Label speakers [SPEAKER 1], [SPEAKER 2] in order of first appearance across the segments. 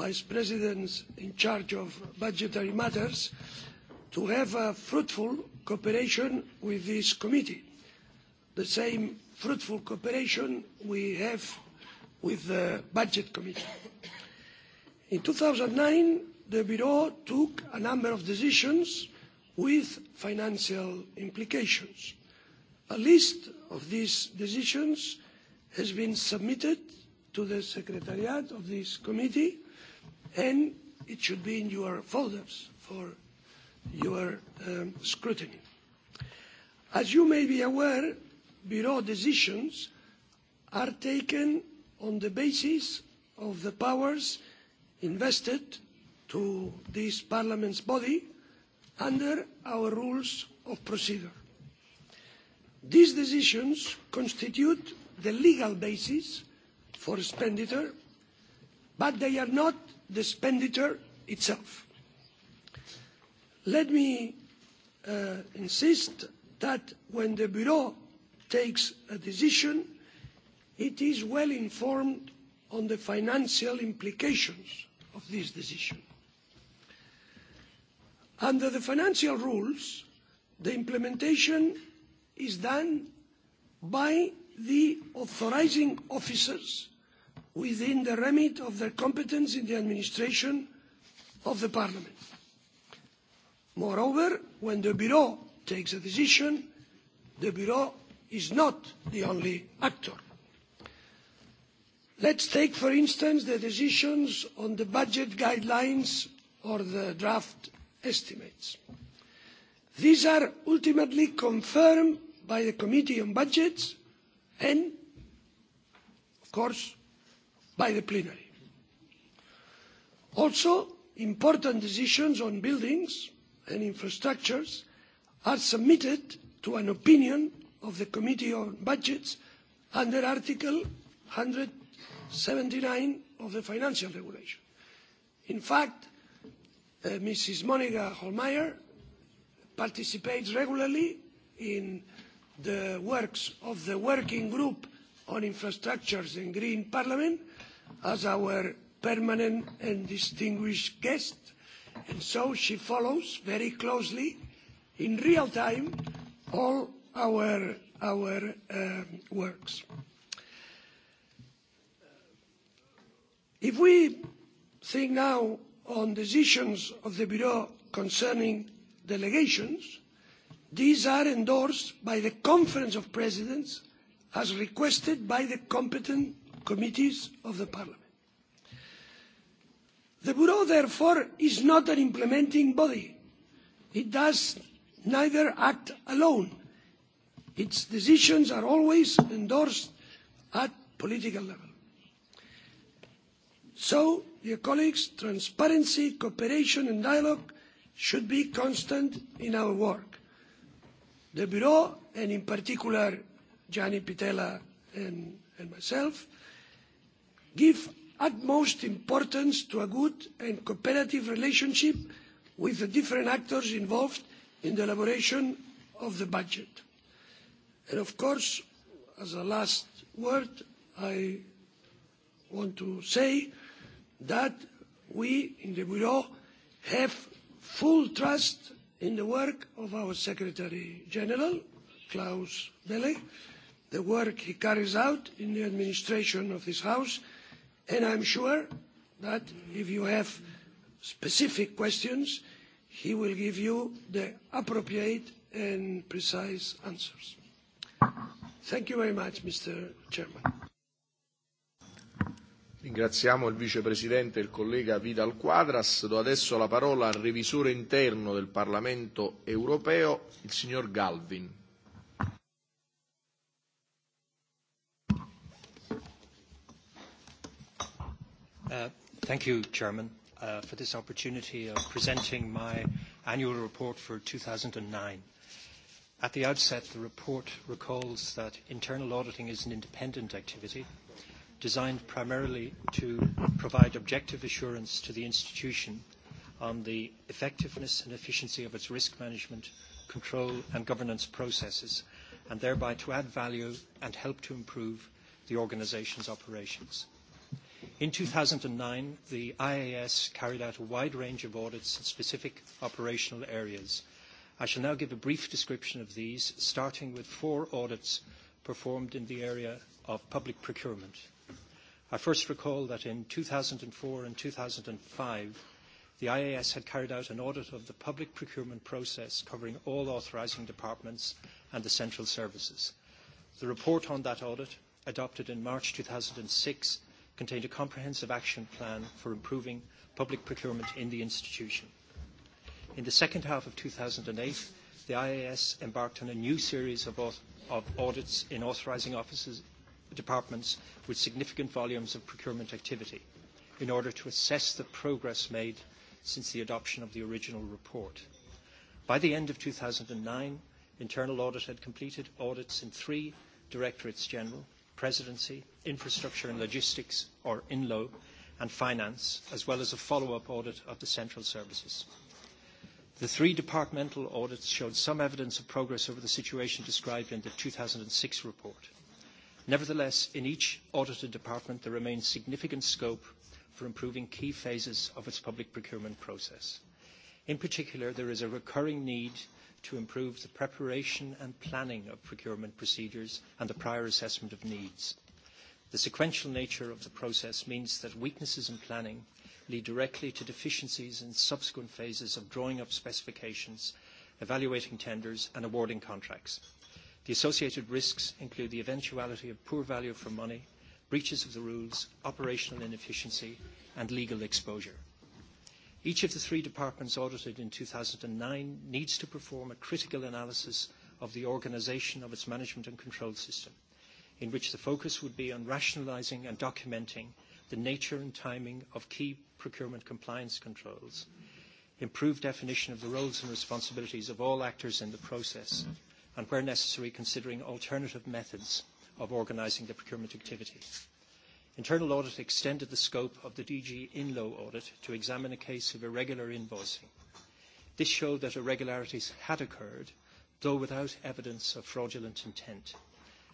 [SPEAKER 1] vice presidents in charge of budgetary matters to have a fruitful cooperation with this committee, the same fruitful cooperation we have with the Budget Committee. In two thousand nine, the Bureau took a number of decisions with financial implications. A list of these decisions has been submitted to the Secretariat of this committee and it should be in your folders for your scrutiny. As you may be aware, Bureau decisions are taken on the basis of the powers invested to this Parliament's body under our rules of procedure. These decisions constitute the legal basis for expenditure, but they are not the expenditure itself. Let me insist that when the Bureau takes a decision, it is well informed on the financial implications of this decision. Under the financial rules, the implementation is done by the authorising officers within the remit of their competence in the administration of the Parliament. Moreover, when the Bureau takes a decision, the Bureau is not the only actor. Let's take, for instance, the decisions on the budget guidelines or the draft estimates. These are ultimately confirmed by the Committee on Budgets and, of course, by the plenary. also important decisions on buildings and infrastructures are submitted to an opinion of the committee on budgets under article one hundred and seventy nine of the financial regulation. in fact ms monika hohlmeier participates regularly in the works of the working group on infrastructures and green parliament as our permanent and distinguished guest, and so she follows very closely in real time all our, our works. If we think now on decisions of the Bureau concerning delegations, these are endorsed by the Conference of Presidents as requested by the competent committees of the parliament. the bureau therefore is not an implementing body. it does neither act alone. its decisions are always endorsed at political level. so transparency cooperation and dialogue should be constant in our work. the bureau and in particular gianni pittella and myself give utmost importance to a good and cooperative relationship with the different actors involved in the elaboration of the budget. And of course, as a last word, I want to say that we in the Bureau have full trust in the work of our Secretary General, Klaus welle the work he carries out in the administration of this House, And I'm sure that if you have specific questions, he will give you the appropriate and precise answers. Thank you very much, Mr. Chairman.
[SPEAKER 2] Ringraziamo il vicepresidente e il collega Vidal Quadras. Do adesso la parola al revisore interno del Parlamento europeo, il signor Galvin.
[SPEAKER 3] Thank you, Chairman, for this opportunity of presenting my annual report for 2009. At the outset, the report recalls that internal auditing is an independent activity designed primarily to provide objective assurance to the institution on the effectiveness and efficiency of its risk management, control and governance processes, and thereby to add value and help to improve the organisation's operations. In 2009, the IAS carried out a wide range of audits in specific operational areas. I shall now give a brief description of these, starting with four audits performed in the area of public procurement. I first recall that in 2004 and 2005, the IAS had carried out an audit of the public procurement process covering all authorising departments and the central services. The report on that audit, adopted in March 2006, contained a comprehensive action plan for improving public procurement in the institution. In the second half of 2008, the IAS embarked on a new series of, of audits in authorising offices departments with significant volumes of procurement activity in order to assess the progress made since the adoption of the original report. By the end of 2009, Internal Audit had completed audits in three Directorates General, presidency, infrastructure and logistics, or INLO, and finance, as well as a follow-up audit of the central services. The three departmental audits showed some evidence of progress over the situation described in the 2006 report. Nevertheless, in each audited department, there remains significant scope for improving key phases of its public procurement process. In particular, there is a recurring need to improve the preparation and planning of procurement procedures and the prior assessment of needs. The sequential nature of the process means that weaknesses in planning lead directly to deficiencies in subsequent phases of drawing up specifications, evaluating tenders, and awarding contracts. The associated risks include the eventuality of poor value for money, breaches of the rules, operational inefficiency, and legal exposure. Each of the three departments audited in two thousand nine needs to perform a critical analysis of the organisation of its management and control system, in which the focus would be on rationalising and documenting the nature and timing of key procurement compliance controls, improved definition of the roles and responsibilities of all actors in the process, and where necessary, considering alternative methods of organising the procurement activity. Internal Audit extended the scope of the DG INLO audit to examine a case of irregular invoicing. This showed that irregularities had occurred, though without evidence of fraudulent intent,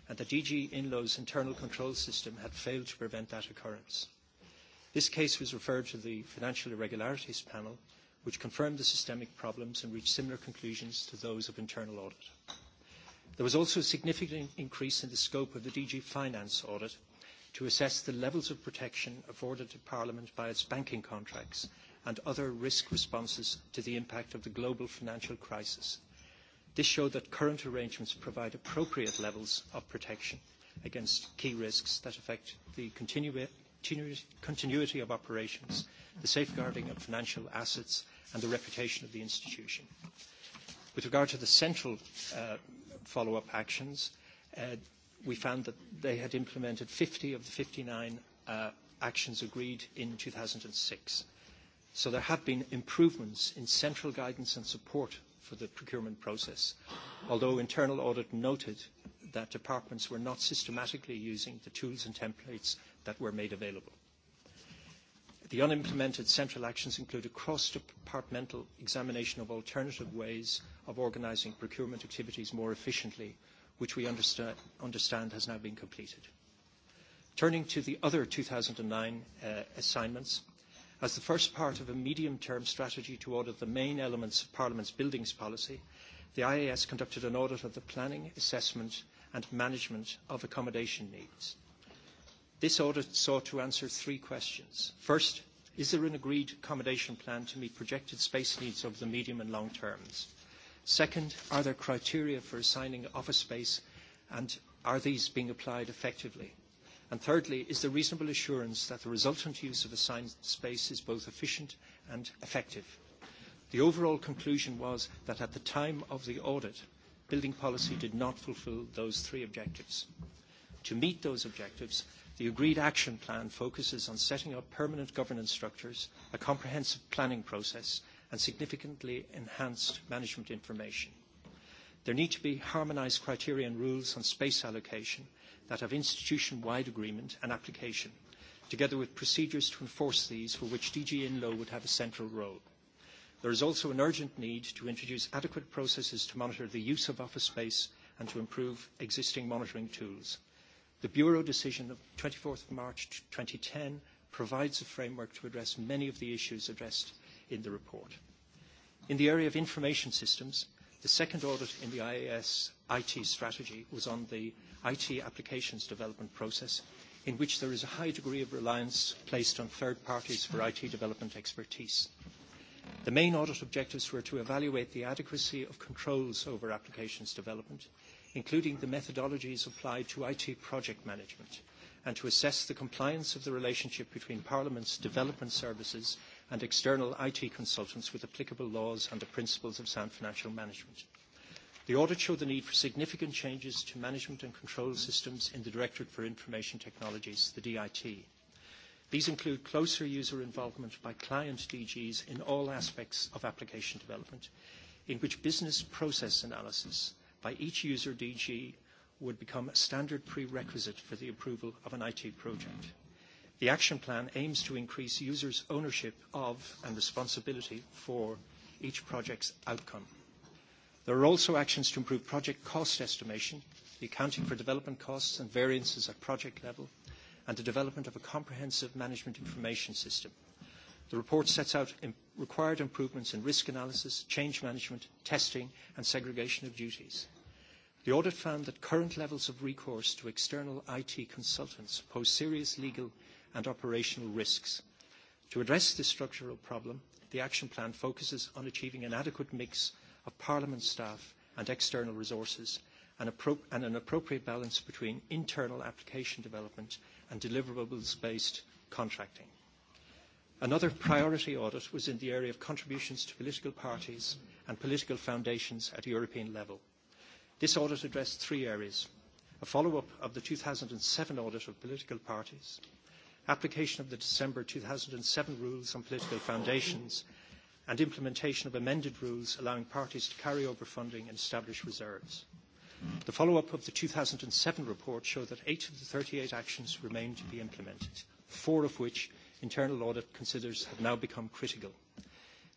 [SPEAKER 3] and that DG INLO's internal control system had failed to prevent that occurrence. This case was referred to the Financial Irregularities Panel, which confirmed the systemic problems and reached similar conclusions to those of internal audit. There was also a significant increase in the scope of the DG Finance audit to assess the levels of protection afforded to Parliament by its banking contracts and other risk responses to the impact of the global financial crisis. This showed that current arrangements provide appropriate levels of protection against key risks that affect the continuity of operations, the safeguarding of financial assets, and the reputation of the institution. With regard to the central follow-up actions, we found that they had implemented 50 of the 59 uh, actions agreed in 2006. So there have been improvements in central guidance and support for the procurement process, although internal audit noted that departments were not systematically using the tools and templates that were made available. The unimplemented central actions include a cross-departmental examination of alternative ways of organising procurement activities more efficiently which we understand has now been completed. Turning to the other 2009 assignments, as the first part of a medium-term strategy to audit the main elements of Parliament's buildings policy, the IAS conducted an audit of the planning, assessment and management of accommodation needs. This audit sought to answer three questions. First, is there an agreed accommodation plan to meet projected space needs over the medium and long terms? Second, are there criteria for assigning office space, and are these being applied effectively? And thirdly, is there reasonable assurance that the resultant use of assigned space is both efficient and effective? The overall conclusion was that at the time of the audit, building policy did not fulfil those three objectives. To meet those objectives, the agreed action plan focuses on setting up permanent governance structures, a comprehensive planning process, and significantly enhanced management information. There need to be harmonised criteria and rules on space allocation that have institution-wide agreement and application, together with procedures to enforce these for which DG INLO would have a central role. There is also an urgent need to introduce adequate processes to monitor the use of office space and to improve existing monitoring tools. The Bureau decision of 24th March 2010 provides a framework to address many of the issues addressed in the report. In the area of information systems, the second audit in the IAS IT strategy was on the IT applications development process, in which there is a high degree of reliance placed on third parties for IT development expertise. The main audit objectives were to evaluate the adequacy of controls over applications development, including the methodologies applied to IT project management, and to assess the compliance of the relationship between Parliament's development services and external IT consultants with applicable laws and the principles of sound financial management. The audit showed the need for significant changes to management and control systems in the Directorate for Information Technologies, the DIT. These include closer user involvement by client DGs in all aspects of application development, in which business process analysis by each user DG would become a standard prerequisite for the approval of an IT project. The action plan aims to increase users' ownership of and responsibility for each project's outcome. There are also actions to improve project cost estimation, the accounting for development costs and variances at project level, and the development of a comprehensive management information system. The report sets out required improvements in risk analysis, change management, testing, and segregation of duties. The audit found that current levels of recourse to external IT consultants pose serious legal and operational risks. To address this structural problem, the action plan focuses on achieving an adequate mix of Parliament staff and external resources and an appropriate balance between internal application development and deliverables-based contracting. Another priority audit was in the area of contributions to political parties and political foundations at European level. This audit addressed three areas: a follow-up of the two thousand seven audit of political parties, application of the December 2007 rules on political foundations, and implementation of amended rules allowing parties to carry over funding and establish reserves. The follow-up of the 2007 report showed that eight of the 38 actions remain to be implemented, four of which internal audit considers have now become critical.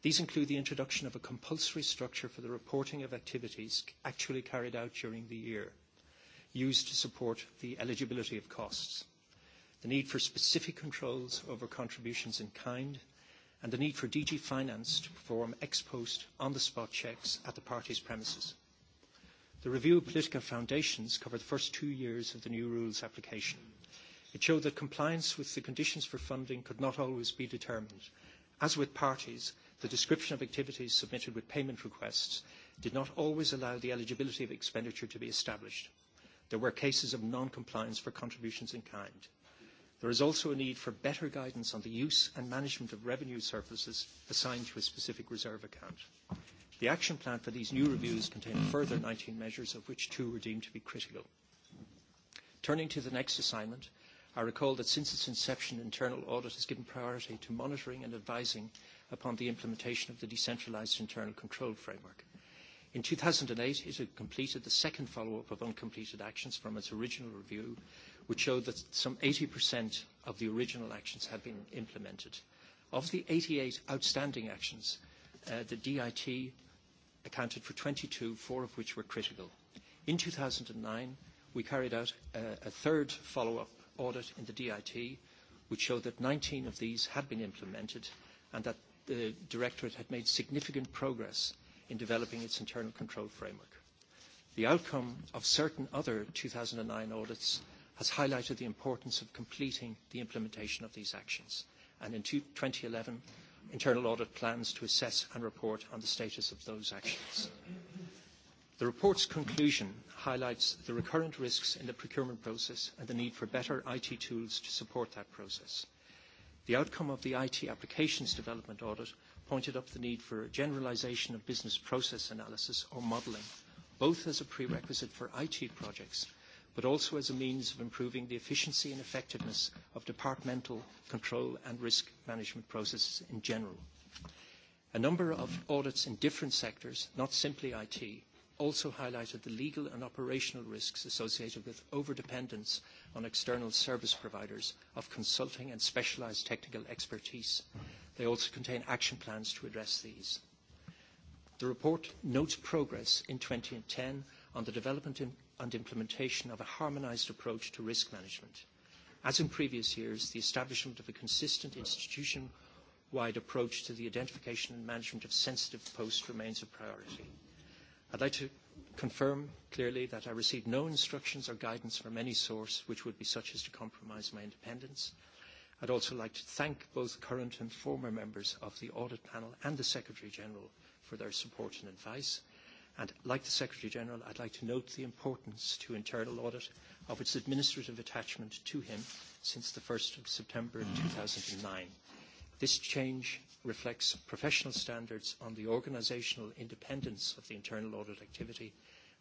[SPEAKER 3] These include the introduction of a compulsory structure for the reporting of activities actually carried out during the year, used to support the eligibility of costs the need for specific controls over contributions in kind, and the need for DG Finance to perform ex post on-the-spot checks at the party's premises. The review of political foundations covered the first two years of the new rules application. It showed that compliance with the conditions for funding could not always be determined. As with parties, the description of activities submitted with payment requests did not always allow the eligibility of expenditure to be established. There were cases of non-compliance for contributions in kind. There is also a need for better guidance on the use and management of revenue surpluses assigned to a specific reserve account. The action plan for these new reviews contained further 19 measures, of which two were deemed to be critical. Turning to the next assignment, I recall that since its inception, internal audit has given priority to monitoring and advising upon the implementation of the decentralised internal control framework. In 2008, it had completed the second follow-up of uncompleted actions from its original review which showed that some 80% of the original actions had been implemented. Of the 88 outstanding actions, uh, the DIT accounted for 22, four of which were critical. In 2009, we carried out a, a third follow-up audit in the DIT, which showed that 19 of these had been implemented and that the Directorate had made significant progress in developing its internal control framework. The outcome of certain other 2009 audits has highlighted the importance of completing the implementation of these actions. And in eleven Internal Audit plans to assess and report on the status of those actions. The report's conclusion highlights the recurrent risks in the procurement process and the need for better IT tools to support that process. The outcome of the IT applications development audit pointed up the need for a generalisation of business process analysis or modelling, both as a prerequisite for IT projects but also as a means of improving the efficiency and effectiveness of departmental control and risk management processes in general. A number of audits in different sectors, not simply IT, also highlighted the legal and operational risks associated with overdependence on external service providers of consulting and specialised technical expertise. They also contain action plans to address these. The report notes progress in 2010 on the development and implementation of a harmonised approach to risk management. As in previous years, the establishment of a consistent institution-wide approach to the identification and management of sensitive posts remains a priority. I'd like to confirm clearly that I received no instructions or guidance from any source which would be such as to compromise my independence. I'd also like to thank both current and former members of the Audit Panel and the Secretary-General for their support and advice. And like the Secretary General, I'd like to note the importance to internal audit of its administrative attachment to him since the 1st of September 2009. This change reflects professional standards on the organisational independence of the internal audit activity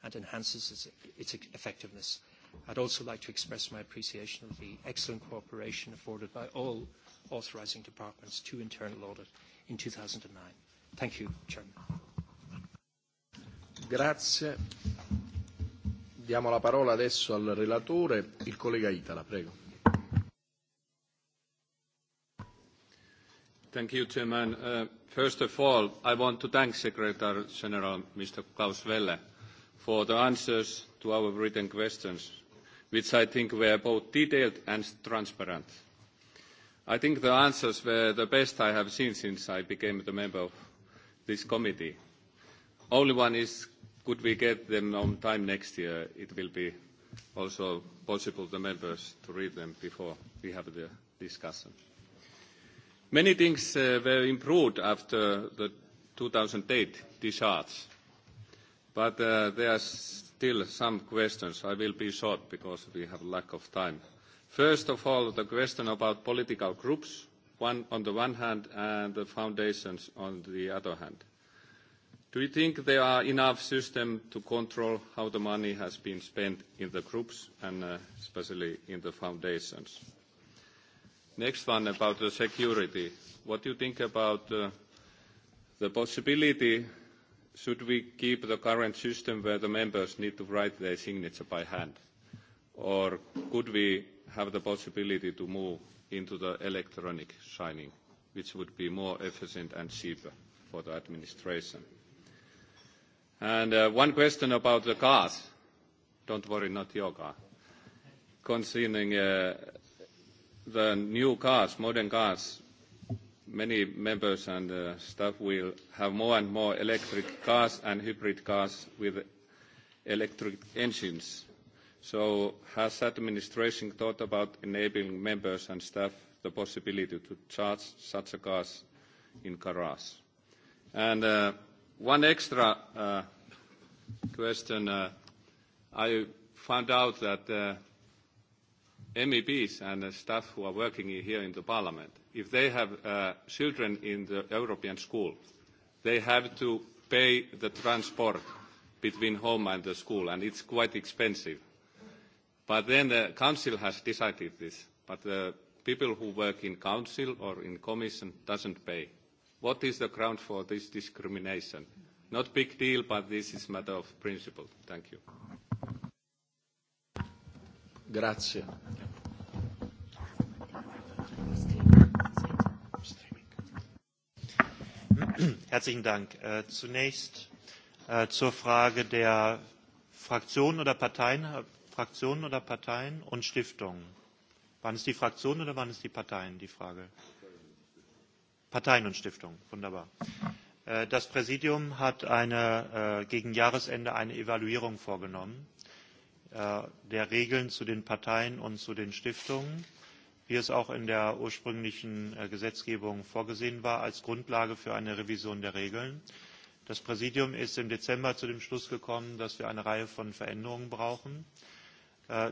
[SPEAKER 3] and enhances its, effectiveness. I'd also like to express my appreciation of the excellent cooperation afforded by all authorising departments to internal audit in 2009. Thank you, Chairman.
[SPEAKER 2] Grazie. Diamo la parola adesso al relatore, il collega Itala,
[SPEAKER 4] prego. Thank you, Chairman. Uh, first of all, I want to thank Secretary General Mr. Klaus Welle for the answers to our written questions, which I think were both detailed and transparent. I think the answers were the best I have seen since I became the member of this committee. Only one is Could we get them on time next year? It will be also possible the members to read them before we have the discussion. Many things were improved after the 2008 discharge, but there are still some questions. I will be short because we have lack of time. First of all, the question about political groups, one on the one hand, and the foundations on the other hand. Do you think there are enough systems to control how the money has been spent in the groups and especially in the foundations? Next one about the security. What do you think about the possibility, should we keep the current system where the members need to write their signature by hand? Or could we have the possibility to move into the electronic signing, which would be more efficient and cheaper for the administration? And uh, one question about the cars. Don't worry, not your car. Concerning uh, the new cars, modern cars, many members and uh, staff will have more and more electric cars and hybrid cars with electric engines. So has administration thought about enabling members and staff the possibility to charge such cars in cars? And One extra question. I found out that MEPs and staff who are working here in the parliament, if they have children in the European school, they have to pay the transport between home and the school, and it's quite expensive. But then the council has decided this, but the people who work in council or in commission doesn't pay What is the ground for this discrimination? Not big deal, but this is a matter of principle. Thank you.
[SPEAKER 2] Grazie.
[SPEAKER 5] Herzlichen Dank. Zunächst zur Frage der Fraktionen oder Parteien, Fraktionen oder Parteien und Stiftungen. Waren es die Fraktionen oder waren es die Parteien, die Frage? Parteien und Stiftungen. Wunderbar. Das Präsidium hat eine, gegen Jahresende eine Evaluierung vorgenommen der Regeln zu den Parteien und zu den Stiftungen, wie es auch in der ursprünglichen Gesetzgebung vorgesehen war, als Grundlage für eine Revision der Regeln. Das Präsidium ist im Dezember zu dem Schluss gekommen, dass wir eine Reihe von Veränderungen brauchen.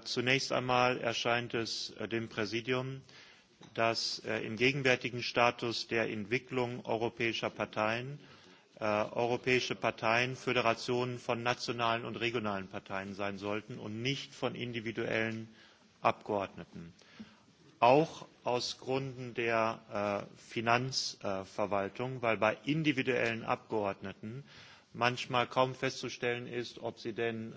[SPEAKER 5] Zunächst einmal erscheint es dem Präsidium dass im gegenwärtigen Status der Entwicklung europäischer Parteien europäische Parteien Föderationen von nationalen und regionalen Parteien sein sollten und nicht von individuellen Abgeordneten. Auch aus Gründen der Finanzverwaltung, weil bei individuellen Abgeordneten manchmal kaum festzustellen ist, ob sie denn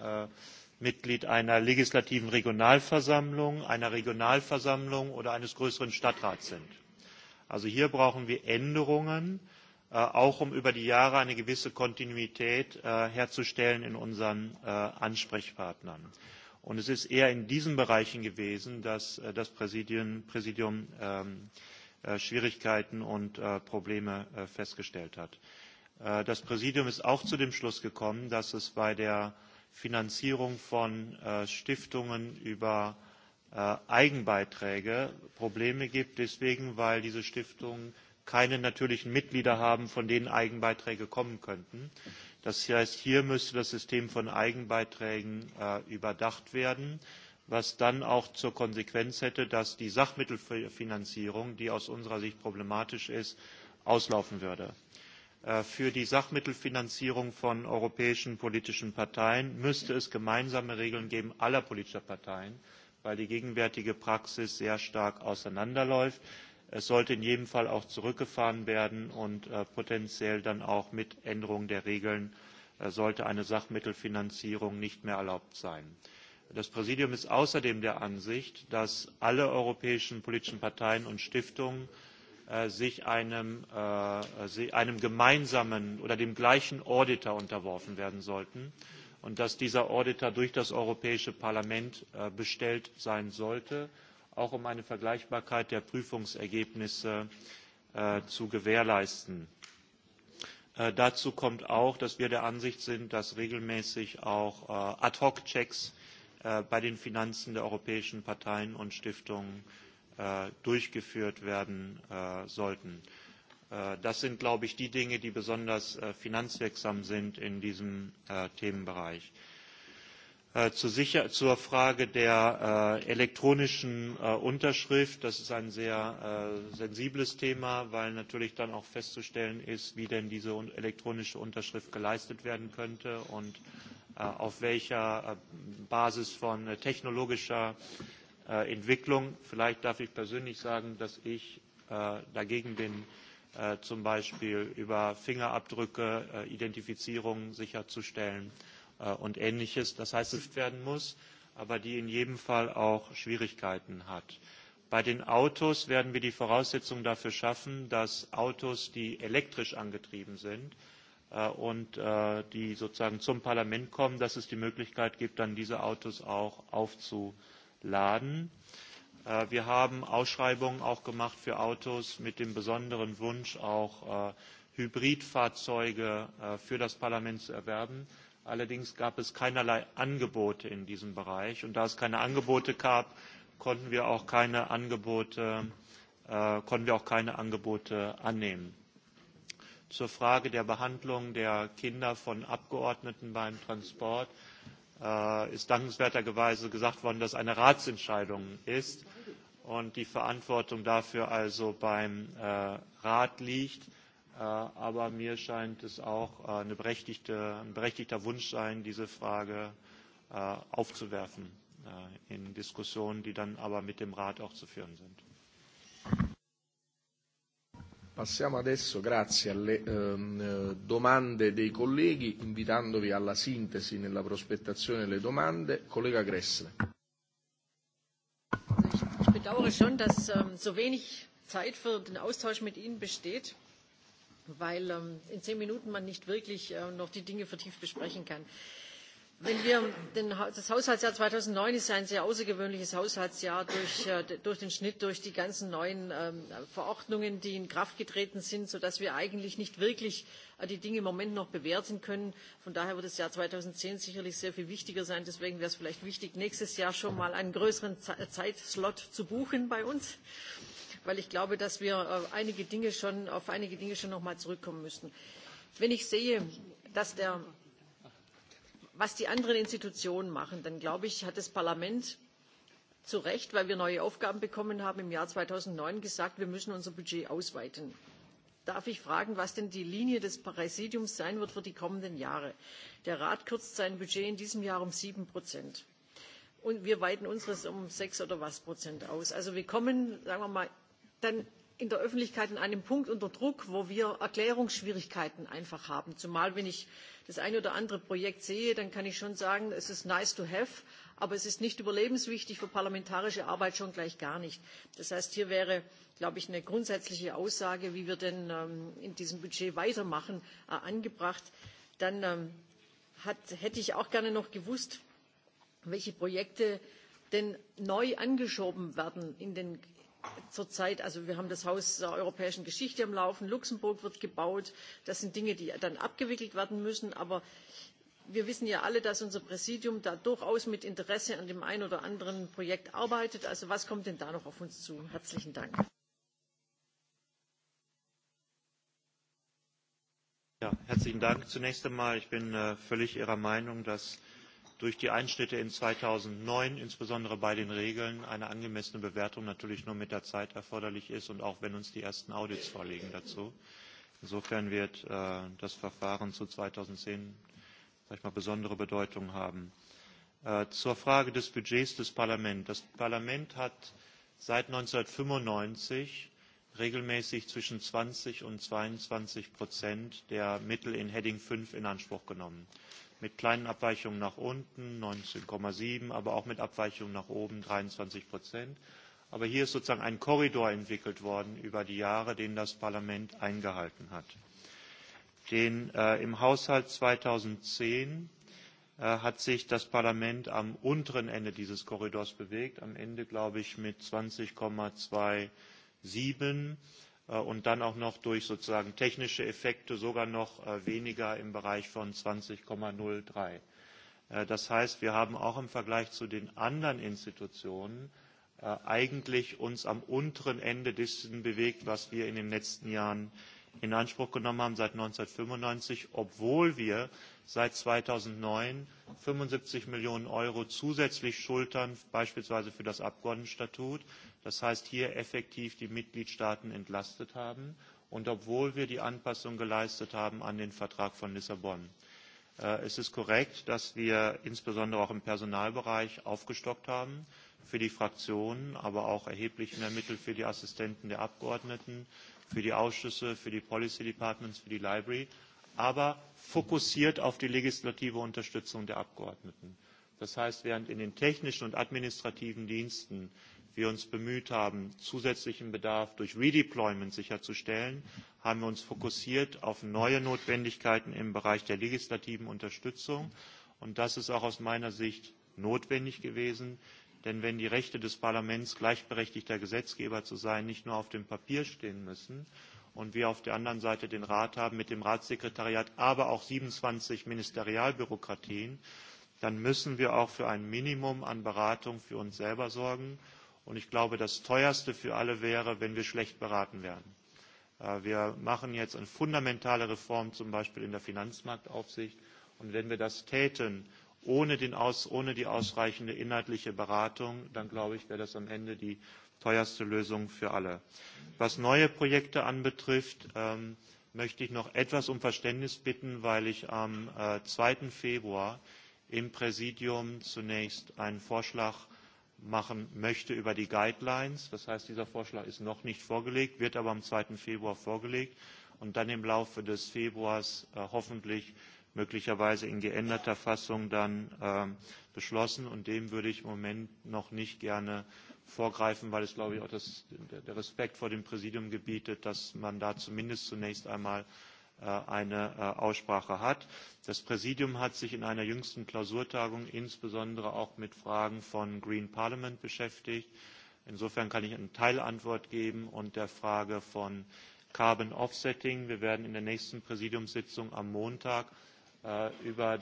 [SPEAKER 5] Mitglied einer legislativen Regionalversammlung, einer Regionalversammlung oder eines größeren Stadtrats sind. Also hier brauchen wir Änderungen, auch um über die Jahre eine gewisse Kontinuität herzustellen in unseren Ansprechpartnern. Und es ist eher in diesen Bereichen gewesen, dass das Präsidium, Schwierigkeiten und Probleme festgestellt hat. das Präsidium ist auch zu dem Schluss gekommen, dass es bei der Finanzierung von Stiftungen über Eigenbeiträge Probleme gibt, deswegen, weil diese Stiftungen keine natürlichen Mitglieder haben, von denen Eigenbeiträge kommen könnten. Das heißt, hier müsste das System von Eigenbeiträgen überdacht werden, was dann auch zur Konsequenz hätte, dass die Sachmittelfinanzierung, die aus unserer Sicht problematisch ist, auslaufen würde für die Sachmittelfinanzierung von europäischen politischen Parteien müsste es gemeinsame Regeln geben aller politischer Parteien, weil die gegenwärtige Praxis sehr stark auseinanderläuft. Es sollte in jedem Fall auch zurückgefahren werden und potenziell dann auch mit Änderung der Regeln sollte eine Sachmittelfinanzierung nicht mehr erlaubt sein. Das Präsidium ist außerdem der Ansicht, dass alle europäischen politischen Parteien und Stiftungen sich einem, gemeinsamen oder dem gleichen Auditor unterworfen werden sollten und dass dieser Auditor durch das Europäische Parlament bestellt sein sollte, auch um eine Vergleichbarkeit der Prüfungsergebnisse zu gewährleisten. dazu kommt auch, dass wir der Ansicht sind, dass regelmäßig auch Ad-hoc-Checks bei den Finanzen der europäischen Parteien und Stiftungen durchgeführt werden sollten. Das sind, glaube ich, die Dinge, die besonders finanzwirksam sind in diesem Themenbereich. Zur Frage der elektronischen Unterschrift. Das ist ein sehr sensibles Thema, weil natürlich dann auch festzustellen ist, wie denn diese elektronische Unterschrift geleistet werden könnte und auf welcher Basis von technologischer Entwicklung. Vielleicht darf ich persönlich sagen, dass ich dagegen bin, zum Beispiel über Fingerabdrücke, Identifizierung sicherzustellen und Ähnliches. Das heißt, es werden muss, aber die in jedem Fall auch Schwierigkeiten hat. Bei den Autos werden wir die Voraussetzungen dafür schaffen, dass Autos, die elektrisch angetrieben sind und die sozusagen zum Parlament kommen, dass es die Möglichkeit gibt, dann diese Autos auch aufzunehmen laden. Wir haben Ausschreibungen auch gemacht für Autos mit dem besonderen Wunsch, auch Hybridfahrzeuge für das Parlament zu erwerben. Allerdings gab es keinerlei Angebote in diesem Bereich. Und da es keine Angebote gab, konnten wir auch keine Angebote, konnten wir auch keine Angebote annehmen. Zur Frage der Behandlung der Kinder von Abgeordneten beim Transport ist dankenswerterweise gesagt worden, dass eine Ratsentscheidung ist und die Verantwortung dafür also beim Rat liegt. aber mir scheint es auch eine berechtigte, ein berechtigter Wunsch sein, diese Frage aufzuwerfen in Diskussionen, die dann aber mit dem Rat auch zu führen sind.
[SPEAKER 2] Passiamo adesso, grazie, alle ehm, domande dei colleghi, invitandovi alla sintesi nella prospettazione delle domande. Collega Gressle.
[SPEAKER 6] Ich bedauere schon, dass ähm, so wenig Zeit für den Austausch mit Ihnen besteht, weil ähm, in zehn Minuten man nicht wirklich äh, noch die Dinge vertieft besprechen kann. Äh, Wenn wir das Haushaltsjahr zweitausendneun ist ein sehr außergewöhnliches Haushaltsjahr durch, den Schnitt, durch die ganzen neuen Verordnungen, die in Kraft getreten sind, sodass wir eigentlich nicht wirklich die Dinge im Moment noch bewerten können. Von daher wird das Jahr zweitausendzehn sicherlich sehr viel wichtiger sein. Deswegen wäre es vielleicht wichtig, nächstes Jahr schon mal einen größeren Zeitslot zu buchen bei uns, weil ich glaube, dass wir einige Dinge schon, auf einige Dinge schon noch mal zurückkommen müssen. Wenn ich sehe, dass der was die anderen Institutionen machen, dann glaube ich, hat das Parlament zu Recht, weil wir neue Aufgaben bekommen haben, im Jahr 2009 gesagt, wir müssen unser Budget ausweiten. Darf ich fragen, was denn die Linie des Präsidiums sein wird für die kommenden Jahre? Der Rat kürzt sein Budget in diesem Jahr um sieben Prozent. Und wir weiten unseres um sechs oder was Prozent aus. Also wir kommen, sagen wir mal, dann in der Öffentlichkeit an einem Punkt unter Druck, wo wir Erklärungsschwierigkeiten einfach haben. Zumal, wenn ich das eine oder andere Projekt sehe, dann kann ich schon sagen, es ist nice to have, aber es ist nicht überlebenswichtig für parlamentarische Arbeit schon gleich gar nicht. Das heißt, hier wäre, glaube ich, eine grundsätzliche Aussage, wie wir denn in diesem Budget weitermachen, angebracht. Dann hätte ich auch gerne noch gewusst, welche Projekte denn neu angeschoben werden in den zurzeit, also wir haben das Haus der europäischen Geschichte am Laufen, Luxemburg wird gebaut, das sind Dinge, die dann abgewickelt werden müssen, aber wir wissen ja alle, dass unser Präsidium da durchaus mit Interesse an dem einen oder anderen Projekt arbeitet. Also was kommt denn da noch auf uns zu? Herzlichen Dank.
[SPEAKER 5] herzlichen Dank. Zunächst einmal, ich bin völlig Ihrer Meinung, dass durch die Einschnitte in 2009, insbesondere bei den Regeln, eine angemessene Bewertung natürlich nur mit der Zeit erforderlich ist und auch wenn uns die ersten Audits vorliegen dazu. Insofern wird das Verfahren zu 2010 sag ich mal, besondere Bedeutung haben. zur Frage des Budgets des Parlaments. Das Parlament hat seit 1995 regelmäßig zwischen 20 und 22 Prozent der Mittel in Heading 5 in Anspruch genommen mit kleinen Abweichungen nach unten 19,7, aber auch mit Abweichungen nach oben 23 Prozent. Aber hier ist sozusagen ein Korridor entwickelt worden über die Jahre, den das Parlament eingehalten hat. Den, äh, Im Haushalt 2010 äh, hat sich das Parlament am unteren Ende dieses Korridors bewegt, am Ende glaube ich mit 20,27 und dann auch noch durch sozusagen technische Effekte sogar noch weniger im Bereich von 20,03. Das heißt, wir haben auch im Vergleich zu den anderen Institutionen eigentlich uns am unteren Ende dessen bewegt, was wir in den letzten Jahren in Anspruch genommen haben seit 1995, obwohl wir seit 2009 75 Millionen Euro zusätzlich schultern, beispielsweise für das Abgeordnetenstatut. Das heißt, hier effektiv die Mitgliedstaaten entlastet haben und obwohl wir die Anpassung geleistet haben an den Vertrag von Lissabon. Es ist korrekt, dass wir insbesondere auch im Personalbereich aufgestockt haben für die Fraktionen, aber auch erheblich mehr Mittel für die Assistenten der Abgeordneten für die Ausschüsse, für die Policy Departments, für die Library, aber fokussiert auf die legislative Unterstützung der Abgeordneten. Das heißt, während in den technischen und administrativen Diensten wir uns bemüht haben, zusätzlichen Bedarf durch Redeployment sicherzustellen, haben wir uns fokussiert auf neue Notwendigkeiten im Bereich der legislativen Unterstützung. Und das ist auch aus meiner Sicht notwendig gewesen, Denn wenn die Rechte des Parlaments, gleichberechtigter Gesetzgeber zu sein, nicht nur auf dem Papier stehen müssen und wir auf der anderen Seite den Rat haben mit dem Ratssekretariat, aber auch 27 Ministerialbürokratien, dann müssen wir auch für ein Minimum an Beratung für uns selber sorgen. Und ich glaube, das teuerste für alle wäre, wenn wir schlecht beraten werden. Wir machen jetzt eine fundamentale Reform, zum Beispiel in der Finanzmarktaufsicht. Und wenn wir das täten, ohne, die ausreichende inhaltliche Beratung, dann glaube ich, wäre das am Ende die teuerste Lösung für alle. Was neue Projekte anbetrifft, möchte ich noch etwas um Verständnis bitten, weil ich am äh, 2. Februar im Präsidium zunächst einen Vorschlag machen möchte über die Guidelines. Das heißt, dieser Vorschlag ist noch nicht vorgelegt, wird aber am 2. Februar vorgelegt und dann im Laufe des Februars hoffentlich möglicherweise in geänderter Fassung dann beschlossen. Und dem würde ich im Moment noch nicht gerne vorgreifen, weil es, glaube ich, auch der Respekt vor dem Präsidium gebietet, dass man da zumindest zunächst einmal eine Aussprache hat. Das Präsidium hat sich in einer jüngsten Klausurtagung insbesondere auch mit Fragen von Green Parliament beschäftigt. Insofern kann ich eine Teilantwort geben und der Frage von Carbon Offsetting. Wir werden in der nächsten Präsidiumssitzung am Montag über,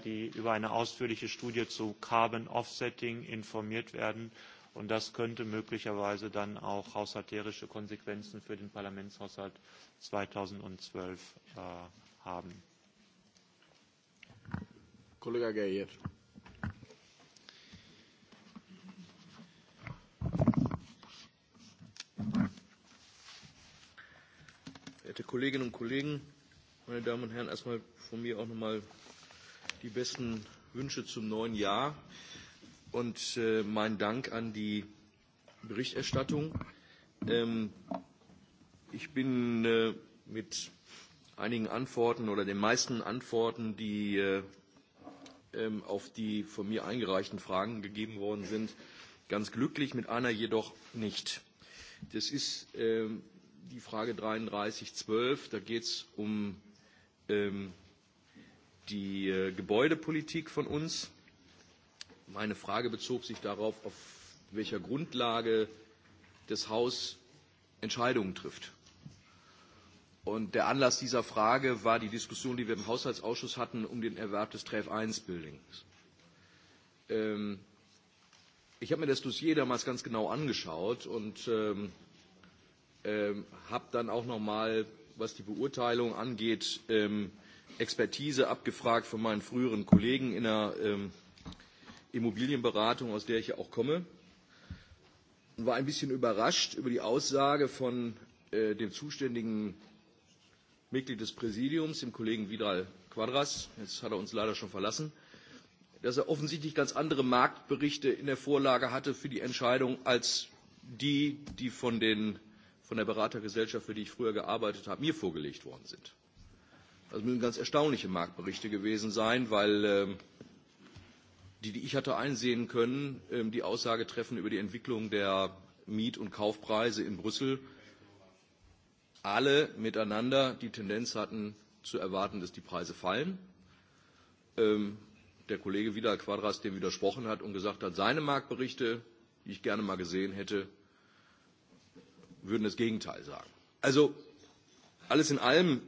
[SPEAKER 5] eine ausführliche Studie zu Carbon Offsetting informiert werden. Und das könnte möglicherweise dann auch haushalterische Konsequenzen für den Parlamentshaushalt 2012 haben. Kollege Geier.
[SPEAKER 7] Verehrte Kolleginnen und Kollegen, meine Damen und Herren, erstmal von mir auch nochmal die besten Wünsche zum neuen Jahr und mein Dank an die Berichterstattung. ich bin mit einigen Antworten oder den meisten Antworten, die auf die von mir eingereichten Fragen gegeben worden sind, ganz glücklich, mit einer jedoch nicht. Das ist die Frage 3312. Da geht es um die Gebäudepolitik von uns. Meine Frage bezog sich darauf, auf welcher Grundlage das Haus Entscheidungen trifft. Und der Anlass dieser Frage war die Diskussion, die wir im Haushaltsausschuss hatten, um den Erwerb des Träf 1 Buildings. Ähm, ich habe mir das Dossier damals ganz genau angeschaut und ähm, ähm, habe dann auch nochmal, was die Beurteilung angeht, ähm, Expertise abgefragt von meinen früheren Kollegen in der Immobilienberatung, aus der ich ja auch komme, und war ein bisschen überrascht über die Aussage von dem zuständigen Mitglied des Präsidiums, dem Kollegen Vidal Quadras, jetzt hat er uns leider schon verlassen, dass er offensichtlich ganz andere Marktberichte in der Vorlage hatte für die Entscheidung als die, die von, den, von der Beratergesellschaft, für die ich früher gearbeitet habe, mir vorgelegt worden sind. Das müssen ganz erstaunliche Marktberichte gewesen sein, weil die, die ich hatte einsehen können, die Aussage treffen über die Entwicklung der Miet- und Kaufpreise in Brüssel, alle miteinander die Tendenz hatten zu erwarten, dass die Preise fallen. Der Kollege Vidal Quadras dem widersprochen hat und gesagt hat, seine Marktberichte, die ich gerne mal gesehen hätte, würden das Gegenteil sagen. Also alles in allem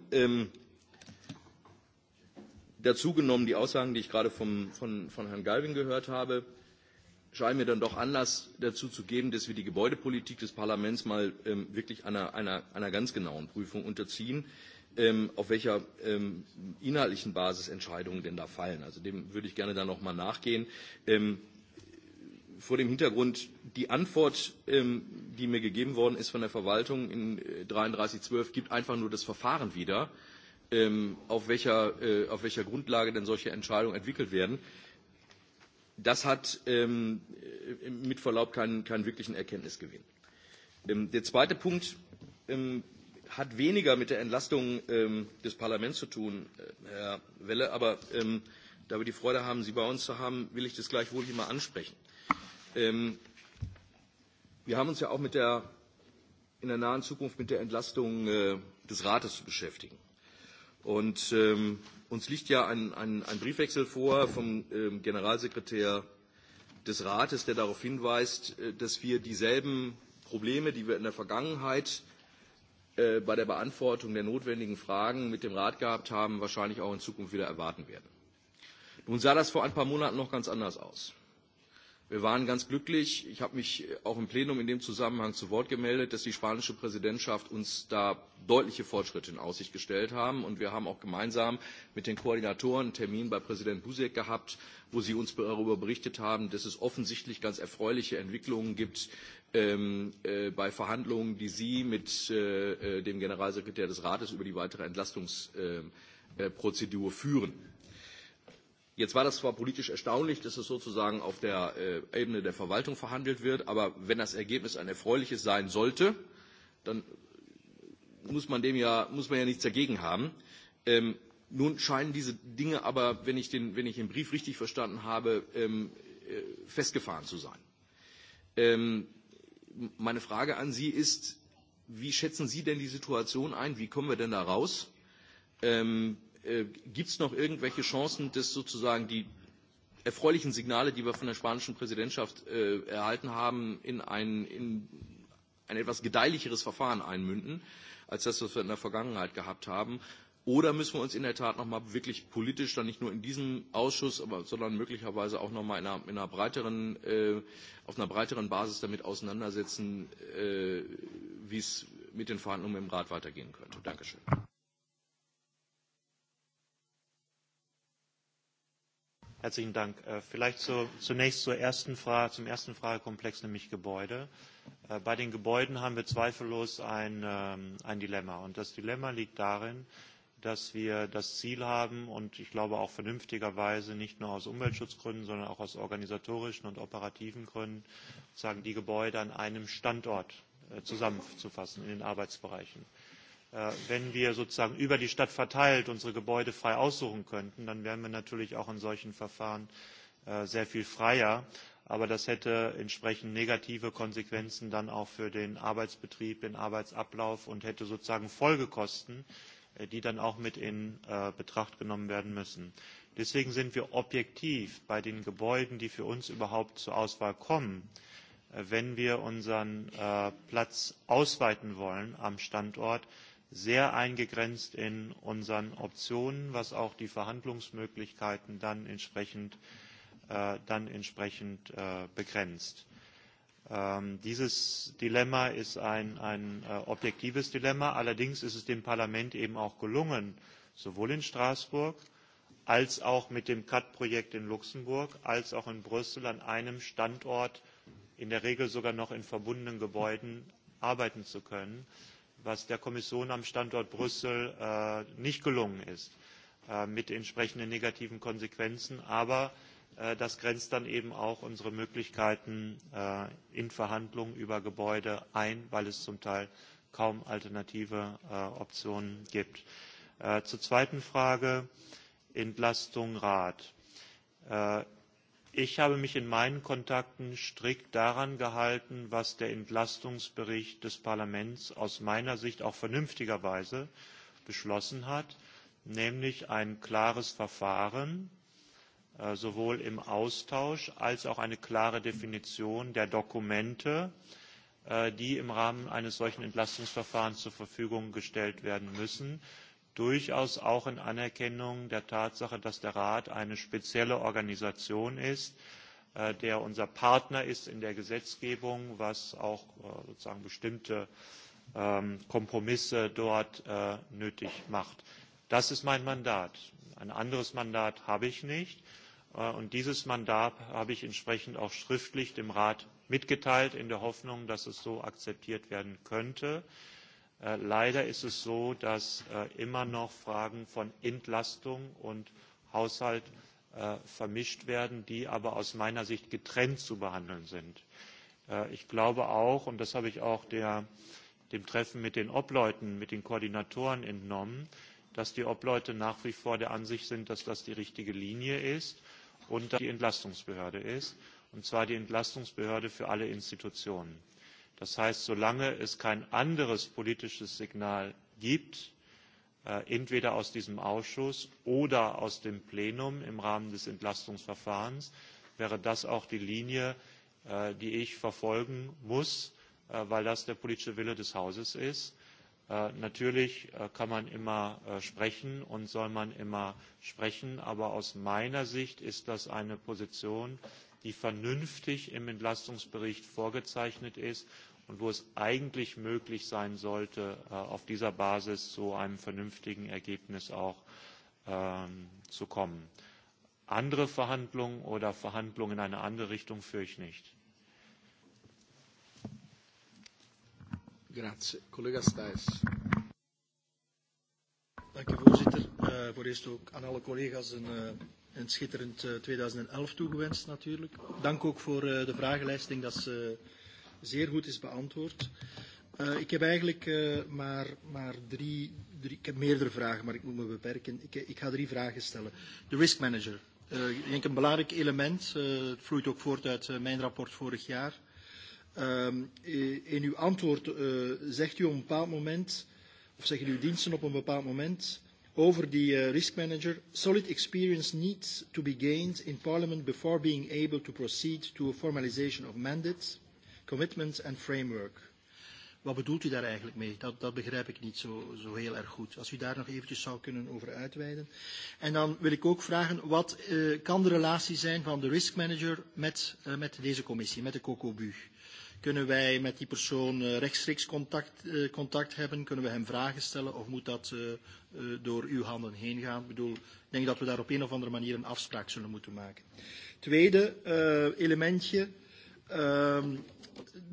[SPEAKER 7] dazu genommen die Aussagen, die ich gerade vom, von, von Herrn Galvin gehört habe, scheinen mir dann doch Anlass dazu zu geben, dass wir die Gebäudepolitik des Parlaments mal ähm, wirklich einer, einer, einer ganz genauen Prüfung unterziehen, ähm, auf welcher ähm, inhaltlichen Basis Entscheidungen denn da fallen. Also dem würde ich gerne dann mal nachgehen. Ähm, vor dem Hintergrund die Antwort, ähm, die mir gegeben worden ist von der Verwaltung in 3312, gibt einfach nur das Verfahren wieder auf welcher, Grundlage denn solche Entscheidungen entwickelt werden. Das hat mit Verlaub keinen, wirklichen Erkenntnisgewinn. der zweite Punkt hat weniger mit der Entlastung des Parlaments zu tun, Herr Welle, aber da wir die Freude haben, Sie bei uns zu haben, will ich das gleichwohl hier mal ansprechen. wir haben uns ja auch in der nahen Zukunft mit der Entlastung des Rates zu beschäftigen. Und ähm, uns liegt ja ein, ein, ein Briefwechsel vor vom ähm, Generalsekretär des Rates, der darauf hinweist, äh, dass wir dieselben Probleme, die wir in der Vergangenheit äh, bei der Beantwortung der notwendigen Fragen mit dem Rat gehabt haben, wahrscheinlich auch in Zukunft wieder erwarten werden. Nun sah das vor ein paar Monaten noch ganz anders aus. Wir waren ganz glücklich. Ich habe mich auch im Plenum in dem Zusammenhang zu Wort gemeldet, dass die spanische Präsidentschaft uns da deutliche Fortschritte in Aussicht gestellt haben. Und wir haben auch gemeinsam mit den Koordinatoren einen Termin bei Präsident Buzek gehabt, wo sie uns darüber berichtet haben, dass es offensichtlich ganz erfreuliche Entwicklungen gibt bei Verhandlungen, die Sie mit dem Generalsekretär des Rates über die weitere Entlastungsprozedur führen. Jetzt war das zwar politisch erstaunlich, dass es sozusagen auf der Ebene der Verwaltung verhandelt wird, aber wenn das Ergebnis ein erfreuliches sein sollte, dann muss man dem ja, muss man ja nichts dagegen haben. nun scheinen diese Dinge aber, wenn ich den, wenn ich den Brief richtig verstanden habe, festgefahren zu sein. meine Frage an Sie ist, wie schätzen Sie denn die Situation ein? Wie kommen wir denn da raus? gibt es noch irgendwelche Chancen, dass sozusagen die erfreulichen Signale, die wir von der spanischen Präsidentschaft erhalten haben, in ein, etwas gedeihlicheres Verfahren einmünden, als das, was wir in der Vergangenheit gehabt haben? Oder müssen wir uns in der Tat nochmal wirklich politisch dann nicht nur in diesem Ausschuss, sondern möglicherweise auch nochmal in einer, in einer breiteren, auf einer breiteren Basis damit auseinandersetzen, wie es mit den Verhandlungen im Rat weitergehen könnte? Dankeschön. Herzlichen Dank.
[SPEAKER 5] Vielleicht zunächst zum ersten Fragekomplex, nämlich Gebäude. Bei den Gebäuden haben wir zweifellos ein, Dilemma. Und das Dilemma liegt darin, dass wir das Ziel haben und ich glaube auch vernünftigerweise nicht nur aus Umweltschutzgründen, sondern auch aus organisatorischen und operativen Gründen, sozusagen die Gebäude an einem Standort zusammenzufassen in den Arbeitsbereichen wenn wir sozusagen über die Stadt verteilt unsere Gebäude frei aussuchen könnten, dann wären wir natürlich auch in solchen Verfahren sehr viel freier. Aber das hätte entsprechend negative Konsequenzen dann auch für den Arbeitsbetrieb, den Arbeitsablauf und hätte sozusagen Folgekosten, die dann auch mit in Betracht genommen werden müssen. Deswegen sind wir objektiv bei den Gebäuden, die für uns überhaupt zur Auswahl kommen, wenn wir unseren Platz ausweiten wollen am Standort, sehr eingegrenzt in unseren Optionen, was auch die Verhandlungsmöglichkeiten dann entsprechend, begrenzt. dieses Dilemma ist ein, objektives Dilemma. Allerdings ist es dem Parlament eben auch gelungen, sowohl in Straßburg als auch mit dem CAT-Projekt in Luxemburg als auch in Brüssel an einem Standort, in der Regel sogar noch in verbundenen Gebäuden, arbeiten zu können was der Kommission am Standort Brüssel nicht gelungen ist, mit entsprechenden negativen Konsequenzen. Aber das grenzt dann eben auch unsere Möglichkeiten in Verhandlungen über Gebäude ein, weil es zum Teil kaum alternative Optionen gibt. Zur zweiten Frage Entlastung Rat Ich habe mich in meinen Kontakten strikt daran gehalten, was der Entlastungsbericht des Parlaments aus meiner Sicht auch vernünftigerweise beschlossen hat, nämlich ein klares Verfahren, sowohl im Austausch als auch eine klare Definition der Dokumente, die im Rahmen eines solchen Entlastungsverfahrens zur Verfügung gestellt werden müssen durchaus auch in Anerkennung der Tatsache, dass der Rat eine spezielle Organisation ist, der unser Partner ist in der Gesetzgebung, was auch sozusagen bestimmte Kompromisse dort nötig macht. Das ist mein Mandat. Ein anderes Mandat habe ich nicht. Und dieses Mandat habe ich entsprechend auch schriftlich dem Rat mitgeteilt, in der Hoffnung, dass es so akzeptiert werden könnte leider ist es so dass immer noch fragen von entlastung und haushalt vermischt werden die aber aus meiner sicht getrennt zu behandeln sind. ich glaube auch und das habe ich auch dem treffen mit den obleuten mit den koordinatoren entnommen dass die obleute nach wie vor der ansicht sind dass das die richtige linie ist und dass die entlastungsbehörde ist und zwar die entlastungsbehörde für alle institutionen. Das heißt, solange es kein anderes politisches Signal gibt, entweder aus diesem Ausschuss oder aus dem Plenum im Rahmen des Entlastungsverfahrens, wäre das auch die Linie, die ich verfolgen muss, weil das der politische Wille des Hauses ist. Natürlich kann man immer sprechen und soll man immer sprechen, aber aus meiner Sicht ist das eine Position, die vernünftig im Entlastungsbericht vorgezeichnet ist und wo es eigentlich möglich sein sollte, auf dieser Basis zu einem vernünftigen Ergebnis auch zu kommen. Andere Verhandlungen oder Verhandlungen in eine andere Richtung führe ich nicht.
[SPEAKER 8] voorzitter. voor eerst ook aan alle collega's een, een schitterend 2011 toegewenst natuurlijk. Dank ook voor de vragenlijst. Ik denk dat ze zeer goed is beantwoord. Uh, ik heb eigenlijk uh, maar, maar drie, drie... Ik heb meerdere vragen, maar ik moet me beperken. Ik, ik ga drie vragen stellen. De risk manager. Uh, ik denk een belangrijk element. Uh, het vloeit ook voort uit uh, mijn rapport vorig jaar. Uh, in uw antwoord uh, zegt u op een bepaald moment... Of zeggen uw diensten op een bepaald moment over die uh, risk manager, solid experience needs to be gained in Parliament before being able to proceed to a formalization of mandates commitment and framework. Wat bedoelt u daar eigenlijk mee? Dat, dat begrijp ik niet zo, zo heel erg goed. Als u daar nog eventjes zou kunnen over uitweiden. En dan wil ik ook vragen, wat uh, kan de relatie zijn van de risk manager met, uh, met deze commissie, met de COCOBU? Kunnen wij met die persoon uh, rechtstreeks contact, uh, contact hebben? Kunnen we hem vragen stellen? Of moet dat uh, uh, door uw handen heen gaan? Ik bedoel, ik denk dat we daar op een of andere manier een afspraak zullen moeten maken. Tweede uh, elementje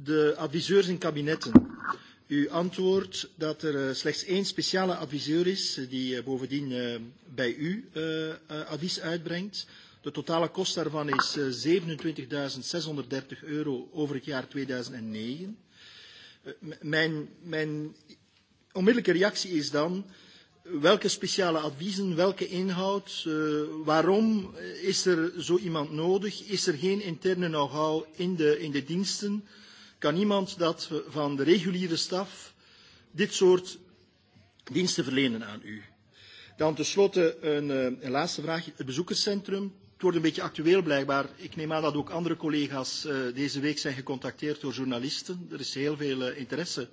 [SPEAKER 8] de adviseurs in kabinetten. U antwoordt dat er slechts één speciale adviseur is die bovendien bij u advies uitbrengt. De totale kost daarvan is 27.630 euro over het jaar 2009. Mijn, onmiddellijke reactie is dan welke speciale adviezen, welke inhoud, uh, waarom is er zo iemand nodig? Is er geen interne know-how in de, in de diensten? Kan iemand dat van de reguliere staf dit soort diensten verlenen aan u? Dan tenslotte een, een laatste vraag, het bezoekerscentrum. Het wordt een beetje actueel blijkbaar. Ik neem aan dat ook andere collega's uh, deze week zijn gecontacteerd door journalisten. Er is heel veel uh, interesse uh,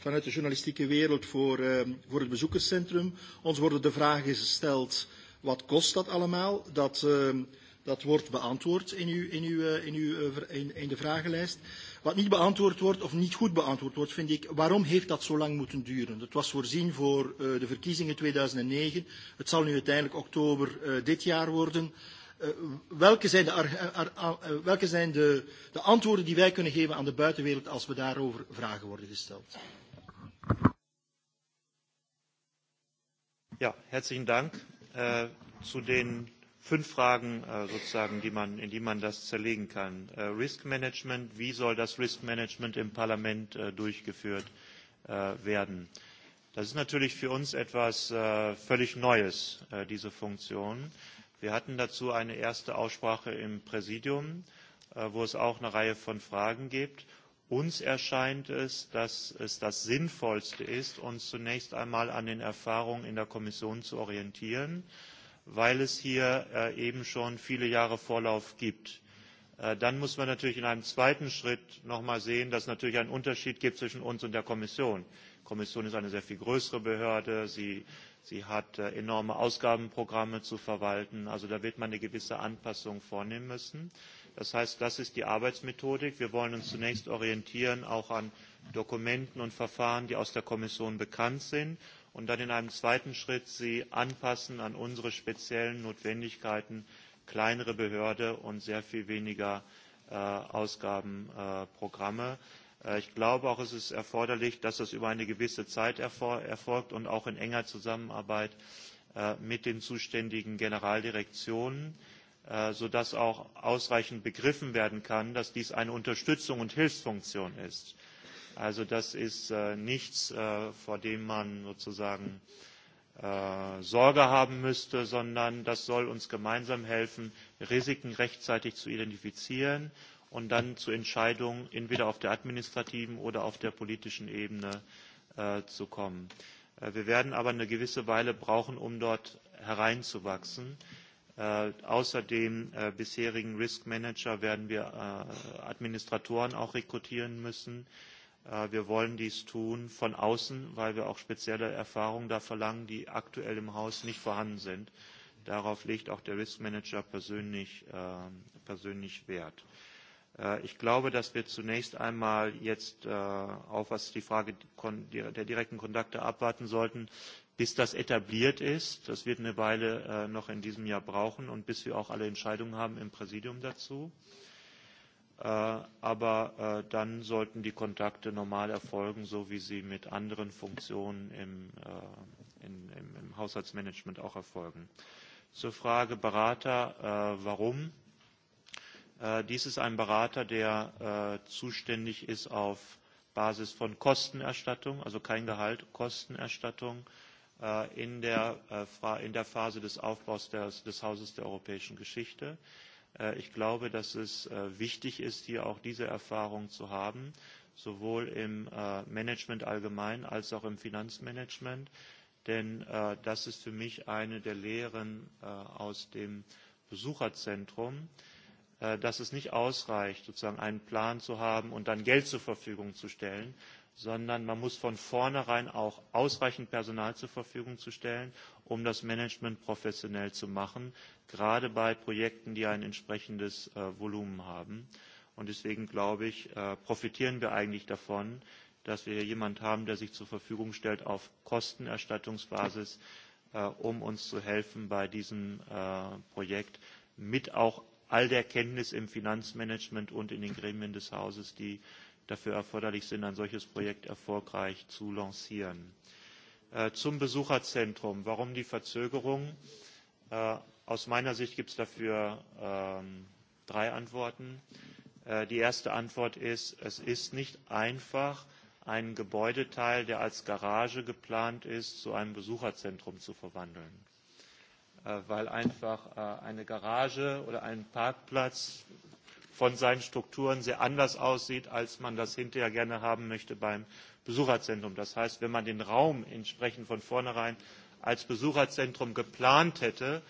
[SPEAKER 8] vanuit de journalistieke wereld voor, uh, voor het bezoekerscentrum. Ons worden de vragen gesteld, wat kost dat allemaal? Dat, uh, dat wordt beantwoord in, uw, in, uw, in, uw, in, in de vragenlijst. Wat niet beantwoord wordt of niet goed beantwoord wordt, vind ik, waarom heeft dat zo lang moeten duren? Het was voorzien voor uh, de verkiezingen 2009. Het zal nu uiteindelijk oktober uh, dit jaar worden welke zijn, de, welke zijn de, de antwoorden die wij kunnen geven aan de buitenwereld als we daarover vragen
[SPEAKER 5] worden gesteld? Ja, herzlichen Dank. zu den fünf Fragen sozusagen, die man, in die man das zerlegen kann. Risk Management, wie soll das Risk Management im Parlament durchgeführt werden? Das ist natürlich für uns etwas völlig Neues, diese Funktion. Wir hatten dazu eine erste Aussprache im Präsidium, wo es auch eine Reihe von Fragen gibt. Uns erscheint es, dass es das Sinnvollste ist, uns zunächst einmal an den Erfahrungen in der Kommission zu orientieren, weil es hier eben schon viele Jahre Vorlauf gibt. Dann muss man natürlich in einem zweiten Schritt noch mal sehen, dass es natürlich einen Unterschied gibt zwischen uns und der Kommission. Die Kommission ist eine sehr viel größere Behörde. Sie, hat enorme Ausgabenprogramme zu verwalten. Also da wird man eine gewisse Anpassung vornehmen müssen. Das heißt, das ist die Arbeitsmethodik. Wir wollen uns zunächst orientieren auch an Dokumenten und Verfahren, die aus der Kommission bekannt sind und dann in einem zweiten Schritt sie anpassen an unsere speziellen Notwendigkeiten, kleinere Behörde und sehr viel weniger Ausgabenprogramme. Ich glaube auch, es ist erforderlich, dass das über eine gewisse Zeit erfolgt und auch in enger Zusammenarbeit mit den zuständigen Generaldirektionen sodass auch ausreichend begriffen werden kann, dass dies eine Unterstützung und Hilfsfunktion ist. Also das ist nichts, vor dem man sozusagen Sorge haben müsste, sondern das soll uns gemeinsam helfen, Risiken rechtzeitig zu identifizieren und dann zu Entscheidungen entweder auf der administrativen oder auf der politischen Ebene zu kommen. Wir werden aber eine gewisse Weile brauchen, um dort hereinzuwachsen. Außer dem bisherigen Risk Manager werden wir Administratoren auch rekrutieren müssen. Wir wollen dies tun von außen, weil wir auch spezielle Erfahrungen da verlangen, die aktuell im Haus nicht vorhanden sind. Darauf legt auch der Risk Manager persönlich, Wert. Ich glaube, dass wir zunächst einmal jetzt, auch was die Frage der direkten Kontakte abwarten sollten, Bis das etabliert ist, das wird eine Weile noch in diesem Jahr brauchen und bis wir auch alle Entscheidungen haben im Präsidium dazu. aber dann sollten die Kontakte normal erfolgen, so wie sie mit anderen Funktionen im, Haushaltsmanagement auch erfolgen. Zur Frage Berater, warum? dies ist ein Berater, der zuständig ist auf Basis von Kostenerstattung, also kein Gehalt, Kostenerstattung in der, Phase des Aufbaus des Hauses der europäischen Geschichte. Ich glaube, dass es wichtig ist, hier auch diese Erfahrung zu haben, sowohl im Management allgemein als auch im Finanzmanagement. Denn das ist für mich eine der Lehren aus dem Besucherzentrum, dass es nicht ausreicht, sozusagen einen Plan zu haben und dann Geld zur Verfügung zu stellen, sondern man muss von vornherein auch ausreichend Personal zur Verfügung zu stellen, um das Management professionell zu machen, gerade bei Projekten, die ein entsprechendes Volumen haben. Und deswegen glaube ich, profitieren wir eigentlich davon, dass wir hier jemanden haben, der sich zur Verfügung stellt auf Kostenerstattungsbasis, um uns zu helfen bei diesem Projekt mit auch all der Kenntnis im Finanzmanagement und in den Gremien des Hauses, die dafür erforderlich sind, ein solches Projekt erfolgreich zu lancieren. Zum Besucherzentrum. Warum die Verzögerung? Aus meiner Sicht gibt es dafür drei Antworten. Die erste Antwort ist, es ist nicht einfach, einen Gebäudeteil, der als Garage geplant ist, zu einem Besucherzentrum zu verwandeln. Weil einfach eine Garage oder ein Parkplatz von seinen Strukturen sehr anders aussieht, als man das hinterher gerne haben möchte beim Besucherzentrum. Das heißt, wenn man den Raum entsprechend von vornherein als Besucherzentrum geplant hätte,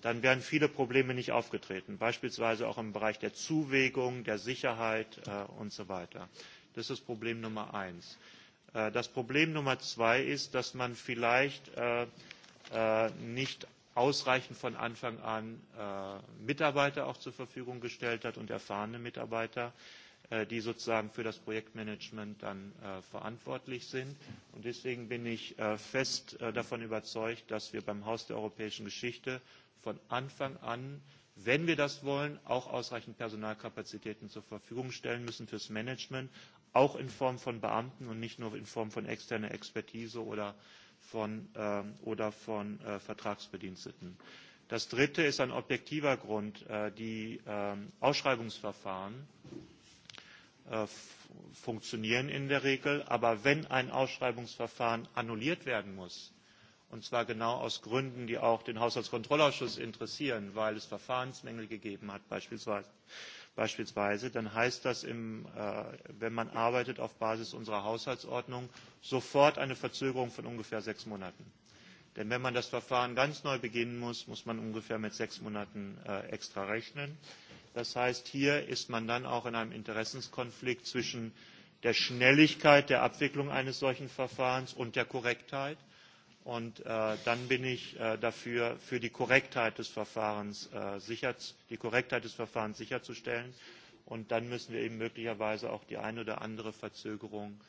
[SPEAKER 5] dann wären viele Probleme nicht aufgetreten, beispielsweise auch im Bereich der Zuwägung, der Sicherheit und so weiter. Das ist Problem Nummer eins. Das Problem Nummer zwei ist, dass man vielleicht nicht ausreichend von Anfang an Mitarbeiter auch zur Verfügung gestellt hat und erfahrene Mitarbeiter, die sozusagen für das Projektmanagement dann verantwortlich sind. Und deswegen bin ich fest davon überzeugt, dass wir beim Haus der europäischen Geschichte von Anfang an, wenn wir das wollen, auch ausreichend Personalkapazitäten zur Verfügung stellen müssen fürs Management, auch in Form von Beamten und nicht nur in Form von externer Expertise oder von, oder von Vertragsbediensteten. Das dritte ist ein objektiver Grund. Die Ausschreibungsverfahren funktionieren in der Regel, aber wenn ein Ausschreibungsverfahren annulliert werden muss, und zwar genau aus Gründen, die auch den Haushaltskontrollausschuss interessieren, weil es Verfahrensmängel gegeben hat beispielsweise, beispielsweise, dann heißt das, wenn man arbeitet auf Basis unserer Haushaltsordnung, sofort eine Verzögerung von ungefähr sechs Monaten. Denn wenn man das Verfahren ganz neu beginnen muss, muss man ungefähr mit sechs Monaten extra rechnen. Das heißt, hier ist man dann auch in einem Interessenskonflikt zwischen der Schnelligkeit der Abwicklung eines solchen Verfahrens und der Korrektheit. Und dann bin ich dafür, für die Korrektheit des Verfahrens, die Korrektheit des Verfahrens sicherzustellen. Und dann müssen wir eben möglicherweise auch die eine oder andere Verzögerung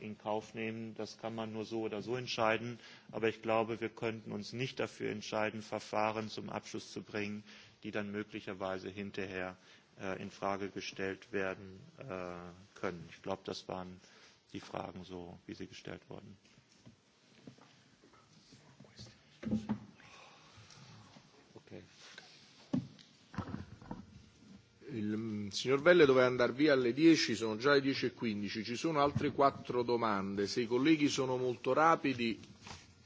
[SPEAKER 5] in Kauf nehmen. Das kann man nur so oder so entscheiden. Aber ich glaube, wir könnten uns nicht dafür entscheiden, Verfahren zum Abschluss zu bringen, die dann möglicherweise hinterher in Frage gestellt werden können. Ich glaube, das waren die Fragen so, wie sie gestellt wurden.
[SPEAKER 2] Il signor Velle doveva andare via alle 10, sono già le 10.15, ci sono altre quattro domande, se i colleghi sono molto rapidi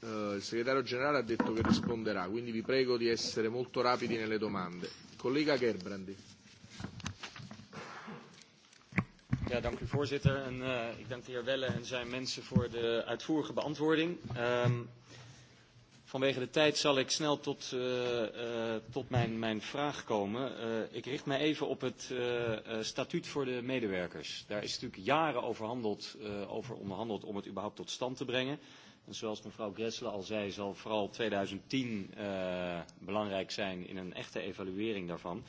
[SPEAKER 2] eh, il segretario generale ha detto che risponderà, quindi vi prego di essere molto rapidi nelle domande. Collega Gerbrandi.
[SPEAKER 9] Ja, dank u voorzitter. En, uh, ik dank de heer Welle en zijn mensen voor de uitvoerige beantwoording. Um, Vanwege de tijd zal ik snel tot, uh, uh, tot mijn, mijn vraag komen. Uh, ik richt mij even op het uh, statuut voor de medewerkers. Daar is natuurlijk jaren over, handeld, uh, over onderhandeld om het überhaupt tot stand te brengen. En zoals mevrouw Gressle al zei, zal vooral 2010 uh, belangrijk zijn in een echte evaluering daarvan.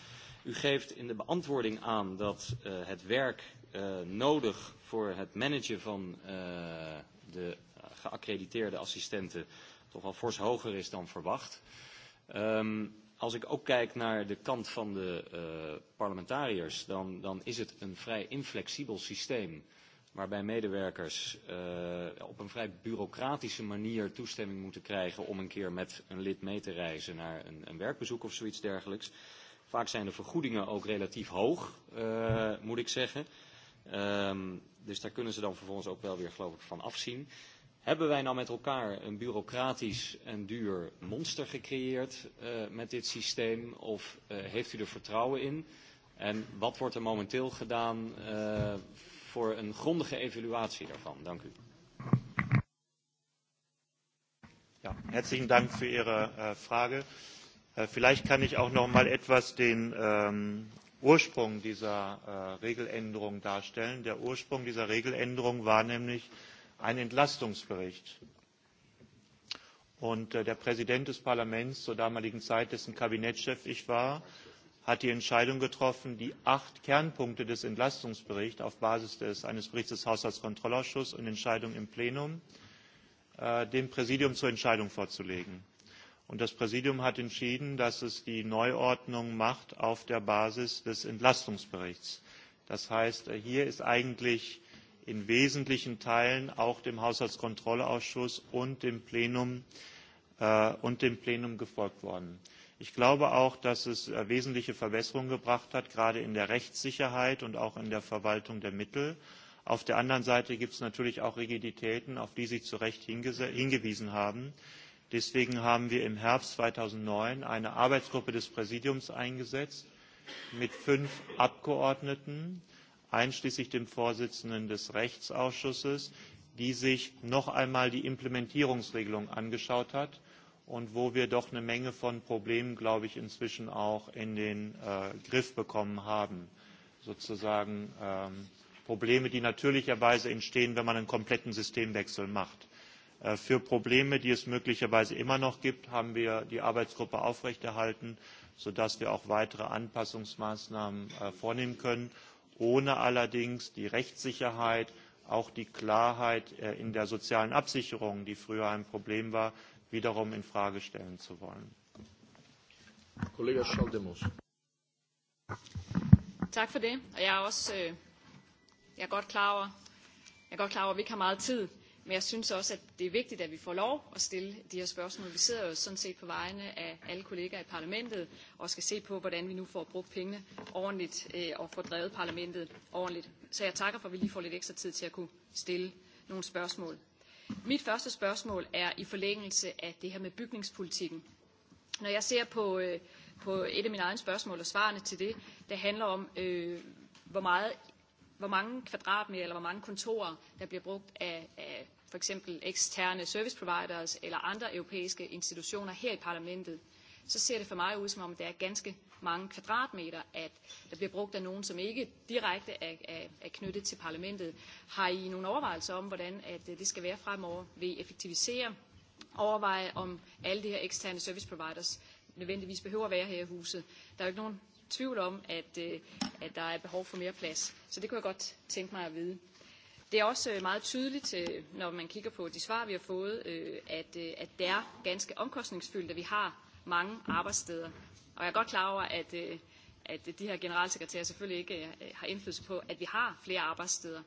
[SPEAKER 9] U geeft in de beantwoording aan dat uh, het werk uh, nodig voor het managen van uh, de geaccrediteerde assistenten uh, toch wel fors hoger is dan verwacht. als ik ook kijk naar de kant van de parlementariërs, dan, dan is het een vrij inflexibel systeem waarbij medewerkers op een vrij bureaucratische manier toestemming moeten krijgen om een keer met een lid mee te reizen naar een, werkbezoek of zoiets dergelijks. Vaak zijn de vergoedingen ook relatief hoog, moet ik zeggen. dus daar kunnen ze dan vervolgens ook wel weer, geloof ik, van afzien. Hebben wij nou met elkaar een bureaucratisch en duur monster gecreëerd met dit systeem? Of heeft u er vertrouwen in? En wat wordt er momenteel gedaan voor een grondige evaluatie daarvan? Dank u. Ja, herzlichen Dank für
[SPEAKER 5] Ihre Frage. Vielleicht kann ich auch noch mal etwas den Ursprung dieser Regeländerung darstellen. Der Ursprung dieser Regeländerung war nämlich Ein Entlastungsbericht. Und der Präsident des Parlaments zur damaligen Zeit, dessen Kabinettschef ich war, hat die Entscheidung getroffen, die acht Kernpunkte des Entlastungsberichts auf Basis eines Berichts des Haushaltskontrollausschusses und Entscheidung im Plenum dem Präsidium zur Entscheidung vorzulegen. Und das Präsidium hat entschieden, dass es die Neuordnung macht auf der Basis des Entlastungsberichts. Das heißt, hier ist eigentlich in wesentlichen Teilen auch dem Haushaltskontrollausschuss und dem Plenum, gefolgt worden. Ich glaube auch, dass es wesentliche Verbesserungen gebracht hat, gerade in der Rechtssicherheit und auch in der Verwaltung der Mittel. Auf der anderen Seite gibt es natürlich auch Rigiditäten, auf die Sie zu Recht hingewiesen haben. Deswegen haben wir im Herbst 2009 eine Arbeitsgruppe des Präsidiums eingesetzt mit fünf Abgeordneten, einschließlich dem Vorsitzenden des Rechtsausschusses, die sich noch einmal die Implementierungsregelung angeschaut hat und wo wir doch eine Menge von Problemen, glaube ich, inzwischen auch in den Griff bekommen haben. Sozusagen Probleme, die natürlicherweise entstehen, wenn man einen kompletten Systemwechsel macht. Für Probleme, die es möglicherweise immer noch gibt, haben wir die Arbeitsgruppe aufrechterhalten, sodass wir auch weitere Anpassungsmaßnahmen vornehmen können ohne allerdings die Rechtssicherheit, auch die Klarheit in der sozialen Absicherung, die früher ein Problem war, wiederum in Frage stellen zu wollen.
[SPEAKER 10] Tak for det. Jeg er også jeg er godt klar over, jeg er godt klar over, at vi ikke har meget tid. Men jeg synes også, at det er vigtigt, at vi får lov at stille de her spørgsmål. Vi sidder jo sådan set på vegne af alle kollegaer i parlamentet og skal se på, hvordan vi nu får brugt pengene ordentligt og får drevet parlamentet ordentligt. Så jeg takker for, at vi lige får lidt ekstra tid til at kunne stille nogle spørgsmål. Mit første spørgsmål er i forlængelse af det her med bygningspolitikken. Når jeg ser på, på et af mine egne spørgsmål og svarene til det, der handler om, øh, hvor, meget, hvor mange kvadratmeter eller hvor mange kontorer, der bliver brugt af, af for eksempel eksterne service providers eller andre europæiske institutioner her i parlamentet, så ser det for mig ud som om, det er ganske mange kvadratmeter, at der bliver brugt af nogen, som ikke direkte er, er, er knyttet til parlamentet. Har I nogle overvejelser om, hvordan at det skal være fremover? Vil I effektivisere? Overveje, om alle de her eksterne service providers nødvendigvis behøver at være her i huset. Der er jo ikke nogen tvivl om, at, at der er behov for mere plads. Så det kunne jeg godt tænke mig at vide. Det er også meget tydeligt, når man kigger på de svar, vi har fået, at, det er ganske omkostningsfyldt, at vi har mange arbejdssteder. Og jeg er godt klar over, at, at de her generalsekretærer selvfølgelig ikke har indflydelse på, at vi har flere arbejdssteder.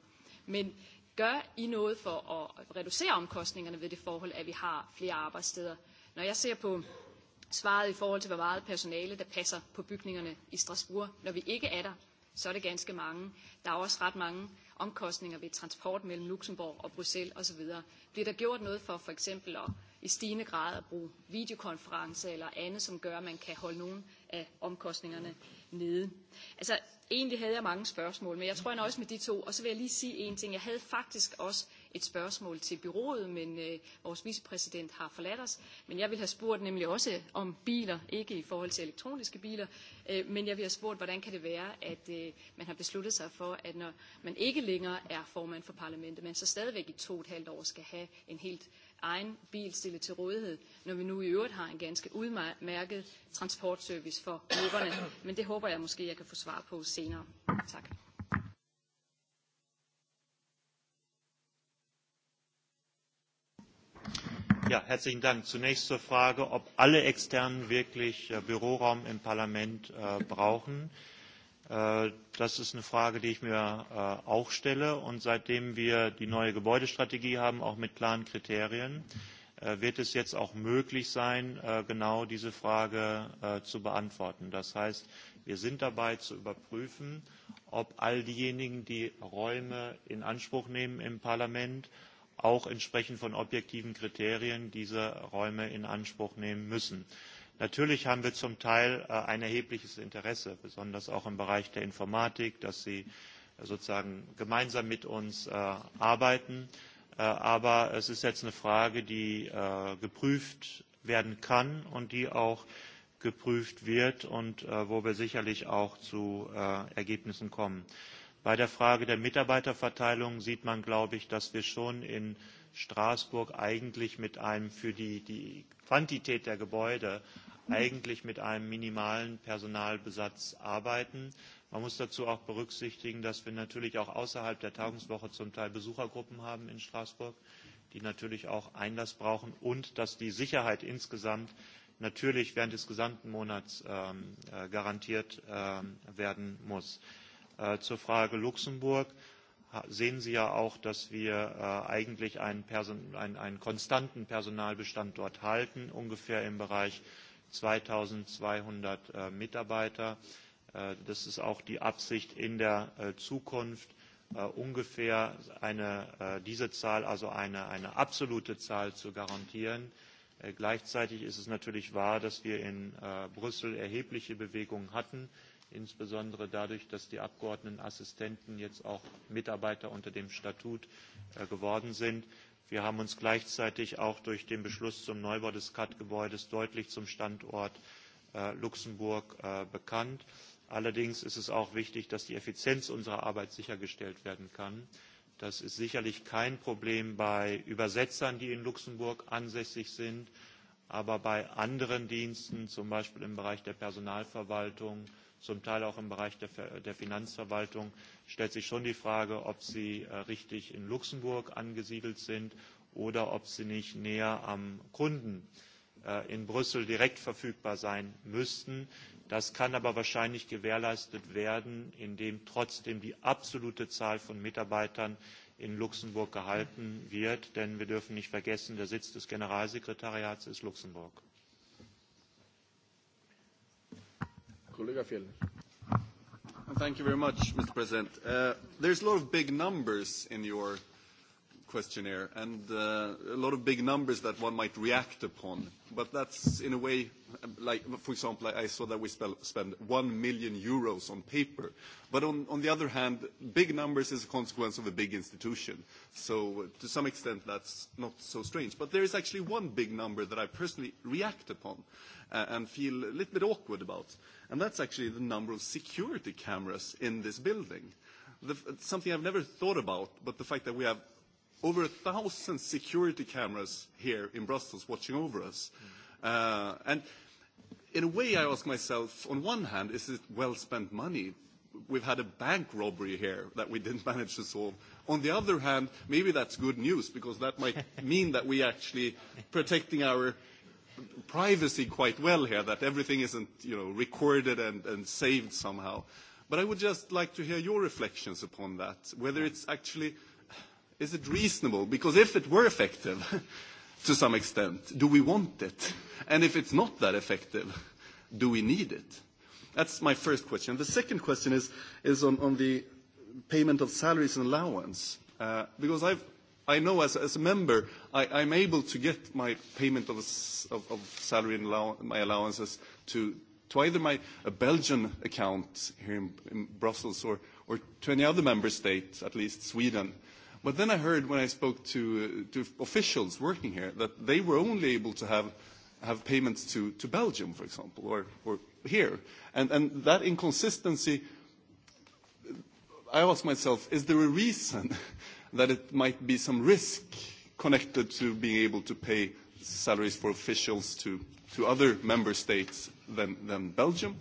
[SPEAKER 10] Men gør I noget for at reducere omkostningerne ved det forhold, at vi har flere arbejdssteder? Når jeg ser på svaret i forhold til, hvor meget personale, der passer på bygningerne i Strasbourg, når vi ikke er der, så er det ganske mange. Der er også ret mange omkostninger ved transport mellem Luxembourg og Bruxelles osv. Bliver der gjort noget for for eksempel at i stigende grad at bruge videokonference eller andet, som gør, at man kan holde nogle af omkostningerne nede? Altså, egentlig havde jeg mange spørgsmål, men jeg tror, jeg nøjes med de to. Og så vil jeg lige sige en ting. Jeg havde faktisk også et spørgsmål til byrådet, men øh, vores vicepræsident har forladt os. Men jeg vil have spurgt nemlig også om biler, ikke i forhold til elektroniske biler, øh, men jeg vil have spurgt, hvordan kan det være, at øh, man har besluttet sig for, at når man ikke længere er formand for parlamentet, men så stadigvæk i to og et halvt år skal have en helt egen bil stillet til rådighed, når vi nu i øvrigt har en ganske udmærket transportservice for løberne. Men det håber jeg måske, jeg kan få svar på senere. Tak.
[SPEAKER 5] Ja, herzlichen Dank. Zunächst zur Frage, ob alle Externen wirklich Büroraum im Parlament brauchen. Das ist eine Frage, die ich mir auch stelle. Und seitdem wir die neue Gebäudestrategie haben, auch mit klaren Kriterien, wird es jetzt auch möglich sein, genau diese Frage zu beantworten. Das heißt, wir sind dabei zu überprüfen, ob all diejenigen, die Räume in Anspruch nehmen im Parlament, auch entsprechend von objektiven Kriterien diese Räume in Anspruch nehmen müssen. Natürlich haben wir zum Teil ein erhebliches Interesse, besonders auch im Bereich der Informatik, dass sie sozusagen gemeinsam mit uns arbeiten. Aber es ist jetzt eine Frage, die geprüft werden kann und die auch geprüft wird und wo wir sicherlich auch zu Ergebnissen kommen. Bei der Frage der Mitarbeiterverteilung sieht man, glaube ich, dass wir schon in Straßburg eigentlich mit einem für die, die Quantität der Gebäude eigentlich mit einem minimalen Personalbesatz arbeiten. Man muss dazu auch berücksichtigen, dass wir natürlich auch außerhalb der Tagungswoche zum Teil Besuchergruppen haben in Straßburg, die natürlich auch Einlass brauchen und dass die Sicherheit insgesamt natürlich während des gesamten Monats garantiert werden muss. Zur Frage Luxemburg sehen Sie ja auch, dass wir eigentlich einen, konstanten Personalbestand dort halten, ungefähr im Bereich 2200 Mitarbeiter. Das ist auch die Absicht in der Zukunft, ungefähr diese Zahl, also eine, absolute Zahl zu garantieren. gleichzeitig ist es natürlich wahr, dass wir in Brüssel erhebliche Bewegungen hatten insbesondere dadurch, dass die Abgeordnetenassistenten jetzt auch Mitarbeiter unter dem Statut geworden sind. Wir haben uns gleichzeitig auch durch den Beschluss zum Neubau des CAT-Gebäudes deutlich zum Standort Luxemburg bekannt. Allerdings ist es auch wichtig, dass die Effizienz unserer Arbeit sichergestellt werden kann. Das ist sicherlich kein Problem bei Übersetzern, die in Luxemburg ansässig sind, aber bei anderen Diensten, zum Beispiel im Bereich der Personalverwaltung zum Teil auch im Bereich der, Finanzverwaltung, stellt sich schon die Frage, ob sie richtig in Luxemburg angesiedelt sind oder ob sie nicht näher am Kunden in Brüssel direkt verfügbar sein müssten. Das kann aber wahrscheinlich gewährleistet werden, indem trotzdem die absolute Zahl von Mitarbeitern in Luxemburg gehalten wird. Denn wir dürfen nicht vergessen, der Sitz des Generalsekretariats ist Luxemburg.
[SPEAKER 11] Mr. President. There's a lot of big numbers in your questionnaire and uh, a lot of big numbers that one might react upon. But that's in a way, like for example, I saw that we spell, spend one million euros on paper. But on, on the other hand, big numbers is a consequence of a big institution. So to some extent, that's not so strange. But there is actually one big number that I personally react upon uh, and feel a little bit awkward about, and that's actually the number of security cameras in this building. The, something I've never thought about, but the fact that we have over a thousand security cameras here in Brussels watching over us. Uh, and in a way, I ask myself, on one hand, is it well spent money? We've had a bank robbery here that we didn't manage to solve. On the other hand, maybe that's good news because that might mean that we're actually protecting our privacy quite well here, that everything isn't you know, recorded and, and saved somehow. But I would just like to hear your reflections upon that, whether it's actually – Is it reasonable? Because if it were effective to some extent, do we want it? And if it's not that effective, do we need it? That's my first question. The second question is, is on, on the payment of salaries and allowance. Uh, because I've, I know as, as a member, I, I'm able to get my payment of, of, of salary and allow, my allowances to, to either my a Belgian account here in, in Brussels or, or to any other member state, at least Sweden. But then I heard when I spoke to, to officials working here that they were only able to have, have payments to, to Belgium, for example, or, or here. And, and that inconsistency, I asked myself, is there a reason that it might be some risk connected to being able to pay salaries for officials to, to other member states than, than Belgium?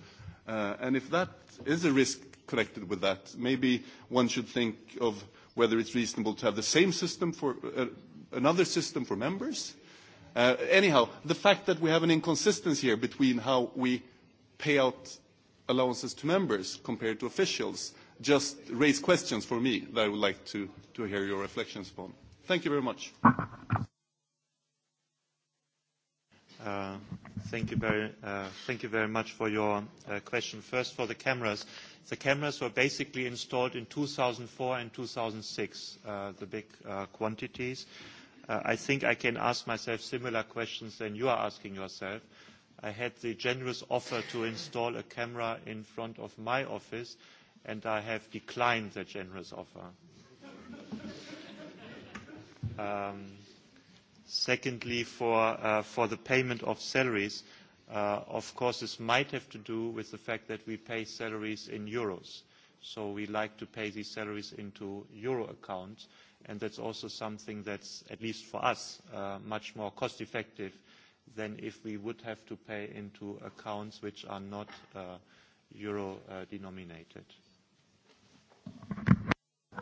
[SPEAKER 11] Uh, and if that is a risk connected with that, maybe one should think of – whether it's reasonable to have the same system for uh, another system for members. Uh, anyhow, the fact that we have an inconsistency here between how we pay out allowances to members compared to officials just raise questions for me that I would like to, to hear your reflections upon. Thank you very much.
[SPEAKER 5] Thank you very, uh, thank you very much for your uh, question. First, for the cameras. The cameras were basically installed in 2004 and 2006, uh, the big uh, quantities. Uh, I think I can ask myself similar questions than you are asking yourself. I had the generous offer to install a camera in front of my office, and I have declined the generous offer. Um, Secondly, for the payment of salaries, of course, this might have to do with the fact that we pay salaries in euros. So we like to pay these salaries into euro accounts, and that's also something that's, at least for us, much more cost-effective than if we would have to pay into accounts which are not euro-denominated.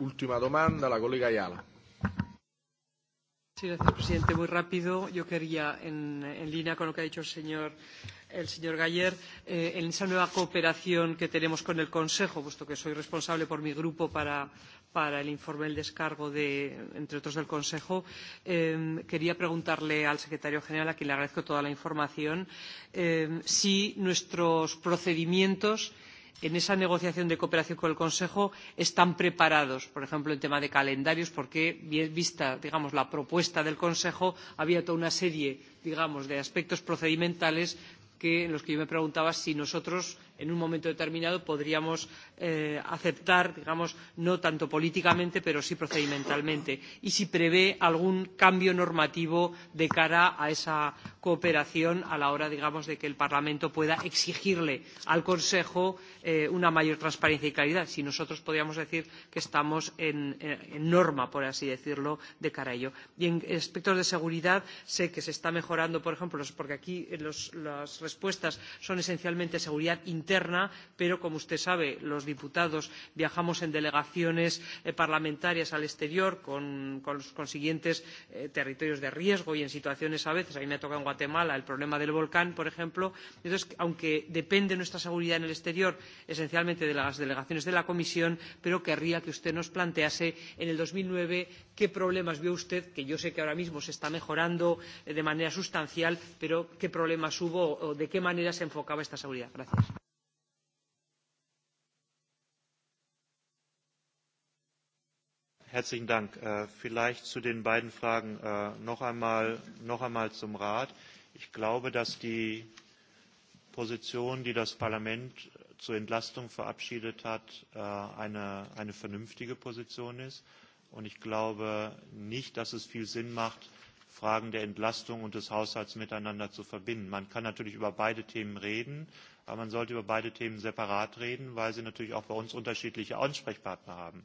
[SPEAKER 5] Ultima domanda, la collega Ayala
[SPEAKER 12] señor presidente. Muy rápido. Yo quería, en, línea con lo que ha dicho el señor, Galler, en esa nueva cooperación que tenemos con el Consejo, puesto que soy responsable por mi grupo para, el informe del descargo, entre otros, del Consejo, quería preguntarle al secretario general, a quien le agradezco toda la información, si nuestros procedimientos en esa negociación de cooperación con el Consejo están preparados, por ejemplo, en tema de calendarios, porque, vista digamos, la propuesta del Consejo, había toda una serie digamos, de aspectos procedimentales que, en los que yo me preguntaba si nosotros en un momento determinado podríamos aceptar, digamos, no tanto políticamente, pero sí procedimentalmente, y si prevé algún cambio normativo de cara a esa cooperación a la hora, digamos, de que el Parlamento pueda exigirle al Consejo una mayor transparencia y claridad, si nosotros podríamos decir que estamos en, norma, por así decirlo, de cara a ello. Y en aspectos de seguridad, sé que se está mejorando, por ejemplo, porque aquí las respuestas son esencialmente seguridad interna interna pero como usted sabe los diputados viajamos en delegaciones parlamentarias al exterior con los consiguientes territorios de riesgo y en situaciones a veces a mí me ha tocado en guatemala el problema del volcán por ejemplo entonces aunque depende nuestra seguridad en el exterior esencialmente de las delegaciones de la comisión pero querría que usted nos plantease en dos mil nueve qué problemas vio usted que yo sé que ahora mismo se está mejorando de manera sustancial pero qué problemas hubo o de qué manera se enfocaba esta seguridad. gracias.
[SPEAKER 5] Herzlichen Dank. Vielleicht zu den beiden Fragen noch einmal, noch einmal zum Rat. Ich glaube, dass die Position, die das Parlament zur Entlastung verabschiedet hat, eine, eine vernünftige Position ist. Und ich glaube nicht, dass es viel Sinn macht, Fragen der Entlastung und des Haushalts miteinander zu verbinden. Man kann natürlich über beide Themen reden, aber man sollte über beide Themen separat reden, weil sie natürlich auch bei uns unterschiedliche Ansprechpartner haben.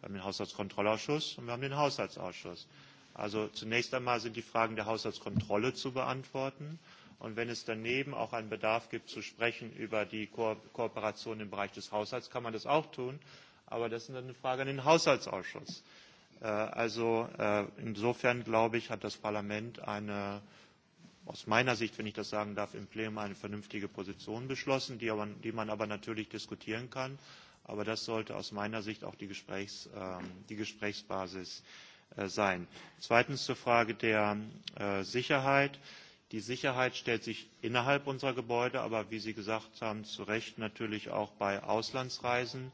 [SPEAKER 5] Wir haben den Haushaltskontrollausschuss und wir haben den Haushaltsausschuss. Also zunächst einmal sind die Fragen der Haushaltskontrolle zu beantworten. Und wenn es daneben auch einen Bedarf gibt, zu sprechen über die Kooperation im Bereich des Haushalts, kann man das auch tun. Aber das ist dann eine Frage an den Haushaltsausschuss. Also insofern, glaube ich, hat das Parlament eine, aus meiner Sicht, wenn ich das sagen darf, im Plenum eine vernünftige Position beschlossen, die, man aber natürlich diskutieren kann. Aber das sollte aus meiner Sicht auch die, Gesprächs, die Gesprächsbasis sein. Zweitens zur Frage der Sicherheit. Die Sicherheit stellt sich innerhalb unserer Gebäude, aber wie Sie gesagt haben, zu Recht natürlich auch bei Auslandsreisen.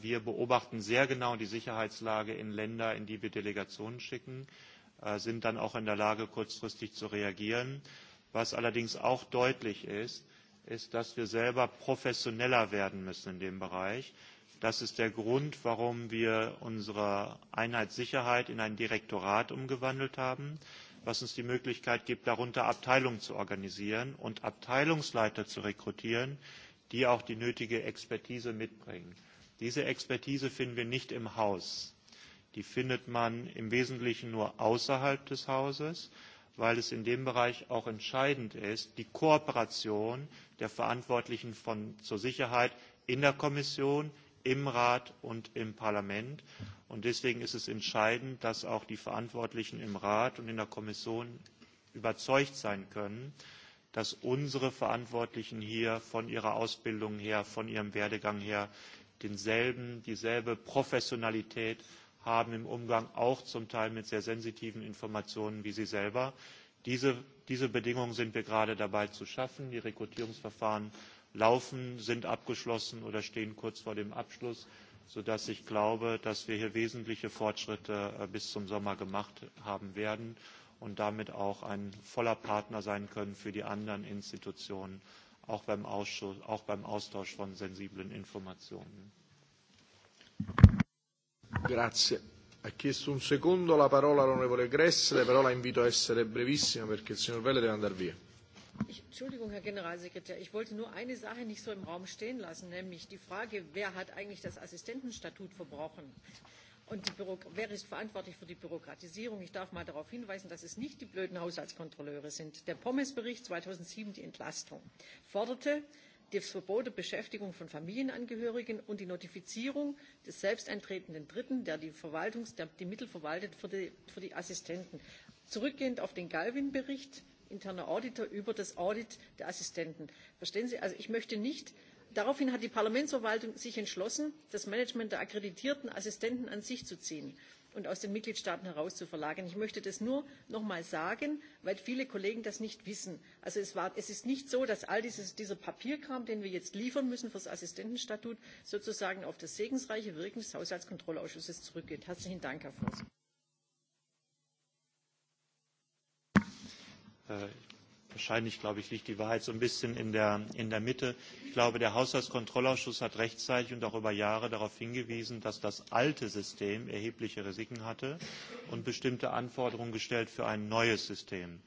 [SPEAKER 5] Wir beobachten sehr genau die Sicherheitslage in Länder, in die wir Delegationen schicken, sind dann auch in der Lage, kurzfristig zu reagieren. Was allerdings auch deutlich ist, ist, dass wir selber professioneller werden müssen in dem Bereich. Das ist der Grund, warum wir unsere Einheit Sicherheit in ein Direktorat umgewandelt haben, was uns die Möglichkeit gibt, darunter Abteilungen zu organisieren und Abteilungsleiter zu rekrutieren, die auch die nötige Expertise mitbringen. Diese Expertise finden wir nicht im Haus. Die findet man im Wesentlichen nur außerhalb des Hauses, weil es in dem Bereich auch entscheidend ist, die Kooperation der Verantwortlichen zur Sicherheit in der Kommission, im Rat und im Parlament. Und deswegen ist es entscheidend, dass auch die Verantwortlichen im Rat und in der Kommission überzeugt sein können, dass unsere Verantwortlichen hier von ihrer Ausbildung her, von ihrem Werdegang her denselben, dieselbe Professionalität haben im Umgang auch zum Teil mit sehr sensitiven Informationen wie sie selber Diese Bedingungen sind wir gerade dabei zu schaffen. Die Rekrutierungsverfahren laufen, sind abgeschlossen oder stehen kurz vor dem Abschluss, sodass ich glaube, dass wir hier wesentliche Fortschritte bis zum Sommer gemacht haben werden und damit auch ein voller Partner sein können für die anderen Institutionen, auch beim, Austausch von sensiblen Informationen.
[SPEAKER 2] Grazie. Ha chiesto un secondo la parola all'onorevole Gressle, però la invito a essere brevissima perché il signor Velle deve andare via.
[SPEAKER 13] Entschuldigung,
[SPEAKER 6] Herr Generalsekretär, ich wollte nur eine Sache nicht so im Raum stehen lassen, nämlich die Frage, wer hat eigentlich das Assistentenstatut verbrochen? Und wer ist verantwortlich für die Bürokratisierung? Ich darf mal darauf hinweisen, dass es nicht die blöden Haushaltskontrolleure sind. Der Pommes-Bericht 2007, die Entlastung, forderte, das Verbot der Beschäftigung von Familienangehörigen und die Notifizierung des selbsteintretenden Dritten, der die, Verwaltungs-, der die Mittel verwaltet für die, für die Assistenten. Zurückgehend auf den Galvin-Bericht, interner Auditor, über das Audit der Assistenten. Verstehen Sie, also ich möchte nicht, daraufhin hat die Parlamentsverwaltung sich entschlossen, das Management der akkreditierten Assistenten an sich zu ziehen und aus den Mitgliedstaaten heraus zu verlagern. Ich möchte das nur noch mal sagen, weil viele Kollegen das nicht wissen. Also es, war, es ist nicht so, dass all dieses, dieser Papierkram, den wir jetzt liefern müssen für das Assistentenstatut, sozusagen auf das segensreiche Wirken des Haushaltskontrollausschusses zurückgeht. Herzlichen Dank, Herr Vorsitz
[SPEAKER 5] wahrscheinlich, glaube ich, liegt die Wahrheit so ein bisschen in der, in der Mitte. Ich glaube, der Haushaltskontrollausschuss hat rechtzeitig und auch über Jahre darauf hingewiesen, dass das alte System erhebliche Risiken hatte und bestimmte Anforderungen gestellt für ein neues System.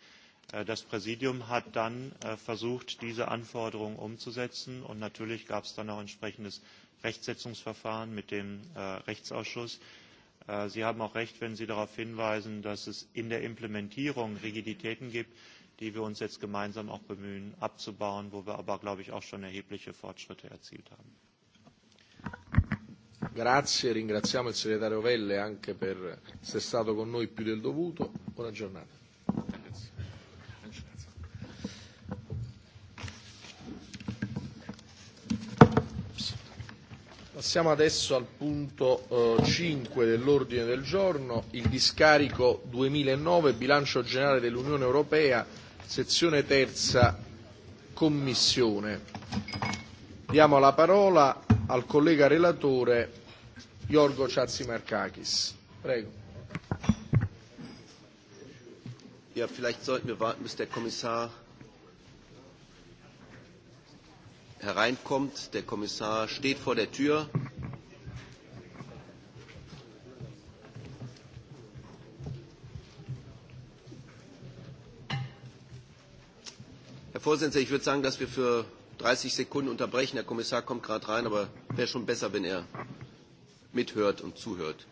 [SPEAKER 5] Das Präsidium hat dann versucht, diese Anforderungen umzusetzen und natürlich gab es dann auch entsprechendes Rechtsetzungsverfahren mit dem Rechtsausschuss. Sie haben auch recht, wenn Sie darauf hinweisen, dass es in der Implementierung Rigiditäten gibt die wir uns jetzt gemeinsam auch bemühen, abzubauen, wo wir aber, glaube ich, auch schon erhebliche Fortschritte erzielt haben.
[SPEAKER 2] Grazie, ringraziamo il segretario Velle anche per essere stato con noi più del dovuto. Buona giornata. Passiamo adesso al punto 5 dell'ordine del giorno, il discarico 2009 bilancio generale dell'Unione Europea sezione terza, Commissione. Diamo la parola al collega relatore Yorgo Chatzimarkakis.
[SPEAKER 14] Prego. Ja, vielleicht sollten wir warten, bis der Kommissar hereinkommt. Der Kommissar steht vor der Tür. Vorsitzender, ich würde sagen, dass wir für 30 Sekunden unterbrechen. Der Kommissar kommt gerade rein, aber wäre schon besser, wenn er mithört und zuhört.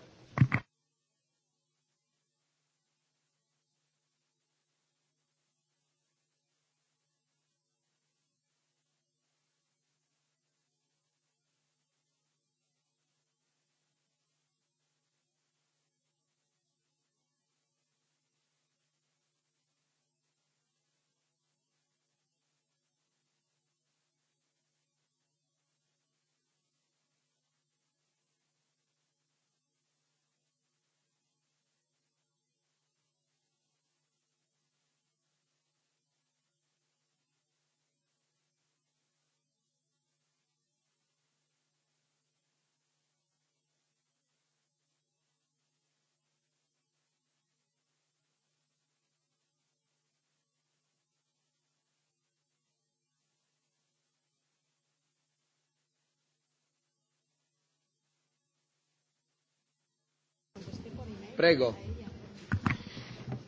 [SPEAKER 14] Prego.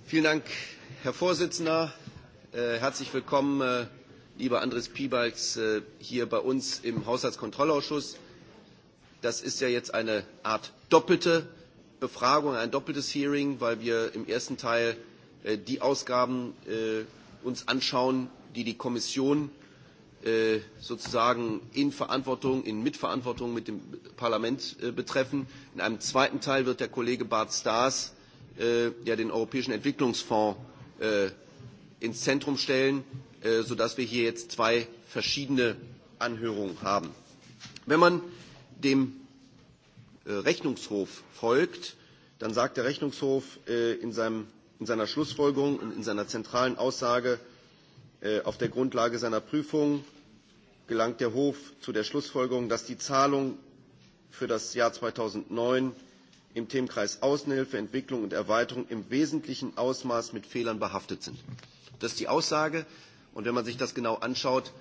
[SPEAKER 14] Vielen Dank, Herr Vorsitzender. Herzlich willkommen, lieber Andres Piebalgs, hier bei uns im Haushaltskontrollausschuss. Das ist ja jetzt eine Art doppelte Befragung, ein doppeltes Hearing, weil wir im ersten Teil die Ausgaben uns anschauen, die die Kommission sozusagen in Verantwortung, in Mitverantwortung mit dem Parlament betreffen. In einem zweiten Teil wird der Kollege Bart Staes ja den Europäischen Entwicklungsfonds ins Zentrum stellen, sodass wir hier jetzt zwei verschiedene Anhörungen haben. Wenn man dem Rechnungshof folgt, dann sagt der Rechnungshof in, seiner Schlussfolgerung und in seiner zentralen Aussage, auf der Grundlage seiner Prüfung gelangt der Hof zu der Schlussfolgerung, dass die Zahlung für das Jahr 2009 im Themenkreis Außenhilfe, Entwicklung und Erweiterung im wesentlichen Ausmaß mit Fehlern behaftet sind. Das ist die Aussage. Und wenn man sich das genau anschaut,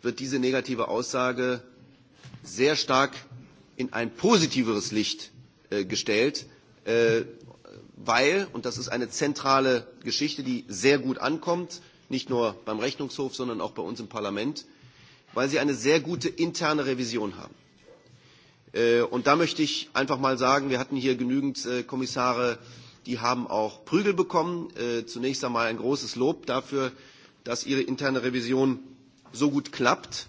[SPEAKER 14] wird diese negative Aussage sehr stark in ein positiveres Licht gestellt, weil, und das ist eine zentrale Geschichte, die sehr gut ankommt, nicht nur beim Rechnungshof, sondern auch bei uns im Parlament, weil sie eine sehr gute interne Revision haben. Und da möchte ich einfach mal sagen, wir hatten hier genügend Kommissare, die haben auch Prügel bekommen. Zunächst einmal ein großes Lob dafür, dass ihre interne Revision so gut klappt.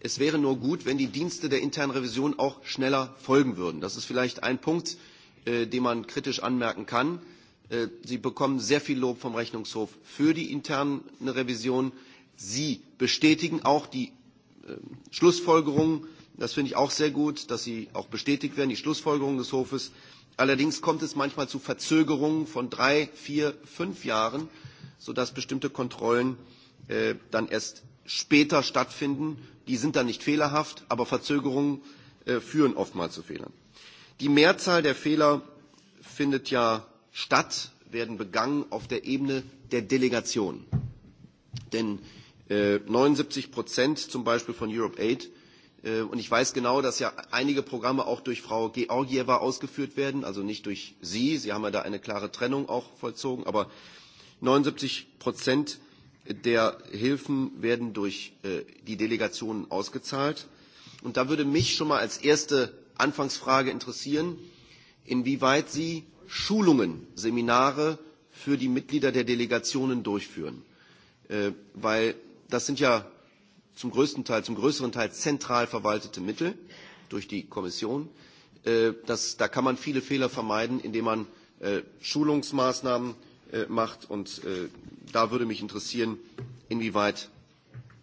[SPEAKER 14] Es wäre nur gut, wenn die Dienste der internen Revision auch schneller folgen würden. Das ist vielleicht ein Punkt, die man kritisch anmerken kann. Sie bekommen sehr viel Lob vom Rechnungshof für die interne Revision. Sie bestätigen auch die Schlussfolgerungen, das finde ich auch sehr gut, dass sie auch bestätigt werden, die Schlussfolgerungen des Hofes. Allerdings kommt es manchmal zu Verzögerungen von drei, vier, fünf Jahren, sodass bestimmte Kontrollen dann erst später stattfinden. Die sind dann nicht fehlerhaft, aber Verzögerungen führen oftmals zu Fehlern. Die Mehrzahl der Fehler findet ja statt, werden begangen auf der Ebene der Delegation. Denn äh, 79 Prozent zum Beispiel von Europe Aid Und ich weiß genau, dass ja einige Programme auch durch Frau Georgieva ausgeführt werden, also nicht durch Sie. Sie haben ja da eine klare Trennung auch vollzogen. Aber 79 Prozent der Hilfen werden durch die Delegationen ausgezahlt. Und da würde mich schon mal als erste Anfangsfrage interessieren, inwieweit Sie Schulungen, Seminare für die Mitglieder der Delegationen durchführen. Weil das sind ja zum größten Teil, zum größeren Teil zentral verwaltete Mittel durch die Kommission. da kann man viele Fehler vermeiden, indem man Schulungsmaßnahmen macht. Und da würde mich interessieren, inwieweit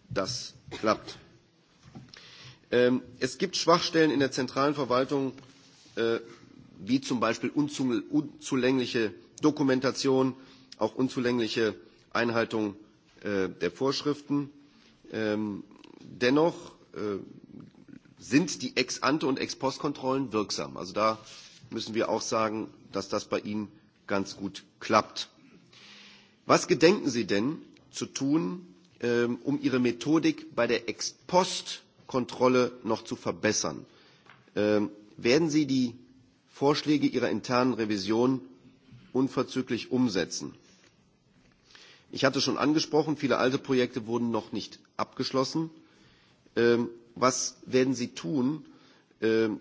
[SPEAKER 14] das klappt es gibt Schwachstellen in der zentralen Verwaltung, wie zum Beispiel unzulängliche Dokumentation, auch unzulängliche Einhaltung der Vorschriften. Dennoch sind die Ex-ante und Ex-post-Kontrollen wirksam. Also da müssen wir auch sagen, dass das bei Ihnen ganz gut klappt. Was gedenken Sie denn zu tun, um Ihre Methodik bei der Ex-post Kontrolle noch zu verbessern. werden Sie die Vorschläge Ihrer internen Revision unverzüglich umsetzen? Ich hatte schon angesprochen, viele alte Projekte wurden noch nicht abgeschlossen. was werden Sie tun,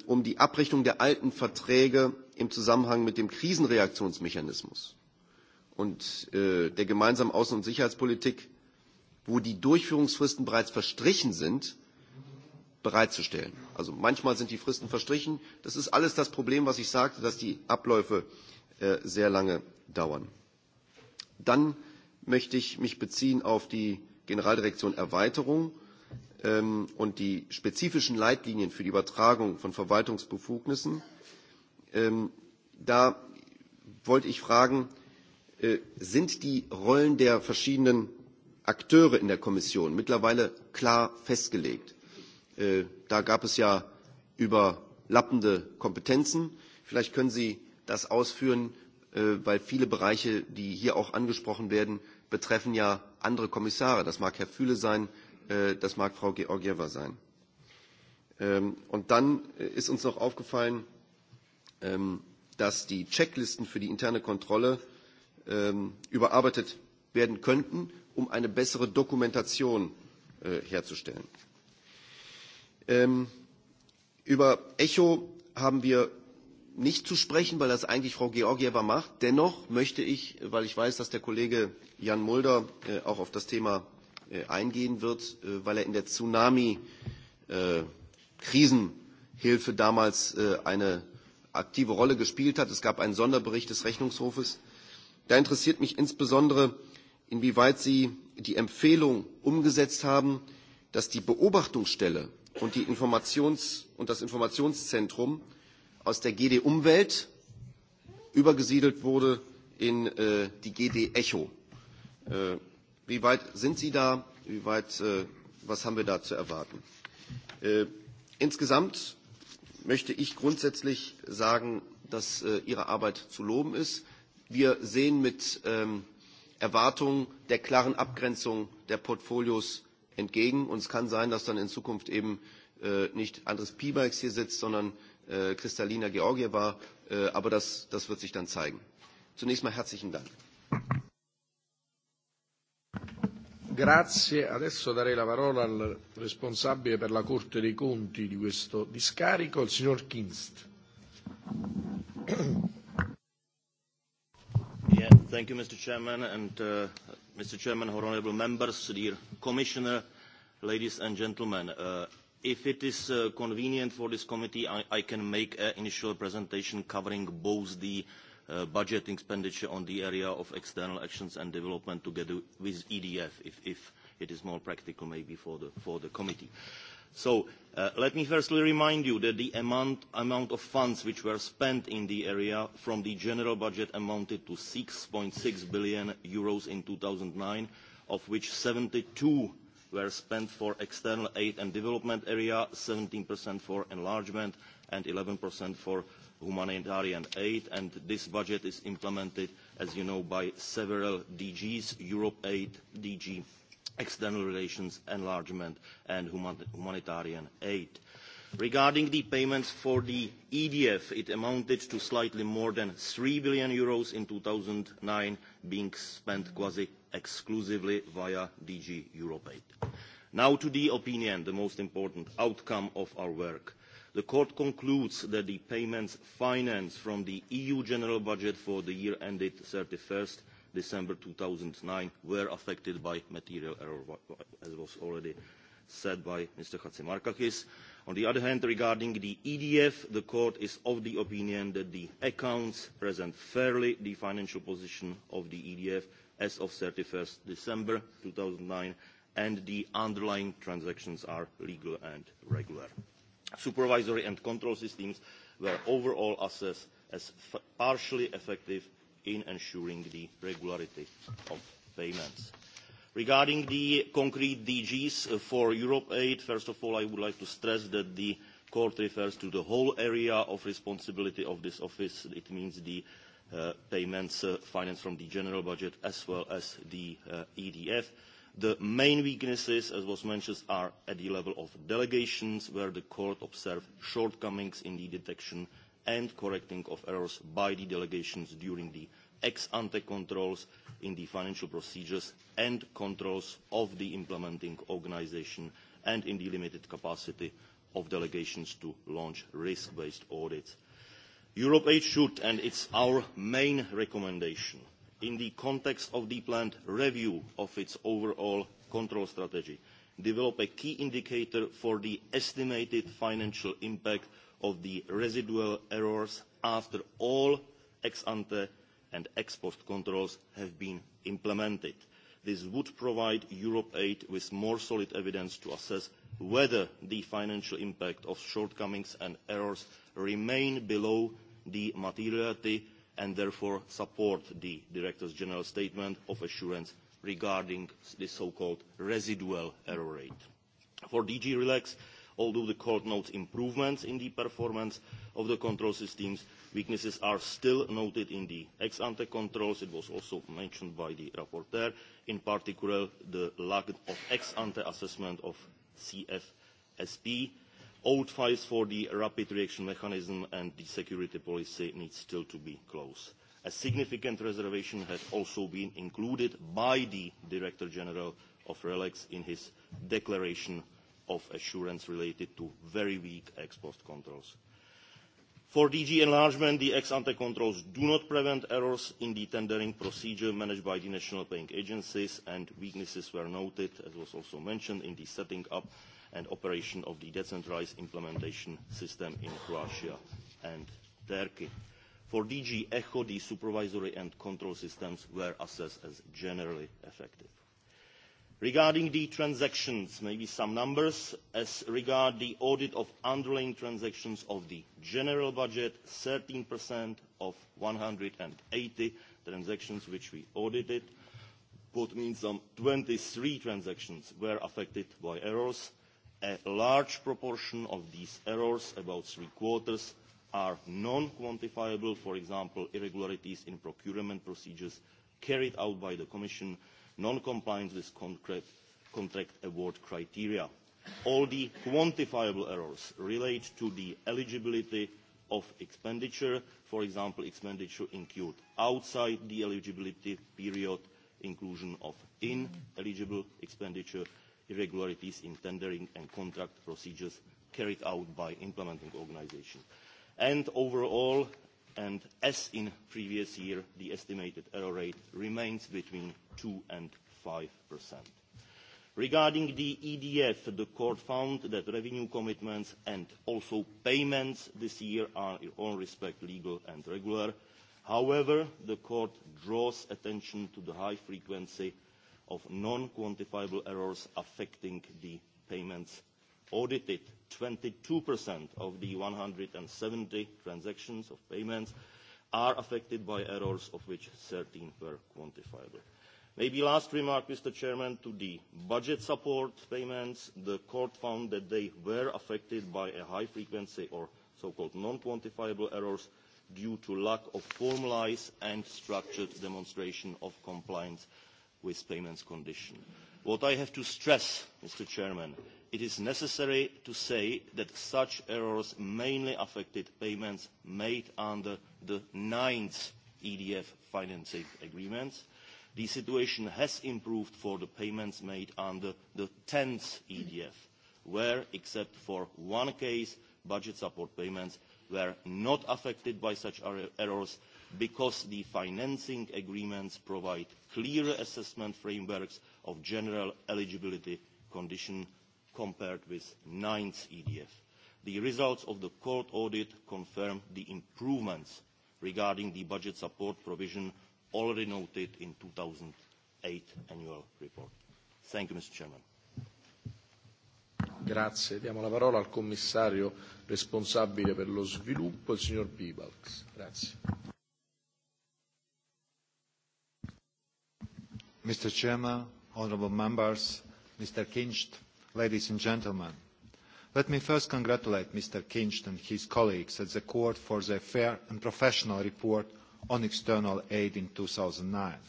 [SPEAKER 14] um die Abrechnung der alten Verträge im Zusammenhang mit dem Krisenreaktionsmechanismus und der gemeinsamen Außen- und Sicherheitspolitik, wo die Durchführungsfristen bereits verstrichen sind, bereitzustellen. Also manchmal sind die Fristen verstrichen. Das ist alles das Problem, was ich sagte, dass die Abläufe sehr lange dauern. Dann möchte ich mich beziehen auf die Generaldirektion Erweiterung und die spezifischen Leitlinien für die Übertragung von Verwaltungsbefugnissen. da wollte ich fragen, sind die Rollen der verschiedenen Akteure in der Kommission mittlerweile klar festgelegt? Da gab es ja überlappende Kompetenzen. Vielleicht können Sie das ausführen, weil viele Bereiche, die hier auch angesprochen werden, betreffen ja andere Kommissare. Das mag Herr Füle sein, das mag Frau Georgieva sein. Und dann ist uns noch aufgefallen, dass die Checklisten für die interne Kontrolle überarbeitet werden könnten, um eine bessere Dokumentation herzustellen über Echo haben wir nicht zu sprechen, weil das eigentlich Frau Georgieva macht. Dennoch möchte ich, weil ich weiß, dass der Kollege Jan Mulder auch auf das Thema eingehen wird, weil er in der Tsunami-Krisenhilfe damals eine aktive Rolle gespielt hat. Es gab einen Sonderbericht des Rechnungshofes. Da interessiert mich insbesondere, inwieweit Sie die Empfehlung umgesetzt haben, dass die Beobachtungsstelle und, die Informations und das Informationszentrum aus der GD Umwelt übergesiedelt wurde in äh, die GD Echo. Äh, wie weit sind Sie da? Wie weit, äh, was haben wir da zu erwarten? Äh, insgesamt möchte ich grundsätzlich sagen, dass äh, Ihre Arbeit zu loben ist. Wir sehen mit ähm, Erwartung der klaren Abgrenzung der Portfolios entgegen. Und es kann sein, dass dann in Zukunft eben nicht Andres Piebalgs hier sitzt, sondern Kristalina Georgieva. aber das, das wird sich dann zeigen. Zunächst mal herzlichen Dank.
[SPEAKER 2] Grazie. Adesso darei la parola al responsabile per la Corte dei Conti di questo discarico,
[SPEAKER 15] il signor Kinst. Yeah, thank you, Mr. Chairman, and uh, Mr. Chairman, honourable members, dear Commissioner, ladies and gentlemen. if it is convenient for this committee, I, can make an initial presentation covering both the budget expenditure on the area of external actions and development together with EDF, if, it is more practical maybe for the, committee. Uh, So let me firstly remind you that the amount, of funds which were spent in the area from the general budget amounted to EUR six six billion euros in two thousand nine, of which seventy two were spent for external aid and development area, 17% for enlargement, and 11% for humanitarian aid. And this budget is implemented, as you know, by several DGs, Europe Aid, DG external relations enlargement and humanitarian aid. Regarding the payments for the EDF, it amounted to slightly more than EUR 3 billion in two thousand nine, being spent quasi-exclusively via DG EuropeAid. Now to the opinion, the most important outcome of our work. The court concludes that the payments financed from the EU general budget for the year ended 31st December 2009 were affected by material error, as was already said by Mr. Chatzimarkakis. On the other hand, regarding the EDF, the court is of the opinion that the accounts present fairly the financial position of the EDF as of 31st December 2009, and the underlying transactions are legal and regular. Supervisory and control systems were overall assessed as partially effective in ensuring the regularity of payments. Regarding the concrete DGs for Europe Aid, first of all, I would like to stress that the court refers to the whole area of responsibility of this office. It means the payments financed from the general budget as well as the EDF. The main weaknesses, as was mentioned, are at the level of delegations, where the court observed shortcomings in the detection and correcting of errors by the delegations during the ex ante controls in the financial procedures and controls of the implementing organisation and in the limited capacity of delegations to launch risk-based audits. Europe Aid should, and it's our main recommendation, in the context of the planned review of its overall control strategy, develop a key indicator for the estimated financial impact of the residual errors after all ex ante and ex post controls have been implemented. This would provide EuropeAid with more solid evidence to assess whether the financial impact of shortcomings and errors remain below the materiality and therefore support the Director General's statement of assurance regarding the so-called residual error rate. For DG RELAX, Although the court notes improvements in the performance of the control systems, weaknesses are still noted in the ex-ante controls. It was also mentioned by the rapporteur, in particular the lack of ex-ante assessment of CFSP. Old files for the rapid reaction mechanism and the security policy needs still to be closed. A significant reservation has also been included by the Director General of RELEX in his declaration of assurance related to very weak ex-post controls. For DG enlargement, the ex-ante controls do not prevent errors in the tendering procedure managed by the national paying agencies, and weaknesses were noted, as was also mentioned, in the setting up and operation of the decentralized implementation system in Croatia and Turkey. For DG ECHO, the supervisory and control systems were assessed as generally effective. Regarding the transactions, maybe some numbers as regard the audit of underlying transactions of the general budget, 13% of 180 transactions which we audited. What means some 23 transactions were affected by errors. A large proportion of these errors, about three-quarters, are non-quantifiable, for example, irregularities in procurement procedures carried out by the Commission non-compliance with contract award criteria. All the quantifiable errors relate to the eligibility of expenditure, for example, expenditure incurred outside the eligibility period, inclusion of ineligible expenditure, irregularities in tendering and contract procedures carried out by implementing organisations. And overall, and as in previous year, the estimated error rate remains between 2% and 5%. Regarding the EDF, the court found that revenue commitments and also payments this year are in all respect legal and regular. However, the court draws attention to the high frequency of non-quantifiable errors affecting the payments audited 22% of the 170 transactions of payments are affected by errors, of which 13 were quantifiable. Maybe last remark, Mr. Chairman, to the budget support payments. The court found that they were affected by a high frequency or so-called non-quantifiable errors due to lack of formalised and structured demonstration of compliance with payments conditions. What I have to stress, Mr. that it is necessary to say that such errors mainly affected payments made under the ninth EDF financing agreement. The situation has improved for the payments made under the tenth EDF, where, except for one case, budget support payments were not affected by such errors because the financing agreements provide clearer assessment frameworks of general eligibility condition compared with ninth EDF. The results of the court audit confirm the improvements regarding the budget support provision already noted in 2008 annual report. Thank you, Mr. Chairman.
[SPEAKER 2] Grazie. Diamo la parola al commissario responsabile per
[SPEAKER 16] lo sviluppo, il signor Grazie. Mr. Chairman, honourable members, Mr. Kincht, ladies and gentlemen. Let me first congratulate Mr. Kincht and his colleagues at the Court for their fair and professional report on external aid in two thousand nine.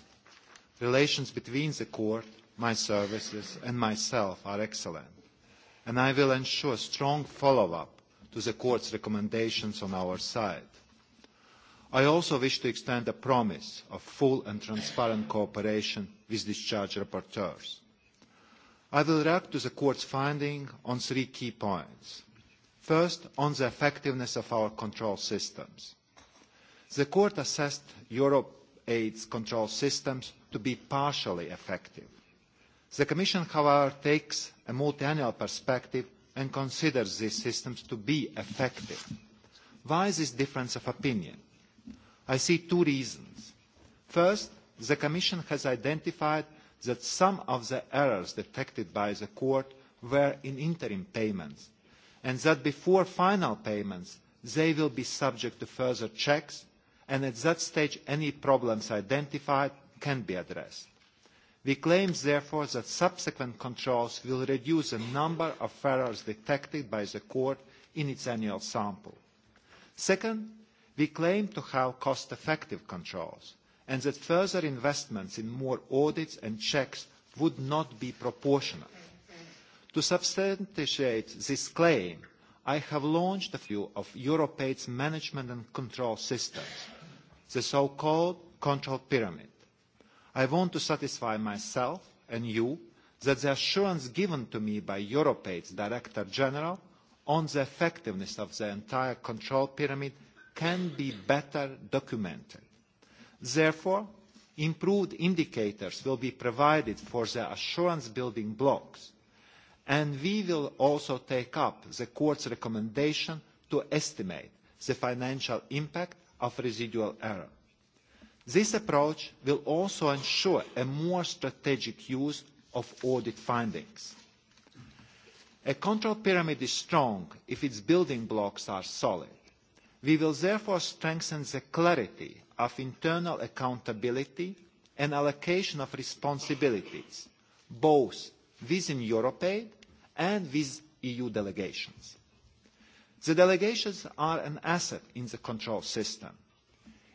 [SPEAKER 16] Relations between the Court, my services and myself are excellent, and I will ensure strong follow-up to the Court's recommendations on our side I also wish to extend a promise of full and transparent cooperation with discharge rapporteurs. I will react to the Court's finding on three key points. First, on the effectiveness of our control systems. The Court assessed EuropeAid's control systems to be partially effective. The Commission, however, takes a multi-annual perspective and considers these systems to be effective. Why this difference of opinion? I see two reasons. First, the Commission has identified that some of the errors detected by the court were in interim payments, and that before final payments, they will be subject to further checks, and at that stage, any problems identified can be addressed. We claim, therefore, that subsequent controls will reduce the number of errors detected by the court in its annual sample. Second, We claim to have cost-effective controls and that further investments in more audits and checks would not be proportionate. To substantiate this claim, I have launched a few of Europaid's management and control systems, the so-called control pyramid. I want to satisfy myself and you that the assurance given to me by Europaid's Director General on the effectiveness of the entire control pyramid can be better documented. Therefore, improved indicators will be provided for the assurance building blocks, and we will also take up the court's recommendation to estimate the financial impact of residual error. This approach will also ensure a more strategic use of audit findings. A control pyramid is strong if its building blocks are solid We will therefore strengthen the clarity of internal accountability and allocation of responsibilities, both within EuroPaid and with EU delegations. The delegations are an asset in the control system.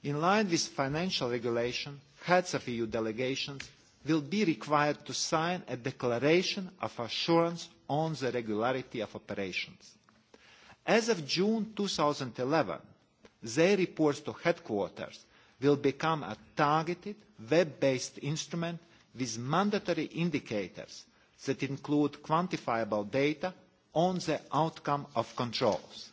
[SPEAKER 16] In line with financial regulation, heads of EU delegations will be required to sign a declaration of assurance on the regularity of operations. As of June 2011, their reports to headquarters will become a targeted web-based instrument with mandatory indicators that include quantifiable data on the outcome of controls.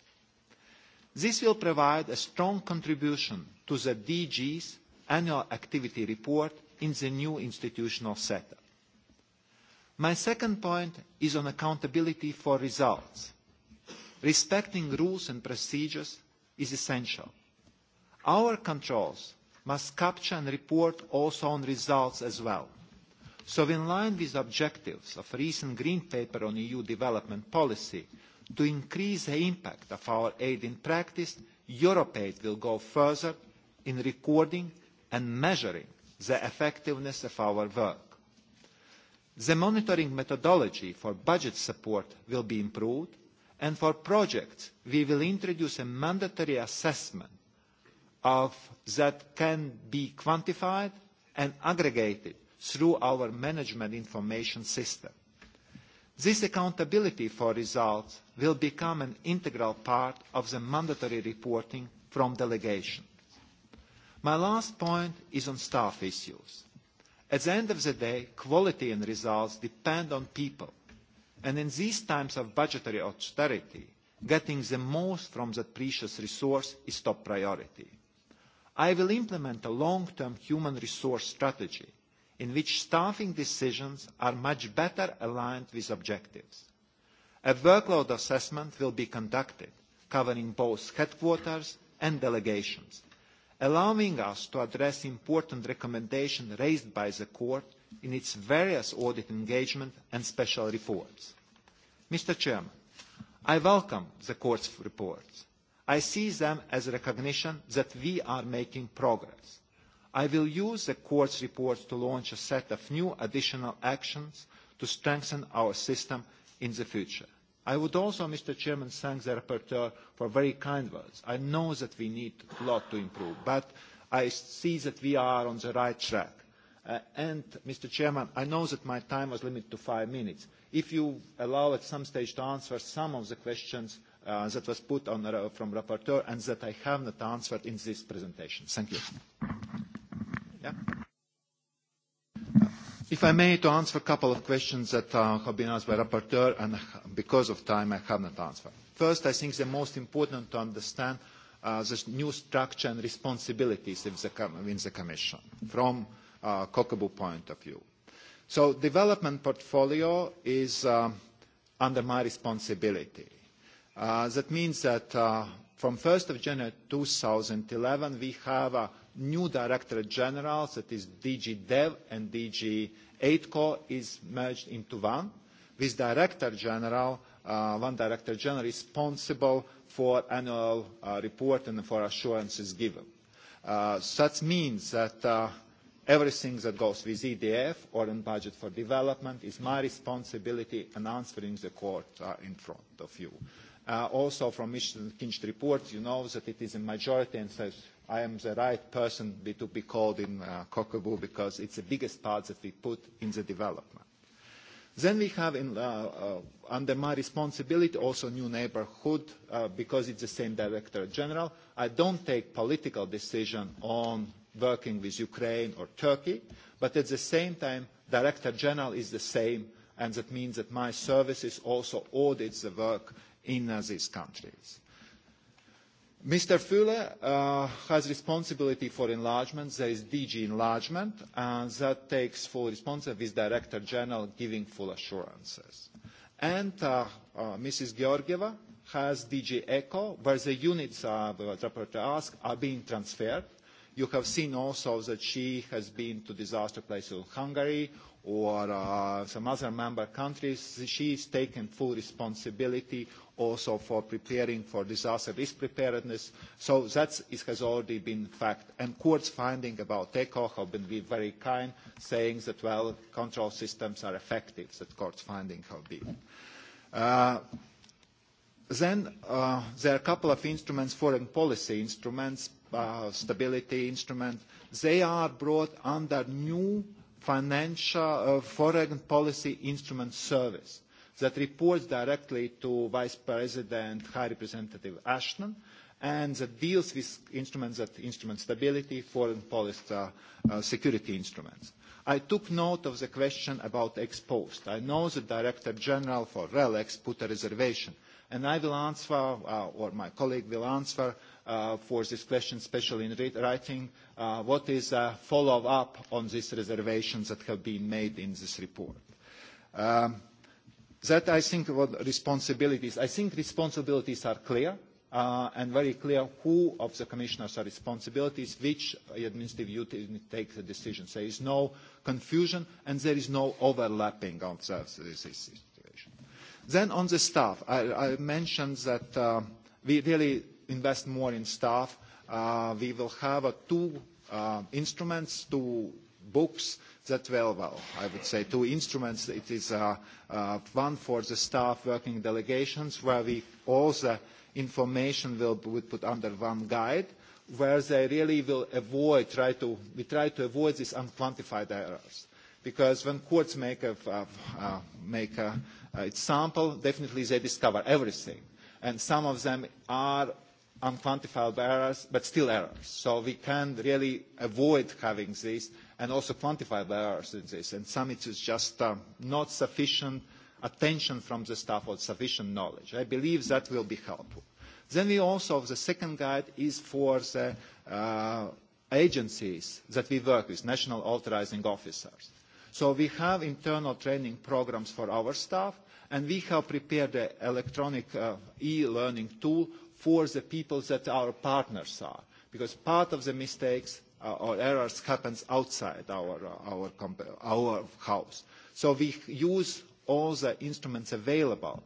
[SPEAKER 16] This will provide a strong contribution to the DG's annual activity report in the new institutional setup. My second point is on accountability for results. Respecting rules and procedures is essential. Our controls must capture and report also on results as well. So in line with objectives of recent Green Paper on EU development policy, to increase the impact of our aid in practice, EuroPaid will go further in recording and measuring the effectiveness of our work. The monitoring methodology for budget support will be improved, And for projects, we will introduce a mandatory assessment of that can be quantified and aggregated through our management information system. This accountability for results will become an integral part of the mandatory reporting from delegation. My last point is on staff issues. At the end of the day, quality and results depend on people – And in these times of budgetary austerity, getting the most from that precious resource is top priority. I will implement a long-term human resource strategy in which staffing decisions are much better aligned with objectives. A workload assessment will be conducted, covering both headquarters and delegations, allowing us to address important recommendations raised by the court in its various audit engagement and special reports. Mr. Chairman, I welcome the Court's reports. I see them as a recognition that we are making progress. I will use the Court's reports to launch a set of new additional actions to strengthen our system in the future. I would also, Mr. Chairman, thank the rapporteur for very kind words. I know that we need a lot to improve, but I see that we are on the right track. And Mr. Chairman, I know that my time was limited to five minutes. If you allow at some stage to answer some of the questions that was put on from rapporteur and that I have not answered in this presentation. Thank you. If I may, to answer a couple of questions that have been asked by rapporteur, and because of time, I have not answered. First, I think the most important to understand the new structure and responsibilities in the Commission, from uh, point of view. So development portfolio is under my responsibility. that means that from 1st of January 2011, we have a new Director General, that is DG Dev and DG AIDCO, is merged into one, with Director General, one Director General responsible for annual report and for assurances given. that means that Everything that goes with EDF or in budget for development is my responsibility and answering the court in front of you. Uh, also from Mr Kinch report, you know that it is a majority and says I am the right person to be called in uh, because because it's the biggest part that we put in the development. Then we have in, uh, uh, under my responsibility also new neighborhood uh, because it's the same director general. I don't take political decision on working with Ukraine or Turkey, but at the same time, Director General is the same, and that means that my services also audit the work in these countries. Mr. Füle has responsibility for enlargement. There is DG enlargement, and that takes full responsibility with Director General giving full assurances. And Mrs. Georgieva has DG ECHO, where the units, the rapporteur asked, are being transferred You have seen also that she has been to disaster places in Hungary or uh, some other member countries. She is taking full responsibility also for preparing for disaster risk preparedness. So that has already been fact. And court's finding about ECHO have been very kind, saying that, well, control systems are effective, that court's finding have been. Uh, Then there are a couple of instruments, foreign policy instruments, stability instruments. They are brought under new financial foreign policy instrument service that reports directly to Vice President High Representative Ashton and that deals with instruments that instrument stability, foreign policy, security instruments. I took note of the question about ex post. I know the Director General for RELEX put a reservation And I will answer, or my colleague will answer, for this question, especially in writing, what is a follow-up on these reservations that have been made in this report. that, I think, what responsibilities. I think responsibilities are clear and very clear who of the commissioners are responsibilities, which administrative unit takes the decision. There is no confusion and there is no overlapping of the issues. Then on the staff, I, I mentioned that we really invest more in staff. we will have two instruments, two books that well, well, I would say two instruments. It is one for the staff working delegations where we all the information will be put under one guide where they really will avoid, try to, we try to avoid these unquantified errors. Because when courts make a, make a its sample, definitely they discover everything. And some of them are unquantifiable errors, but still errors. So we can really avoid having these and also quantifiable errors in this. And some it is just not sufficient attention from the staff or sufficient knowledge. I believe that will be helpful. Then we also, the second guide is for the agencies that we work with, national authorising officers. So we have internal training programmes for our staff, And we have prepared an electronic e-learning tool for the people that our partners are, because part of the mistakes or errors happens outside our house. So we use all the instruments available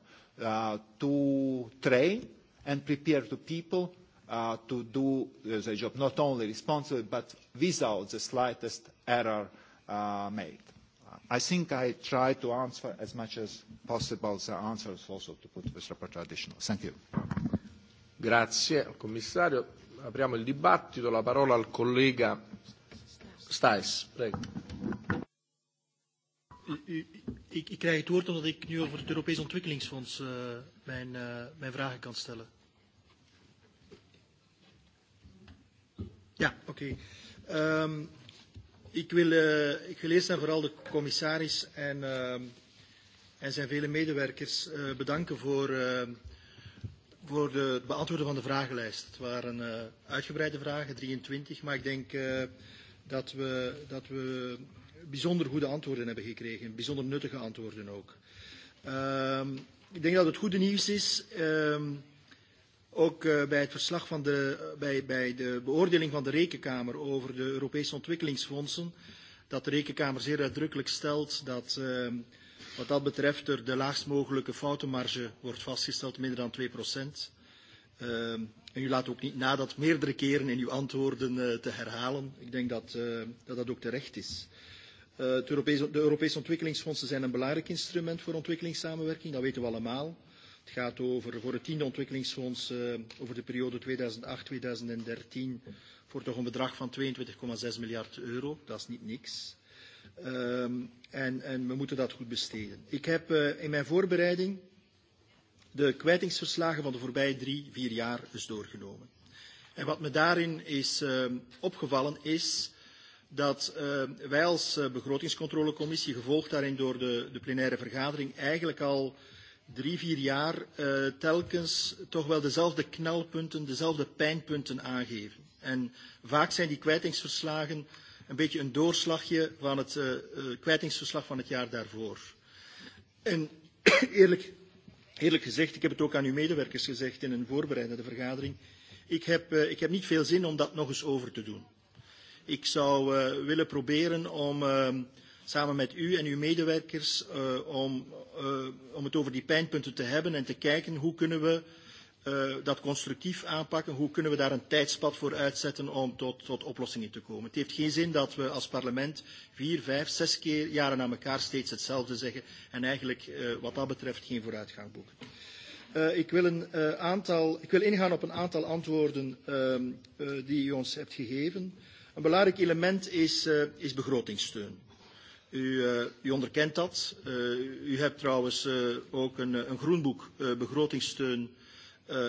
[SPEAKER 16] to train and prepare the people to do the job, not only responsibly, but without the slightest error made. I think I tried to answer as much as possible the answers also to put this report additional. Thank you. Grazie al
[SPEAKER 2] commissario. Apriamo il dibattito. La parola al collega Stais. Prego. Ik, ik, ik krijg het woord omdat ik nu over
[SPEAKER 8] het Europees Ontwikkelingsfonds uh, mijn, uh, mijn vragen kan stellen. Ja, oké. Okay. Um, Ik wil, uh, ik wil eerst en vooral de commissaris en, uh, en zijn vele medewerkers uh, bedanken voor, uh, voor de, het beantwoorden van de vragenlijst. Het waren uh, uitgebreide vragen, 23, maar ik denk uh, dat, we, dat we bijzonder goede antwoorden hebben gekregen, bijzonder nuttige antwoorden ook. Uh, ik denk dat het goede nieuws is. Ook bij, het verslag van de, bij, bij de beoordeling van de Rekenkamer over de Europese ontwikkelingsfondsen, dat de Rekenkamer zeer uitdrukkelijk stelt dat wat dat betreft er de laagst mogelijke foutenmarge wordt vastgesteld, minder dan 2 procent. en u laat ook niet na dat meerdere keren in uw antwoorden te herhalen. Ik denk dat dat, dat ook terecht is. de Europese ontwikkelingsfondsen zijn een belangrijk instrument voor ontwikkelingssamenwerking, dat weten we allemaal. Het gaat over voor het tiende ontwikkelingsfonds over de periode 2008-2013 voor toch een bedrag van 22,6 miljard euro. Dat is niet niks. Um, en, en we moeten dat goed besteden. Ik heb uh, in mijn voorbereiding de kwijtingsverslagen van de voorbije drie, vier jaar is doorgenomen. En wat me daarin is uh, opgevallen is dat uh, wij als uh, begrotingscontrolecommissie, gevolgd daarin door de, de plenaire vergadering, eigenlijk al drie, vier jaar uh, telkens toch wel dezelfde knelpunten, dezelfde pijnpunten aangeven. En vaak zijn die kwijtingsverslagen een beetje een doorslagje van het uh, kwijtingsverslag van het jaar daarvoor. En eerlijk, eerlijk gezegd, ik heb het ook aan uw medewerkers gezegd in een voorbereidende vergadering, ik heb, uh, ik heb niet veel zin om dat nog eens over te doen. Ik zou uh, willen proberen om... Uh, samen met u en uw medewerkers om, het over die pijnpunten te hebben en te kijken hoe kunnen we dat constructief aanpakken, hoe kunnen we daar een tijdspad voor uitzetten om tot, oplossingen te komen. Het heeft geen zin dat we als parlement vier, vijf, zes keer jaren na elkaar steeds hetzelfde zeggen en eigenlijk wat dat betreft geen vooruitgang boeken. ik, wil een, aantal, ik wil ingaan op een aantal antwoorden die u ons hebt gegeven. Een belangrijk element is, begrotingssteun. U, onderkent dat. u hebt trouwens ook een, groenboek begrotingssteun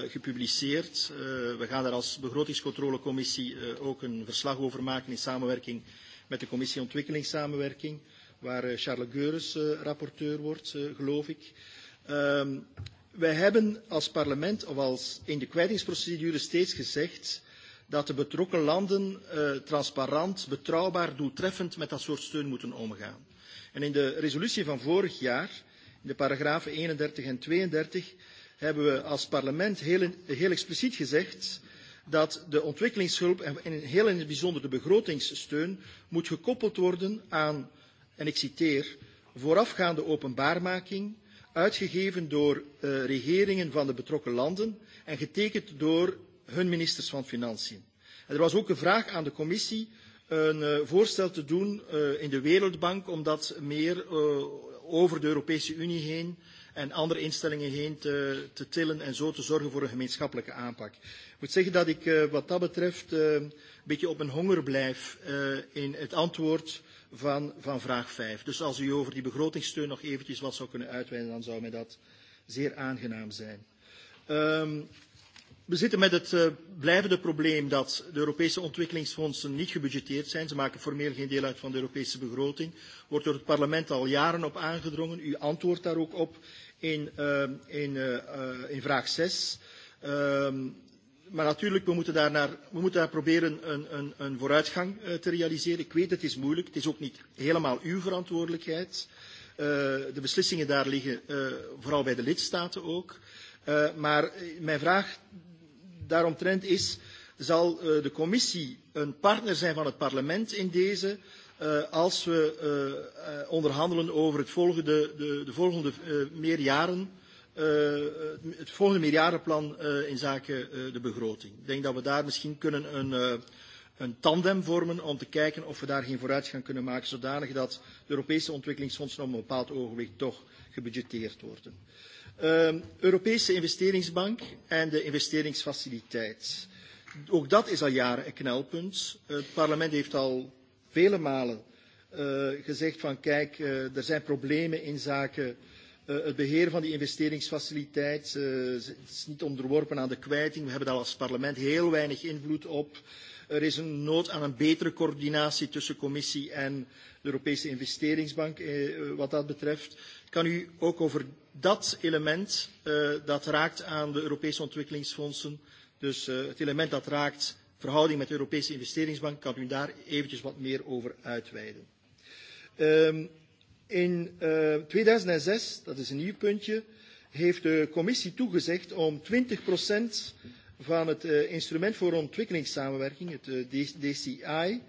[SPEAKER 8] gepubliceerd. we gaan daar als begrotingscontrolecommissie ook een verslag over maken in samenwerking met de commissie ontwikkelingssamenwerking, waar Charles Geurens rapporteur wordt, geloof ik. wij hebben als parlement of als in de kwijtingsprocedure steeds gezegd dat de betrokken landen transparant, betrouwbaar, doeltreffend met dat soort steun moeten omgaan. En in de resolutie van vorig jaar, in de paragrafen 31 en 32, hebben we als parlement heel, expliciet gezegd dat de ontwikkelingshulp en heel in het bijzonder de begrotingssteun moet gekoppeld worden aan, en ik citeer, voorafgaande openbaarmaking, uitgegeven door regeringen van de betrokken landen en getekend door hun ministers van Financiën. er was ook een vraag aan de commissie een voorstel te doen in de Wereldbank om dat meer over de Europese Unie heen en andere instellingen heen te, te tillen en zo te zorgen voor een gemeenschappelijke aanpak. Ik moet zeggen dat ik wat dat betreft een beetje op mijn honger blijf in het antwoord van, van vraag 5. Dus als u over die begrotingssteun nog eventjes wat zou kunnen uitweiden, dan zou mij dat zeer aangenaam zijn. Um, We zitten met het blijvende probleem dat de Europese ontwikkelingsfondsen niet gebudgeteerd zijn. Ze maken formeel geen deel uit van de Europese begroting. Wordt door het parlement al jaren op aangedrongen. U antwoordt daar ook op in, vraag zes. maar natuurlijk, we moeten, daar we moeten daar proberen een, vooruitgang te realiseren. Ik weet, het is moeilijk. Het is ook niet helemaal uw verantwoordelijkheid. de beslissingen daar liggen vooral bij de lidstaten ook. maar mijn vraag daaromtrent is, zal de commissie een partner zijn van het parlement in deze als we onderhandelen over het volgende, de, de volgende meerjaren, het volgende meerjarenplan in zaken de begroting. Ik denk dat we daar misschien kunnen een, een tandem vormen om te kijken of we daar geen vooruitgang kunnen maken, zodanig dat de Europese ontwikkelingsfondsen op een bepaald ogenblik toch gebudgeteerd worden. Europese investeringsbank en de investeringsfaciliteit. Ook dat is al jaren een knelpunt. Het parlement heeft al vele malen gezegd van kijk, er zijn problemen in zaken het beheer van die investeringsfaciliteit. Het is niet onderworpen aan de kwijting. We hebben daar als parlement heel weinig invloed op. Er is een nood aan een betere coördinatie tussen commissie en de Europese investeringsbank wat dat betreft. Kan u ook over dat element dat raakt aan de Europese ontwikkelingsfondsen, dus het element dat raakt verhouding met de Europese investeringsbank, kan u daar eventjes wat meer over uitweiden? in uh, 2006, dat is een nieuw puntje, heeft de commissie toegezegd om 20 procent van het instrument voor ontwikkelingssamenwerking, het DCI,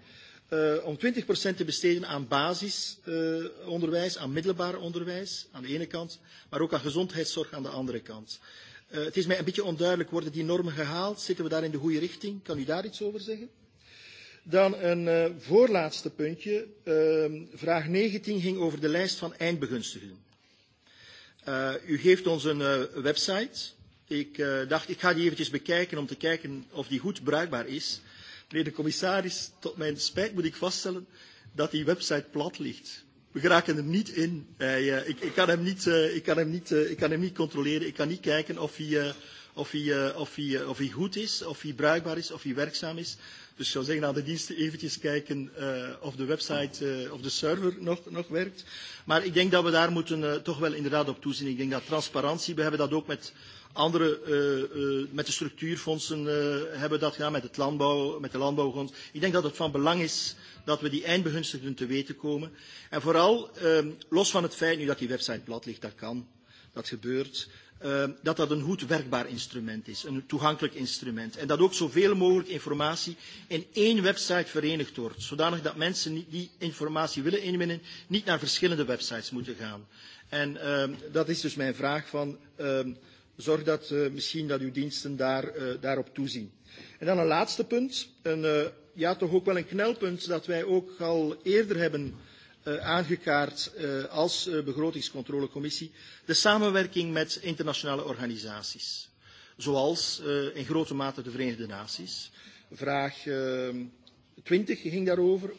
[SPEAKER 8] om 20% te besteden aan basisonderwijs, aan middelbaar onderwijs aan de ene kant, maar ook aan gezondheidszorg aan de andere kant. het is mij een beetje onduidelijk, worden die normen gehaald? Zitten we daar in de goede richting? Kan u daar iets over zeggen? Dan een voorlaatste puntje. vraag 19 ging over de lijst van eindbegunstigden. u geeft ons een website Ik uh, dacht, ik ga die eventjes bekijken om te kijken of die goed bruikbaar is. Meneer de commissaris, tot mijn spijt moet ik vaststellen dat die website plat ligt. We geraken hem niet in. ik, kan hem niet, ik kan hem niet controleren. Ik kan niet kijken of hij, uh, of, hij, uh, of, hij, uh, of hij goed is, of hij bruikbaar is, of hij werkzaam is. Dus ik zou zeggen aan de diensten eventjes kijken uh, of de website uh, of de server nog, nog werkt. Maar ik denk dat we daar moeten uh, toch wel inderdaad op toezien. Ik denk dat transparantie, we hebben dat ook met Andere met de structuurfondsen hebben dat gedaan, met, het landbouw, met de landbouwgrond. Ik denk dat het van belang is dat we die eindbegunstigden te weten komen. En vooral, los van het feit nu dat die website plat ligt, dat kan, dat gebeurt, dat dat een goed werkbaar instrument is, een toegankelijk instrument. En dat ook zoveel mogelijk informatie in één website verenigd wordt, zodanig dat mensen die informatie willen inwinnen, niet naar verschillende websites moeten gaan. En dat is dus mijn vraag van zorg dat misschien dat uw diensten daarop toezien. En dan een laatste punt, een, ja, toch ook wel een knelpunt dat wij ook al eerder hebben aangekaart als begrotingscontrolecommissie, de samenwerking met internationale organisaties, zoals in grote mate de Verenigde Naties. Vraag twintig ging daarover.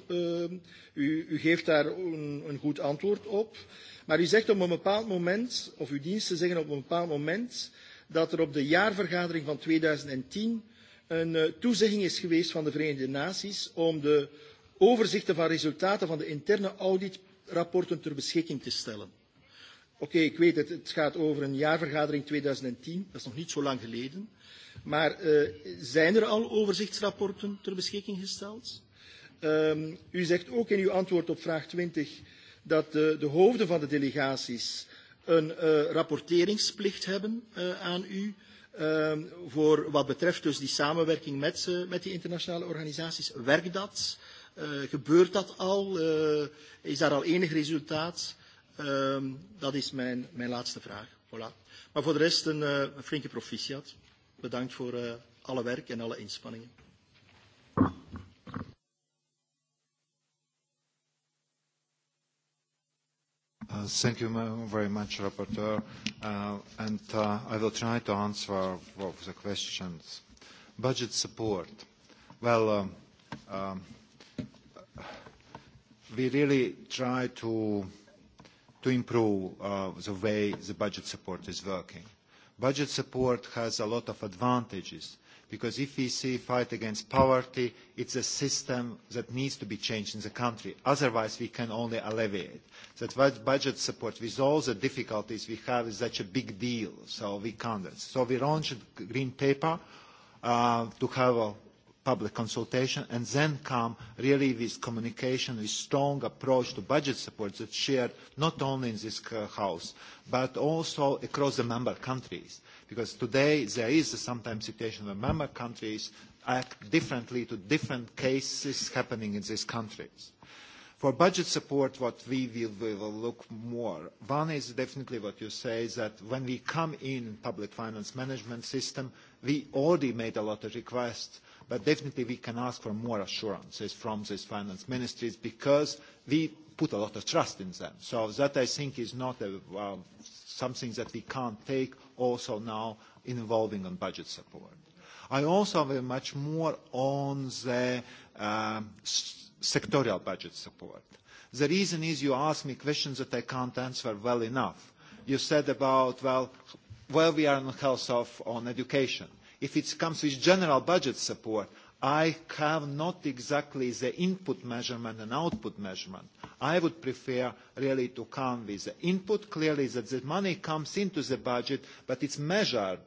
[SPEAKER 8] U, geeft daar een, goed antwoord op. Maar u zegt op een bepaald moment, of uw diensten zeggen op een bepaald moment, dat er op de jaarvergadering van 2010 een toezegging is geweest van de Verenigde Naties om de overzichten van resultaten van de interne auditrapporten ter beschikking te stellen. Oké, ik weet het, het gaat over een jaarvergadering 2010, dat is nog niet zo lang geleden. Maar zijn er al overzichtsrapporten ter beschikking gesteld? u zegt ook in uw antwoord op vraag twintig dat de hoofden van de delegaties een rapporteringsplicht hebben aan u voor wat betreft dus die samenwerking met, met die internationale organisaties. Werkt dat? gebeurt dat al? is daar al enig resultaat? dat is mijn, mijn laatste vraag. Voilà. Maar voor de rest een, een flinke proficiat. Bedankt voor alle werk en alle inspanningen.
[SPEAKER 16] Thank you very much, Rapporteur. and I will try to answer both the questions. Budget support. Well, we really try to to improve the way the budget support is working. Budget support has a lot of advantages because if we see fight against poverty, it's a system that needs to be changed in the country. Otherwise, we can only alleviate. That budget support, with all the difficulties we have, is such a big deal, so we can't. So we launched a green paper to have a public consultation and then come really with communication, with strong approach to budget support that's shared not only in this house, but also across the member countries Because today there is sometimes situation where member countries act differently to different cases happening in these countries. For budget support, what we will, we will look more, one is definitely what you say, is that when we come in public finance management system, we already made a lot of requests, but definitely we can ask for more assurances from these finance ministries because we put a lot of trust in them. So that, I think, is not a, uh, something that we can't take also now involving on budget support. I also have much more on the um, sectorial budget support. The reason is you ask me questions that I can't answer well enough. You said about, well, where we are on health of, on education. If it comes with general budget support, I have not exactly the input measurement and output measurement. I would prefer really to come with the input, clearly that the money comes into the budget, but it's measured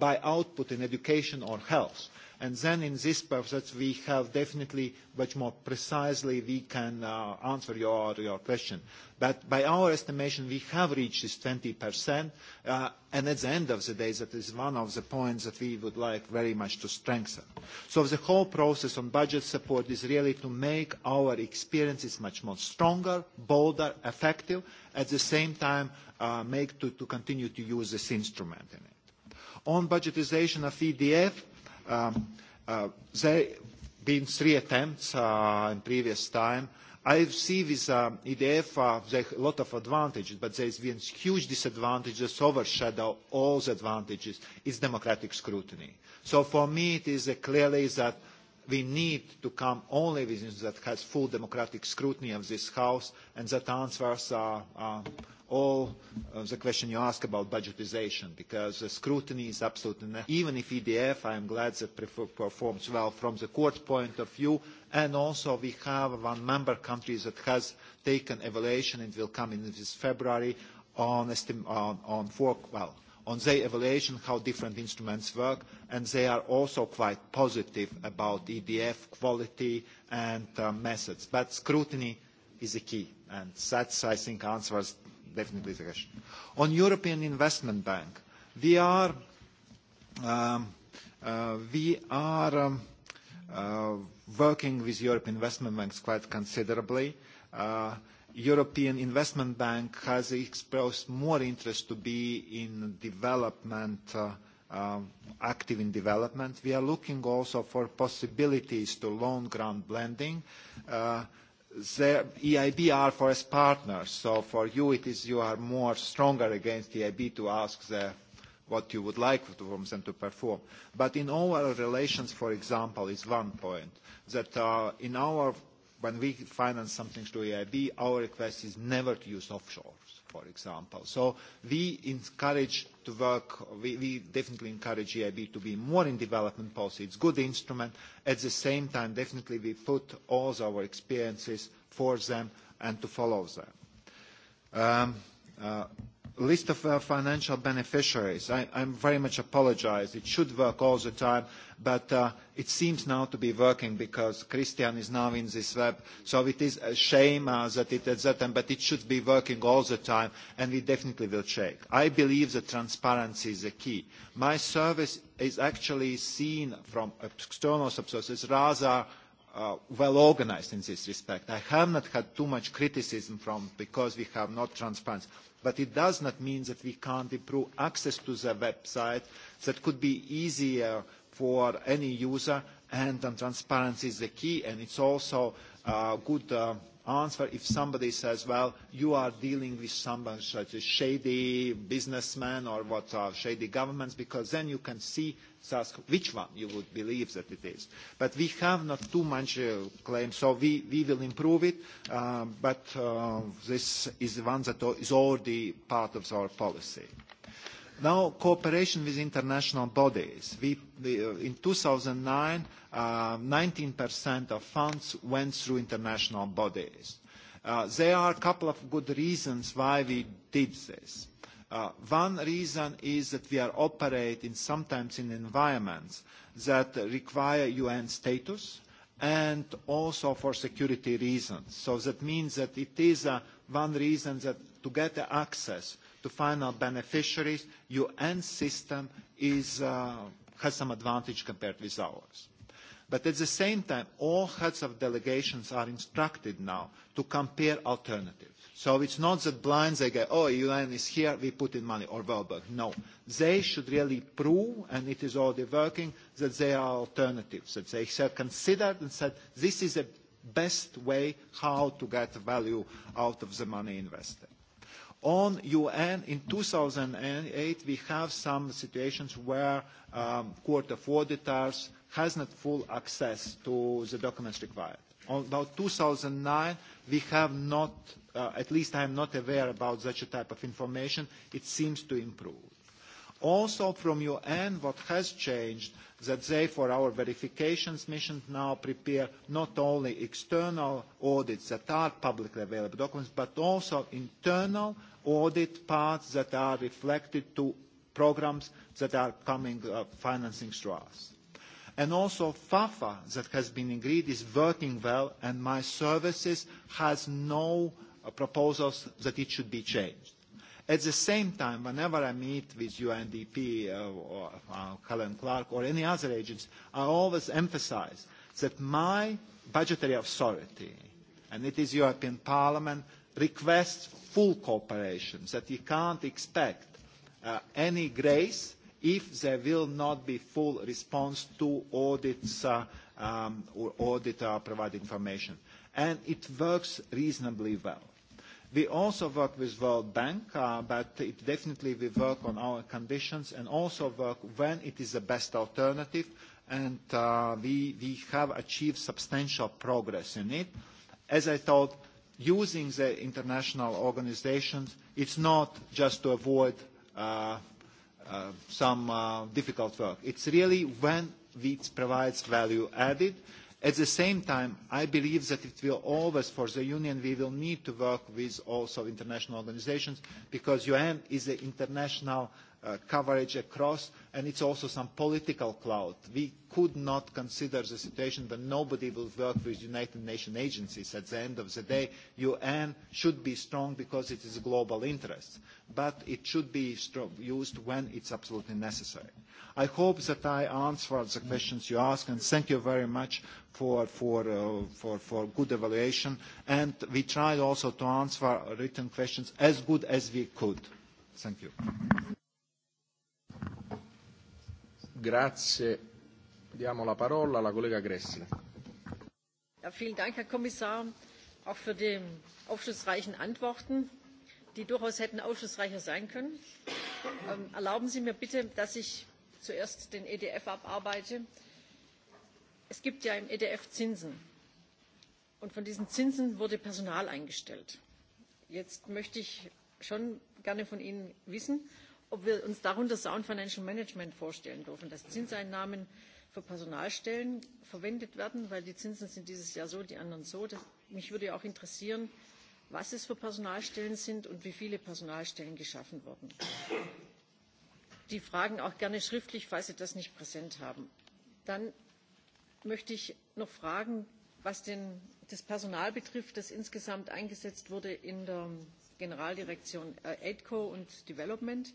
[SPEAKER 16] by output in education or health And then in this process, we have definitely much more precisely we can uh, answer your, your question. But by our estimation, we have reached this 20%. Uh, and at the end of the day, that is one of the points that we would like very much to strengthen. So the whole process on budget support is really to make our experiences much more stronger, bolder, effective, at the same time uh, make to, to continue to use this instrument in it. On budgetization of EDF, there have been three attempts in previous time. I see with EDF, there have a lot of advantages, but there been huge disadvantage that overshadow all the advantages, is democratic scrutiny. So for me, it is clearly that we need to come only with that has full democratic scrutiny of this House, and that answers all the question you ask about budgetization, because the scrutiny is absolutely necessary. Even if EDF, I am glad that performs well from the court point of view, and also we have one member country that has taken evaluation and will come in this February on, on, on work well on their evaluation how different instruments work, and they are also quite positive about EDF quality and methods. But scrutiny is the key, and that, I think, answers definitely the question. On European Investment Bank, we are we are working with European investment banks quite considerably. European Investment Bank has expressed more interest to be in development, active in development. We are looking also for possibilities to loan grant blending the EIB are for us partners. So for you, it is you are more stronger against the EIB to ask the, what you would like from them to perform. But in our relations, for example, is one point that in our when we finance something through EIB, our request is never to use offshores, for example. So we encourage to work, we, we definitely encourage EIB to be more in development policy. It's a good instrument. At the same time, definitely we put all our experiences for them and to follow them. Um, uh, list of uh, financial beneficiaries. I, I'm very much apologize. It should work all the time but it seems now to be working because Christian is now in this web. So it is a shame that it at that time, but it should be working all the time, and we definitely will check. I believe that transparency is the key. My service is actually seen from external sources rather well organised in this respect. I have not had too much criticism from because we have not transparency. But it does not mean that we can't improve access to the website that could be easier for any user, and transparency is the key, and it's also a good answer if somebody says, well, you are dealing with someone such a shady businessman or what are shady governments, because then you can see ask which one you would believe that it is. But we have not too much uh, claim, so we, we will improve it, uh, but uh, this is one that is already part of our policy. Now, cooperation with international bodies. We, we, uh, in 2009, uh, 19% of funds went through international bodies. Uh, there are a couple of good reasons why we did this. Uh, one reason is that we are operating sometimes in environments that require UN status and also for security reasons. So that means that it is uh, one reason that to get access to final beneficiaries, your end system is, uh, has some advantage compared with ours. But at the same time, all heads of delegations are instructed now to compare alternatives. So it's not that blind they go, oh, UN is here, we put in money, or Wellberg. No. They should really prove, and it is already working, that there are alternatives, that they have considered and said, this is the best way how to get value out of the money invested. On UN, in 2008, we have some situations where um, Court of Auditors has not full access to the documents required. About 2009, we have not, at least I am not aware about such a type of information. It seems to improve. Also from UN, what has changed that they, for our verifications mission, now prepare not only external audits that are publicly available documents, but also internal audit parts that are reflected to programs that are coming uh, financing through us. And also FAFA that has been agreed is working well and my services has no uh, proposals that it should be changed. At the same time, whenever I meet with UNDP uh, or uh, Helen Clark or any other agency, I always emphasize that my budgetary authority, and it is European Parliament requests full cooperation, that we can't expect any grace if there will not be full response to audits or auditor provide information. And it works reasonably well. We also work with World Bank, but it definitely we work on our conditions and also work when it is the best alternative, and we have achieved substantial progress in it. As I told using the international organizations, it's not just to avoid uh, uh, some uh, difficult work. It's really when it provides value added. At the same time, I believe that it will always, for the Union, we will need to work with also international organizations because UN is an international coverage across, and it's also some political clout. We could not consider the situation that nobody will work with United Nations agencies. At the end of the day, UN should be strong because it is global interest, but it should be used when it's absolutely necessary. I hope that I answered the questions you asked, and thank you very much for, for, uh, for, for good evaluation. And we tried also to answer written questions as good as we could. Thank you.
[SPEAKER 2] Grazie.
[SPEAKER 16] Diamo la parola alla
[SPEAKER 2] collega Ja,
[SPEAKER 6] vielen Dank, Herr Kommissar, auch für die aufschlussreichen Antworten, die durchaus hätten aufschlussreicher sein können. erlauben Sie mir bitte, dass ich zuerst den EDF abarbeite. Es gibt ja im EDF Zinsen. Und von diesen Zinsen wurde Personal eingestellt. Jetzt möchte ich schon gerne von Ihnen wissen, ob wir uns darunter Sound Financial Management vorstellen dürfen, dass Zinseinnahmen für Personalstellen verwendet werden, weil die Zinsen sind dieses Jahr so, die anderen so. mich würde ja auch interessieren, was es für Personalstellen sind und wie viele Personalstellen geschaffen wurden. Die Fragen auch gerne schriftlich, falls Sie das nicht präsent haben. Dann möchte ich noch fragen, was denn das Personal betrifft, das insgesamt eingesetzt wurde in der Generaldirektion AIDCO und Development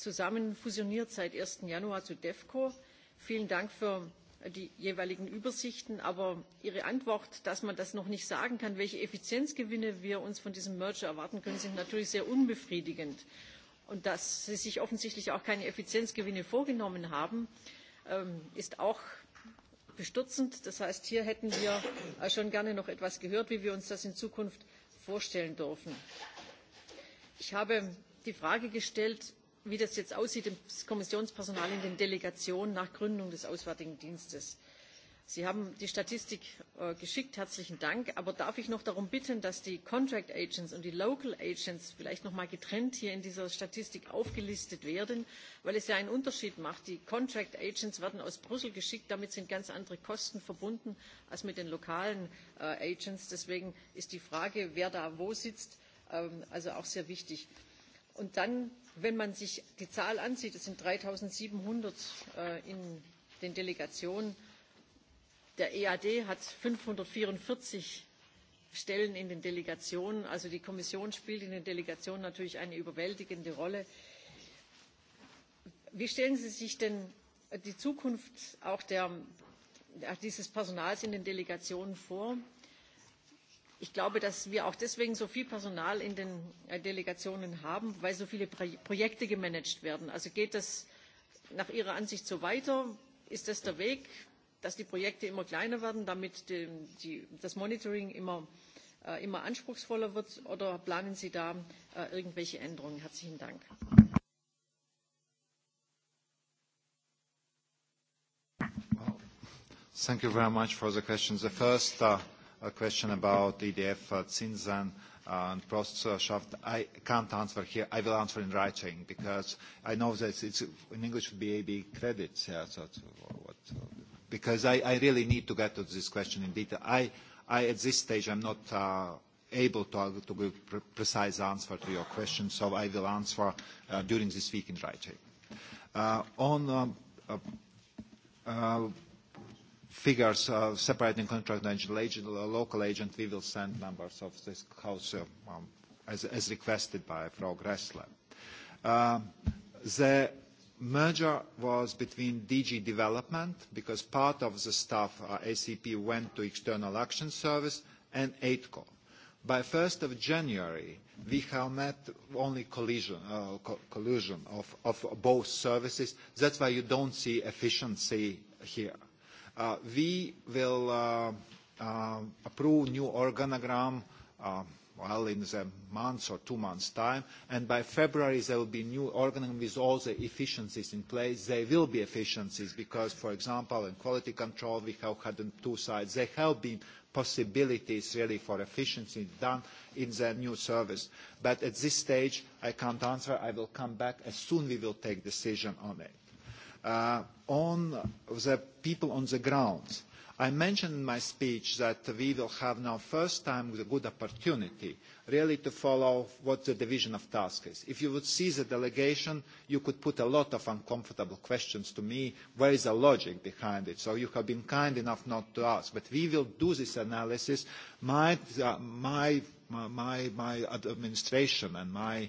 [SPEAKER 6] zusammen fusioniert seit. eins januar zu devco. vielen dank für die jeweiligen übersichten aber ihre antwort dass man das noch nicht sagen kann welche effizienzgewinne wir uns von diesem merger erwarten können sind natürlich sehr unbefriedigend. und dass sie sich offensichtlich auch keine effizienzgewinne vorgenommen haben ist auch bestürzend. das heißt hier hätten wir schon gerne noch etwas gehört wie wir uns das in zukunft vorstellen dürfen. ich habe die frage gestellt wie das jetzt aussieht im Kommissionspersonal in den Delegationen nach Gründung des Auswärtigen Dienstes. Sie haben die Statistik geschickt, herzlichen Dank. Aber darf ich noch darum bitten, dass die Contract Agents und die Local Agents vielleicht noch mal getrennt hier in dieser Statistik aufgelistet werden, weil es ja einen Unterschied macht. Die Contract Agents werden aus Brüssel geschickt, damit sind ganz andere Kosten verbunden als mit den lokalen Agents. Deswegen ist die Frage, wer da wo sitzt, also auch sehr wichtig und dann wenn man sich die zahl ansieht es sind drei siebenhundert in den delegationen der ead hat fünfhundertvierundvierzig stellen in den delegationen also die kommission spielt in den delegationen natürlich eine überwältigende rolle. wie stellen sie sich denn die zukunft dieses personals in den delegationen vor? Ich glaube, dass wir auch deswegen so viel Personal in den Delegationen haben, weil so viele Projekte gemanagt werden. Also geht das nach Ihrer Ansicht so weiter? Ist das der Weg, dass die Projekte immer kleiner werden, damit das Monitoring immer, anspruchsvoller wird? Oder planen Sie da irgendwelche Änderungen? Herzlichen Dank
[SPEAKER 16] a question about EDF, uh, Zinzan, and Prostwirtschaft, I can't answer here. I will answer in writing because I know that it's in English AB credits. Yeah, so what, because I, I really need to get to this question in detail. I, I at this stage, I'm not able to, give precise answer to your question, so I will answer during this week in writing. on figures uh, separating contract and agent, local agent, we will send numbers of this house um, as, as requested by Frog Ressler. Uh, the merger was between DG Development, because part of the staff, uh, ACP, went to External Action Service, and AIDCO. By 1st of January, we have met only collision, uh, co collusion of, of both services. That's why you don't see efficiency here we will approve a approve new organogram well, in the month or two months' time, and by February there will be new organism with all the efficiencies in place. There will be efficiencies because, for example, in quality control we have had on two sides. There have been possibilities really for efficiency done in the new service. But at this stage, I can't answer. I will come back as soon as we will take decision on it on the people on the ground. I mentioned in my speech that we will have now first time a good opportunity really to follow what the division of tasks is. If you would see the delegation, you could put a lot of uncomfortable questions to me. Where is the logic behind it? So you have been kind enough not to ask. But we will do this analysis. My, my my administration and my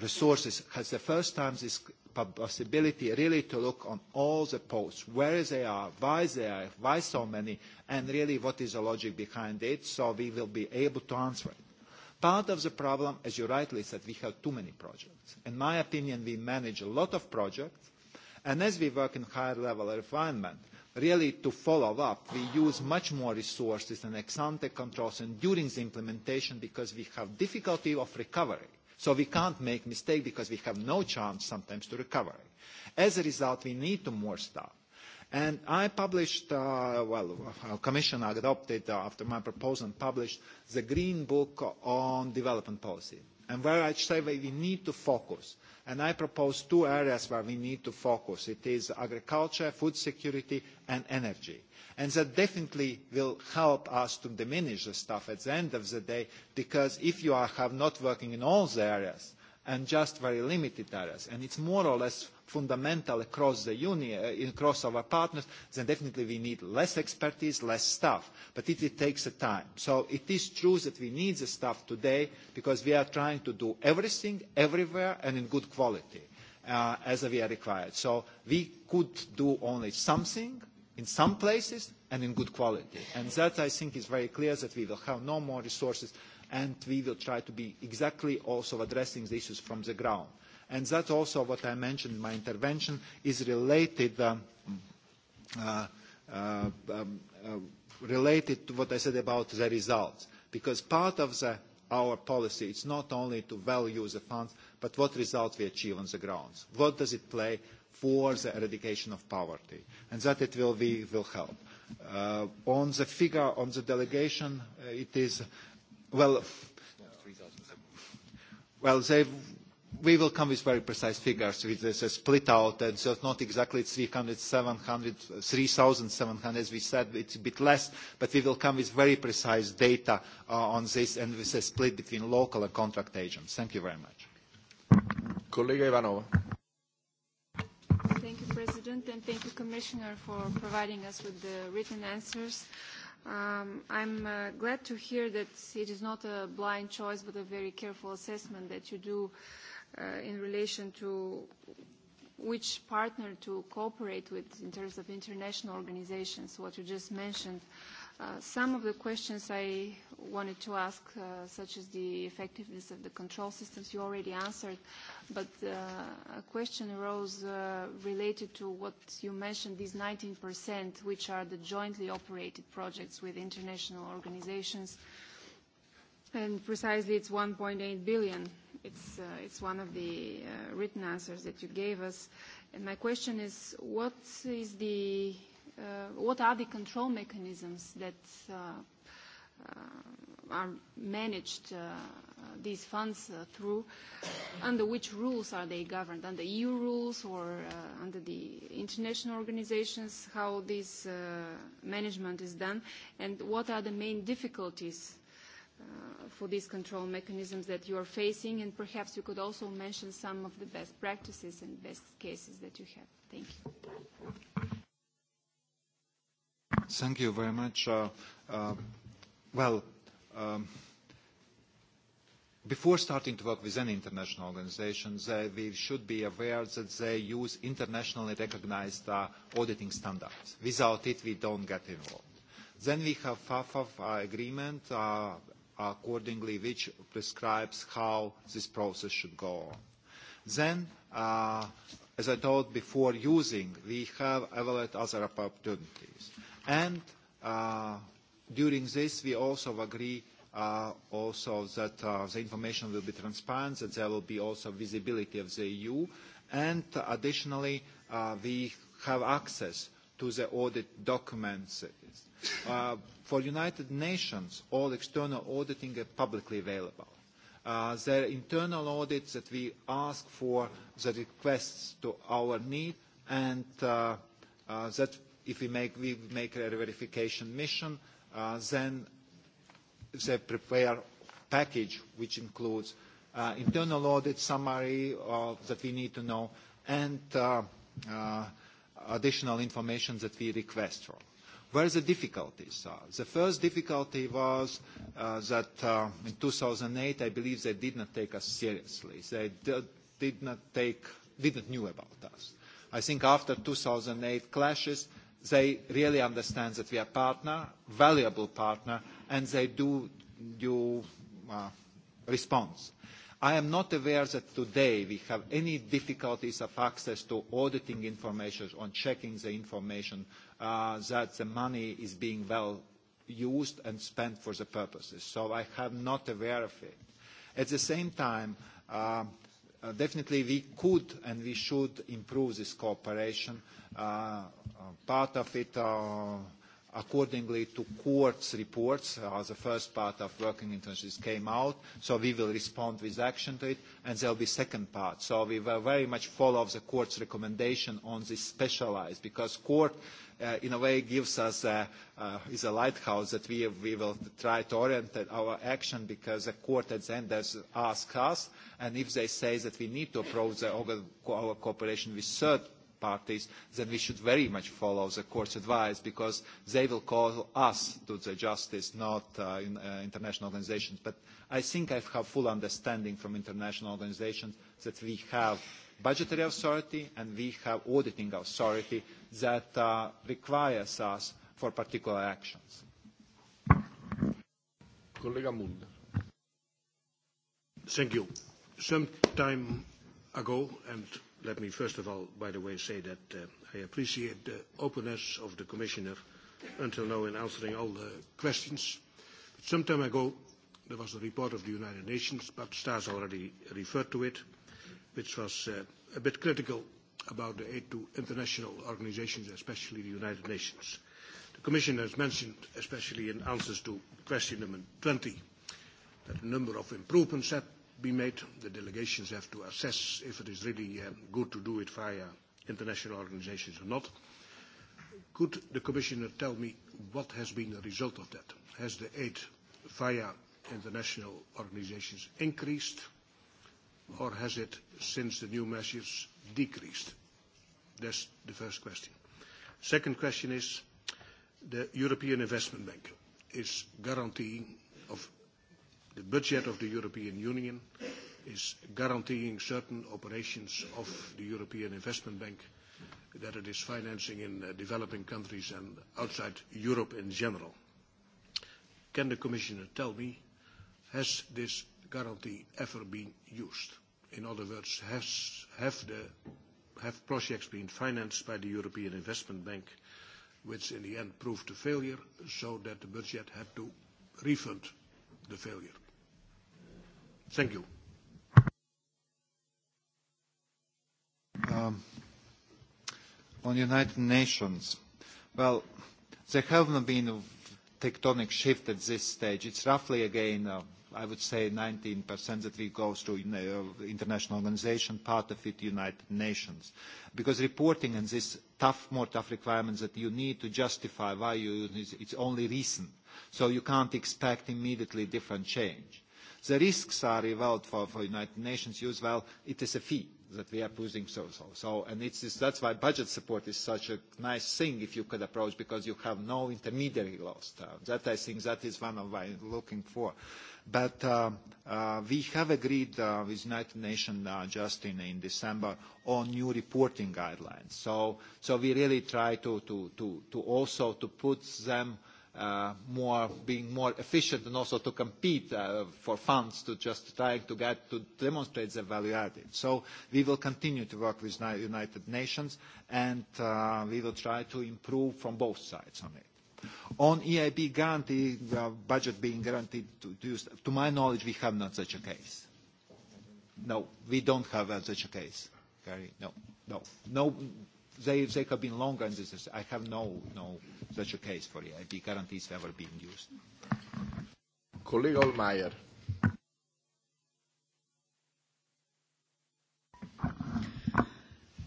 [SPEAKER 16] resources has the first time this possibility really to look on all the posts, where they are, why they are, why so many, and really what is the logic behind it, so we will be able to answer it. Part of the problem, as you rightly said, we have too many projects. In my opinion, we manage a lot of projects, and as we work in higher level refinement, really to follow up, we use much more resources and ex-ante controls and during the implementation because we have difficulty of recovery So we can't make mistake because we have no chance sometimes to recover. As a result, we need to more staff. And I published, uh, well, our commission adopted uh, after my proposal and published the Green Book on Development Policy. And where I say we need to focus And I propose two areas where we need to focus. It is agriculture, food security, and energy. And that definitely will help us to diminish the stuff at the end of the day, because if you are, have not working in all the areas, and just very limited areas. And it's more or less fundamental across the union, across our partners, then definitely we need less expertise, less staff. But it, it takes a time. So it is true that we need the staff today because we are trying to do everything, everywhere, and in good quality uh, as we are required. So we could do only something in some places and in good quality. And that, I think, is very clear that we will have no more resources and we will try to be exactly also addressing the issues from the ground. And that's also what I mentioned in my intervention is related related to what I said about the results, because part of the our policy is not only to value the funds, but what results we achieve on the ground. What does it play for the eradication of poverty? And that it will, be, will help. on the figure, on the delegation, it is Well, well, they we will come with very precise figures with this split out, and so not exactly 300, 700, 3,700, as we said, it's a bit less, but we will come with very precise data on this and with a split between local and contract agents. Thank you very much. Colleague Ivanova.
[SPEAKER 17] Thank you, President, and thank you, Commissioner, for providing us with the written answers. Um, I'm uh, glad to hear that it is not a blind choice, but a very careful assessment that you do uh, in relation to which partner to cooperate with in terms of international organizations, what you just mentioned. Uh, Some of the questions I wanted to ask, uh, such as the effectiveness of the control systems, you already answered, but uh, a question arose uh, related to what you mentioned, these 19%, which are the jointly operated projects with international organizations, and precisely it's 1.8 billion. It's, uh, it's one of the uh, written answers that you gave us. And my question is, what is the uh, what are the control mechanisms that uh, uh, are managed uh, these funds uh, through? Under which rules are they governed? Under EU rules or uh, under the international organizations? How this uh, management is done? And what are the main difficulties for these control mechanisms that you are facing, and perhaps you could also mention some of the best practices and best cases that you have. Thank you.
[SPEAKER 16] Thank you very much. Well, before starting to work with any international organization, uh, we should be aware that they use internationally recognized uh, auditing standards. Without it, we don't get involved. Then we have FAFA uh, agreement, uh, accordingly, which prescribes how this process should go on. Then, uh, as I told before, using, we have evaluated other opportunities. And uh, during this, we also agree uh, also that uh, the information will be transparent, that there will be also visibility of the EU, and additionally, uh, we have access to the audit documents. Uh, for United Nations, all external auditing is publicly available. Uh, their internal audits that we ask for the requests to our need and uh, uh, that if we make, we make a verification mission, uh, then they prepare package which includes uh, internal audit summary uh, that we need to know and uh, uh, additional information that we request from. Where the difficulties are. The first difficulty was uh, that uh, in 2008, I believe they did not take us seriously. They did, did not take, didn't knew about us. I think after 2008 clashes, they really understand that we are a partner, valuable partner, and they do, do response. I am not aware that today we have any difficulties of access to auditing information on checking the information that the money is being well used and spent for the purposes. So I am not aware of it. At the same time, definitely we could and we should improve this cooperation part of it accordingly to court's reports, uh, the first part of working intentions came out, so we will respond with action to it, and there will be second part. So we will very much follow the court's recommendation on this specialized, because court, uh, in a way, gives us a, uh, is a lighthouse that we, we will try to orient our action, because the court at the end does ask us, and if they say that we need to approach the, our cooperation with third parties, then we should very much follow the court's advice because they will call us to the justice, not uh, in, uh, international organizations. But I think I have full understanding from international organizations that we have budgetary authority and we have auditing authority that uh, requires us for particular actions. Mulder.
[SPEAKER 18] Thank you. Some time ago, and Let me first of all, by the way, say that I appreciate the openness of the Commissioner until now in answering all the questions. But some time ago, there was a report of the United Nations, but Stas already referred to it, which was a bit critical about the aid to international organisations, especially the United Nations. The Commission has mentioned, especially in answers to question number twenty, that a number of improvements had be made. The delegations have to assess if it is really good to do it via international organisations or not. Could the Commissioner tell me what has been the result of that? Has the aid via international organisations increased, or has it, since the new measures, decreased? That's the first question. Second question is, the European Investment Bank is guaranteeing of The budget of the European Union is guaranteeing certain operations of the European Investment Bank that it is financing in developing countries and outside Europe in general. Can the Commissioner tell me, has this guarantee ever been used? In other words, have projects been financed by the European Investment Bank, which in the end proved a failure, so that the budget had to refund the failure?
[SPEAKER 16] Thank you. Um, on United Nations, well, there haven't been a tectonic shift at this stage. It's roughly again, uh, I would say, 19% that we go to uh, international organization, part of it United Nations, because reporting and this tough, more tough requirements that you need to justify why you it's only recent, so you can't expect immediately different change. The risks are involved for, for United Nations use, well, it is a fee that we are putting so so so and it's that's why budget support is such a nice thing if you could approach because you have no intermediary laws. that I think that is one of what I'm looking for but um, uh, we have agreed uh, with United Nations uh, just in, in December on new reporting guidelines so so we really try to to to, to also to put them uh, more being more efficient and also to compete uh, for funds to just trying to get to demonstrate the value added. So we will continue to work with the United Nations and uh, we will try to improve from both sides on it. On EIB guarantee, uh, budget being guaranteed to, to use, to my knowledge, we have not such a case. No, we don't have such a case. Gary, no, no, no they, they have been longer, and this is, I have no, no such a case for EIB guarantees ever being used. Colleague Olmeyer.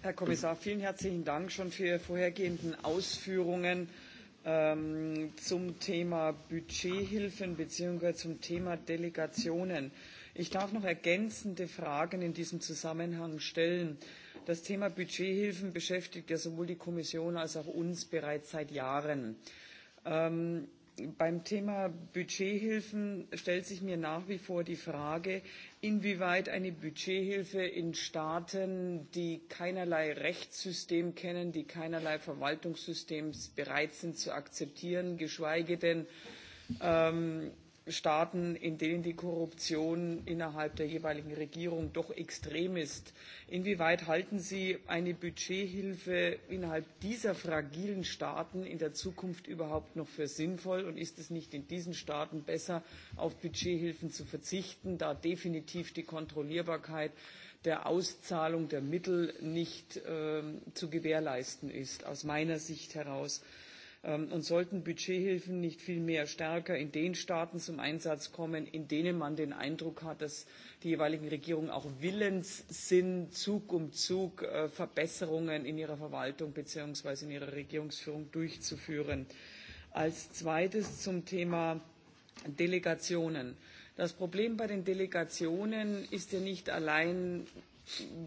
[SPEAKER 13] Herr Kommissar, vielen herzlichen Dank schon für Ihre vorhergehenden Ausführungen zum Thema Budgethilfen bzw. zum Thema Delegationen. Ich darf noch ergänzende Fragen in diesem Zusammenhang stellen. Äh, Das Thema Budgethilfen beschäftigt ja sowohl die Kommission als auch uns bereits seit Jahren. beim Thema Budgethilfen stellt sich mir nach wie vor die Frage, inwieweit eine Budgethilfe in Staaten, die keinerlei Rechtssystem kennen, die keinerlei Verwaltungssystem bereit sind zu akzeptieren, geschweige denn Staaten, in denen die Korruption innerhalb der jeweiligen Regierung doch extrem ist. Inwieweit halten Sie eine Budgethilfe innerhalb dieser fragilen Staaten in der Zukunft überhaupt noch für sinnvoll? Und ist es nicht in diesen Staaten besser, auf Budgethilfen zu verzichten, da definitiv die Kontrollierbarkeit der Auszahlung der Mittel nicht zu gewährleisten ist, aus meiner Sicht heraus? Und sollten Budgethilfen nicht viel mehr stärker in den Staaten zum Einsatz kommen, in denen man den Eindruck hat, dass die jeweiligen Regierungen auch willens sind, Zug um Zug Verbesserungen in ihrer Verwaltung bzw. in ihrer Regierungsführung durchzuführen. Als zweites zum Thema Delegationen. Das Problem bei den Delegationen ist ja nicht allein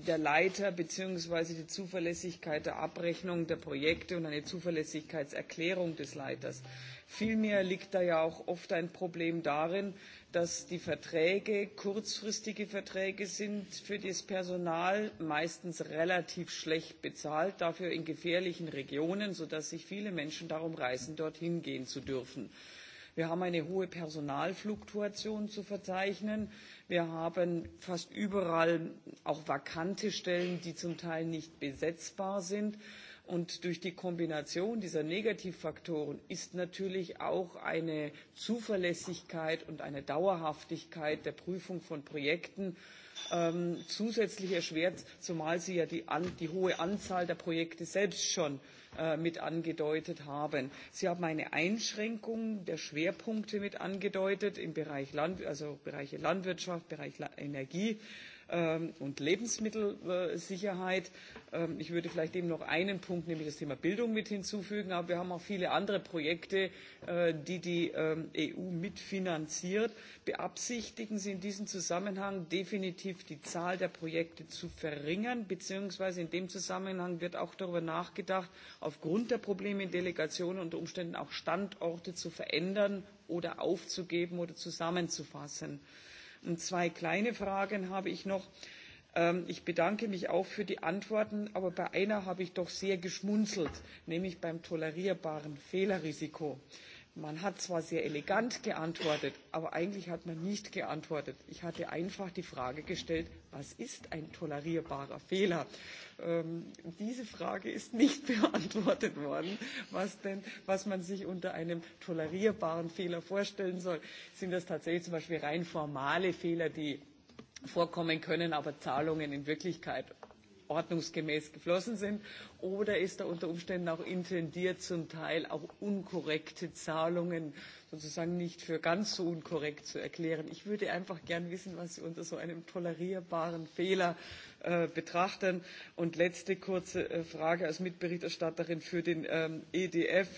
[SPEAKER 13] der Leiter bzw. die Zuverlässigkeit der Abrechnung der Projekte und eine Zuverlässigkeitserklärung des Leiters. Vielmehr liegt da ja auch oft ein Problem darin, dass die Verträge kurzfristige Verträge sind für das Personal, meistens relativ schlecht bezahlt, dafür in gefährlichen Regionen, sodass sich viele Menschen darum reißen, dorthin gehen zu dürfen. Wir haben eine hohe Personalfluktuation zu verzeichnen. Wir haben fast überall auch vakante Stellen, die zum Teil nicht besetzbar sind. Und durch die Kombination dieser Negativfaktoren ist natürlich auch eine Zuverlässigkeit und eine Dauerhaftigkeit der Prüfung von Projekten zusätzlich erschwert, zumal sie ja die, hohe Anzahl der Projekte selbst schon mit angedeutet haben. Sie haben eine Einschränkung der Schwerpunkte mit angedeutet im Bereich Land, also Bereiche Landwirtschaft, Bereich Energie und Lebensmittelsicherheit. Ich würde vielleicht eben noch einen Punkt, nämlich das Thema Bildung, mit hinzufügen. Aber wir haben auch viele andere Projekte, die die EU mitfinanziert. Beabsichtigen Sie in diesem Zusammenhang definitiv die Zahl der Projekte zu verringern, beziehungsweise in dem Zusammenhang wird auch darüber nachgedacht, aufgrund der Probleme in Delegationen unter Umständen auch Standorte zu verändern oder aufzugeben oder zusammenzufassen. Und zwei kleine Fragen habe ich noch. Ich bedanke mich auch für die Antworten, aber bei einer habe ich doch sehr geschmunzelt, nämlich beim tolerierbaren Fehlerrisiko. Man hat zwar sehr elegant geantwortet, aber eigentlich hat man nicht geantwortet. Ich hatte einfach die Frage gestellt, was ist ein tolerierbarer Fehler? diese Frage ist nicht beantwortet worden, was, denn, was man sich unter einem tolerierbaren Fehler vorstellen soll. Sind das tatsächlich zum Beispiel rein formale Fehler, die vorkommen können, aber Zahlungen in Wirklichkeit ordnungsgemäß geflossen sind? Oder ist da unter Umständen auch intendiert, zum Teil auch unkorrekte Zahlungen sozusagen nicht für ganz so unkorrekt zu erklären? Ich würde einfach gern wissen, was Sie unter so einem tolerierbaren Fehler betrachten. Und letzte kurze Frage als Mitberichterstatterin für den EDF.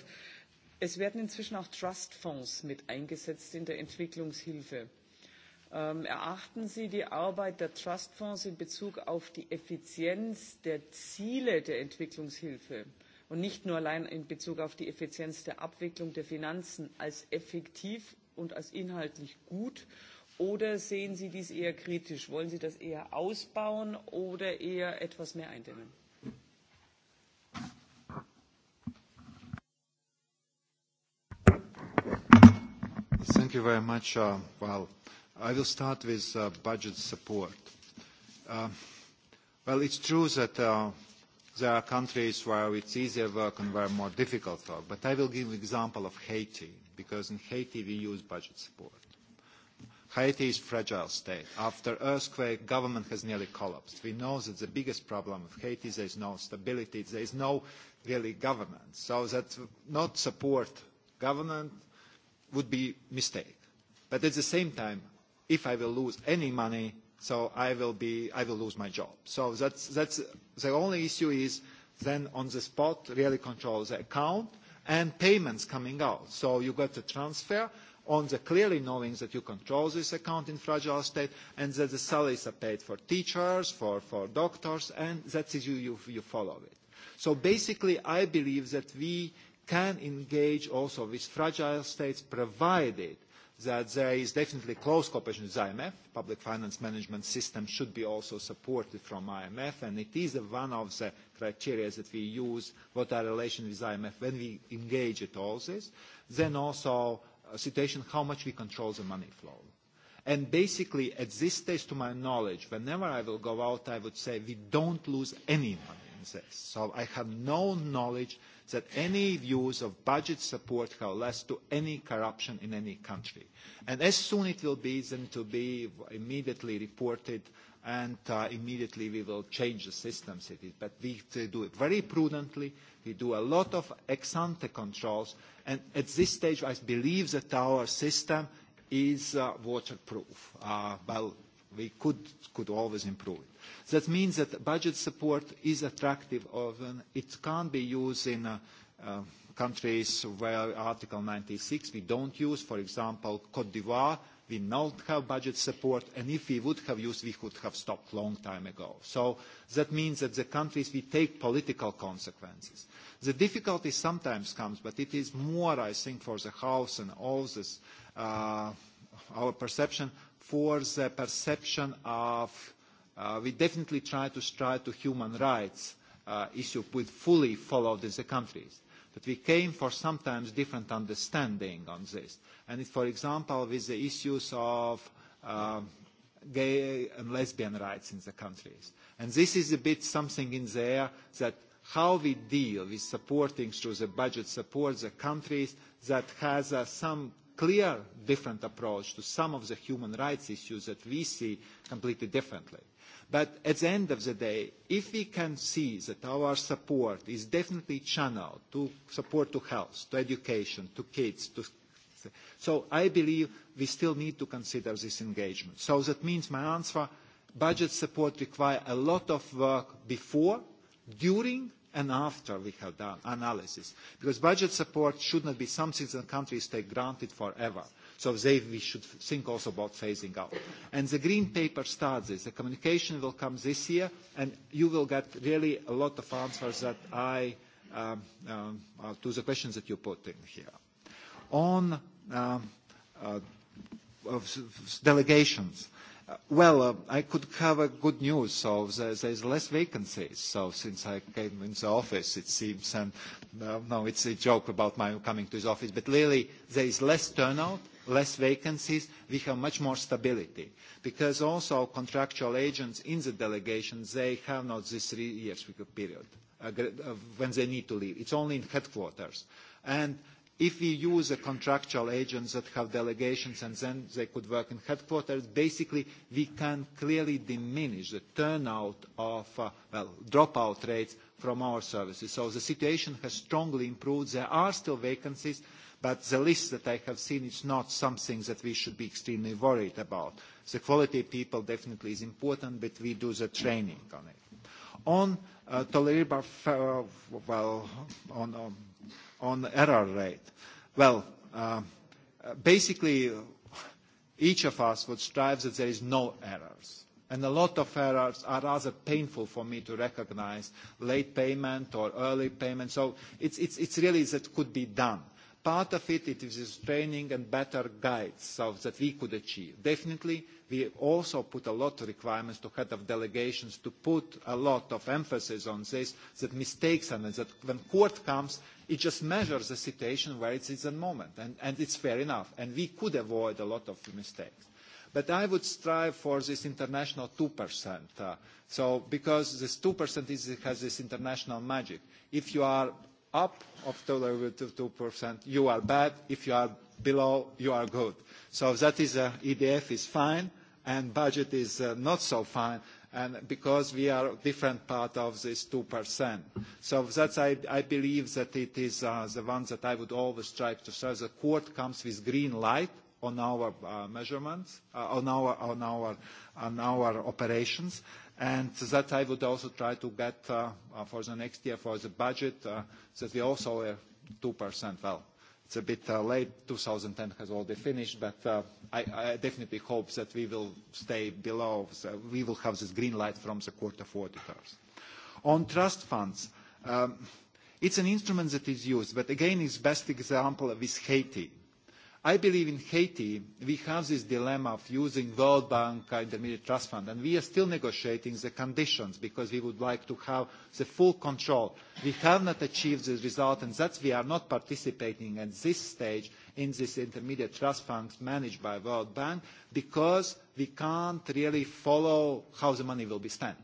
[SPEAKER 13] Es werden inzwischen auch Trustfonds mit eingesetzt in der Entwicklungshilfe erachten Sie die Arbeit der Trustfonds in Bezug auf die Effizienz der Ziele der Entwicklungshilfe und nicht nur allein in Bezug auf die Effizienz der Abwicklung der Finanzen als effektiv und als inhaltlich gut? Oder sehen Sie dies eher kritisch? Wollen Sie das eher ausbauen oder eher etwas mehr eindämmen?
[SPEAKER 16] Thank you very much. well, I will start with uh, budget support. Uh, well, it's true that uh, there are countries where it's easier work and where more difficult work, but I will give an example of Haiti, because in Haiti we use budget support. Haiti is a fragile state. After earthquake, government has nearly collapsed. We know that the biggest problem of Haiti is there is no stability, there is no really governance. So that not support government would be a mistake. But at the same time, if I will lose any money, so I will, be, I will lose my job. So that's, that's the only issue is then on the spot really control the account and payments coming out. So you got the transfer on the clearly knowing that you control this account in fragile state and that the salaries are paid for teachers, for, for doctors, and that is you, you, you follow it. So basically, I believe that we can engage also with fragile states provided that there is definitely close cooperation with IMF. Public finance management system should be also supported from IMF, and it is one of the criteria that we use, what our relation with IMF when we engage at all this. Then also a situation, how much we control the money flow. And basically, at this stage, to my knowledge, whenever I will go out, I would say we don't lose any money in this. So I have no knowledge that any use of budget support, how less, to any corruption in any country. And as soon it will be, then to be immediately reported and uh, immediately we will change the system, but we do it very prudently. We do a lot of ex-ante controls. And at this stage, I believe that our system is uh, waterproof. Uh, well, we could, could always improve it. That means that budget support is attractive. Often. It can't be used in uh, uh, countries where Article 96 we don't use. For example, Cote d'Ivoire, we don't have budget support, and if we would have used, we could have stopped a long time ago. So that means that the countries, we take political consequences. The difficulty sometimes comes, but it is more, I think, for the House and all this, uh, our perception for the perception of uh, we definitely try to strive to human rights uh, issue with fully followed in the countries. But we came for sometimes different understanding on this. And for example, with the issues of uh, gay and lesbian rights in the countries. And this is a bit something in there that how we deal with supporting through the budget support the countries that has uh, some clear different approach to some of the human rights issues that we see completely differently. But at the end of the day, if we can see that our support is definitely channeled to support to health, to education, to kids, to so I believe we still need to consider this engagement. So that means my answer, budget support requires a lot of work before, during, and after we have done analysis. Because budget support should not be something that countries take granted forever. So they, we should think also about phasing out. And the green paper starts this. The communication will come this year, and you will get really a lot of answers that I, um, um, uh, to the questions that you put in here. On um, uh, delegations, Well, I could cover good news. So there's less vacancies. So since I came into office, it seems, and no, it's a joke about my coming to the office, but really there is less turnout, less vacancies. We have much more stability because also contractual agents in the delegations, they have not this three years period when they need to leave. It's only in headquarters. And If we use the contractual agents that have delegations and then they could work in headquarters, basically we can clearly diminish the turnout of, uh, well, dropout rates from our services. So the situation has strongly improved. There are still vacancies, but the list that I have seen is not something that we should be extremely worried about. The quality of people definitely is important, but we do the training on it. On uh, tolerable, well, on, on on error rate? Well, basically, each of us would strive that there is no errors. And a lot of errors are rather painful for me to recognize, late payment or early payment. So it's, it's, it's really that could be done. Part of it, it is training and better guides so that we could achieve. Definitely, we also put a lot of requirements to head of delegations to put a lot of emphasis on this, that mistakes and that when court comes, It just measures the situation where it is at the moment, and, and it's fair enough. And we could avoid a lot of mistakes. But I would strive for this international 2%. Uh, so because this 2% is, has this international magic. If you are up of total two 2%, you are bad. If you are below, you are good. So that is, uh, EDF is fine, and budget is uh, not so fine and because we are different part of this 2%. So that's I I believe that it is the one that I would always try to say. The court comes with green light on our measurements, on our on our on our operations, and that I would also try to get for the next year for the budget that we also are 2% well It's a bit late. 2010 has already finished, but I definitely hope that we will stay below. We will have this green light from the Court of Auditors. On trust funds, it's an instrument that is used, but again, it's best example with Haiti I believe in Haiti, we have this dilemma of using World Bank Intermediate Trust Fund, and we are still negotiating the conditions because we would like to have the full control. We have not achieved this result, and that's we are not participating at this stage in this intermediate trust funds managed by World Bank because we can't really follow how the money will be spent.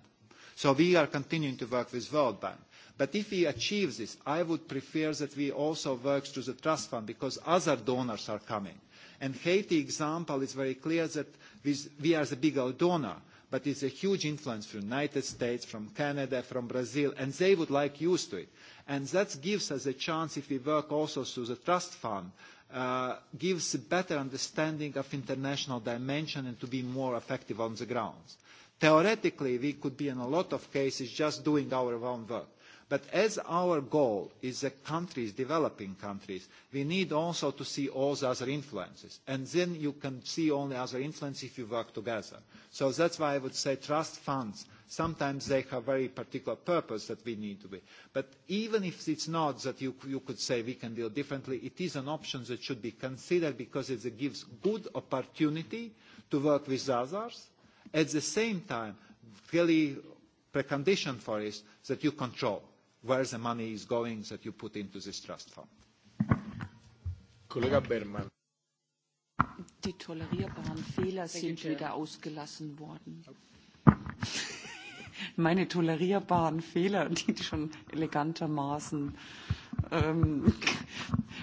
[SPEAKER 16] So we are continuing to work with World Bank. But if we achieve this, I would prefer that we also work through the trust fund because other donors are coming. And Haiti example is very clear that we are the bigger donor, but it's a huge influence from the United States, from Canada, from Brazil, and they would like used to it. And that gives us a chance if we work also through the trust fund gives a better understanding of international dimension and to be more effective on the ground. Theoretically, we could be in a lot of cases just doing our own work. But as our goal is the countries, developing countries, we need also to see all the other influences. And then you can see only other influences if you work together. So that's why I would say trust funds, sometimes they have very particular purpose that we need to be. But even if it's not that you, you could say we can deal differently, it is an option that should be considered because it gives good opportunity to work with others. At the same time, really precondition for is that you control where the money is going that you put into this trust fund.
[SPEAKER 2] Kollege
[SPEAKER 13] Die tolerierbaren Fehler sind wieder ausgelassen worden. Meine tolerierbaren Fehler, die schon elegantermaßen. Ähm,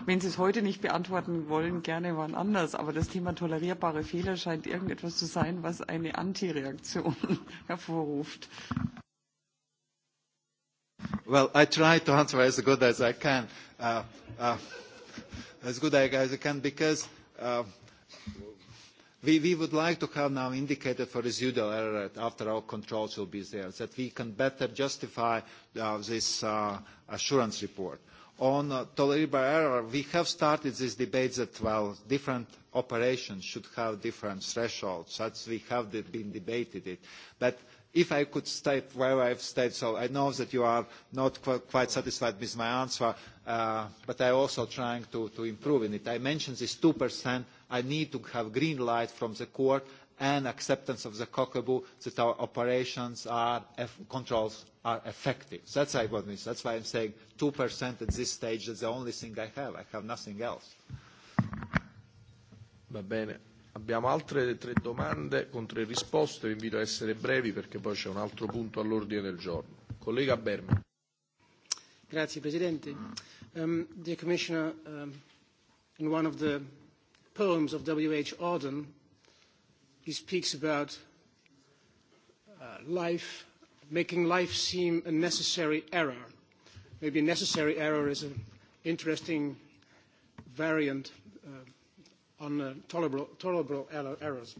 [SPEAKER 13] wenn Sie es heute nicht beantworten wollen, gerne wann anders. Aber das Thema tolerierbare Fehler scheint irgendetwas zu sein, was eine Antireaktion hervorruft.
[SPEAKER 16] Well, I try to answer as good as I can, uh, uh, as good as I can, because uh, we, we would like to have now indicated for residual error rate after our controls will be there, that we can better justify uh, this uh, assurance report. On uh, tolerable error, we have started this debate that, well, different operations should have different thresholds. That's we have been debated it. But If I could state where I've stayed, so I know that you are not quite satisfied with my answer, but I'm also trying to, to improve in it. I mentioned this 2%. I need to have green light from the court and acceptance of the cockaboo that our operations are controls are effective. That's what means. That's why I'm saying 2% at this stage is the only thing I have. I have nothing else. Va bene. Abbiamo altre tre domande con tre
[SPEAKER 2] risposte, vi invito a essere brevi perché poi c'è un altro punto all'ordine del giorno. Collega Berman.
[SPEAKER 19] Grazie Presidente. Um, dear Commissioner, um, in one of the poems of W.H. Auden, he speaks about uh, life, making life seem a necessary error. Maybe necessary error is an interesting variant uh, on tolerable errors.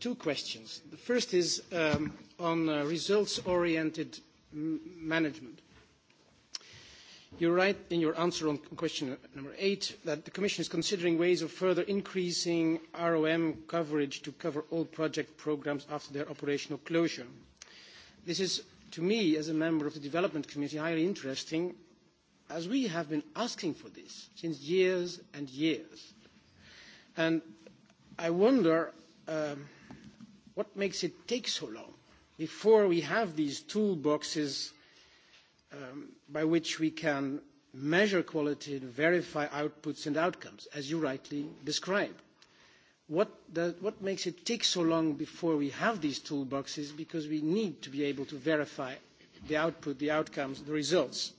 [SPEAKER 19] Two questions. The first is on results-oriented management. You write in your answer on question number eight that the Commission is considering ways of further increasing ROM coverage to cover all project programmes after their operational closure. This is, to me, as a member of the Development Committee, highly interesting, as we have been asking for this since years and years And I wonder um, what makes it take so long before we have these toolboxes um, by which we can measure quality and verify outputs and outcomes, as you rightly describe. What, does, what makes it take so long before we have these toolboxes? Because we need to be able to verify the output, the outcomes, the results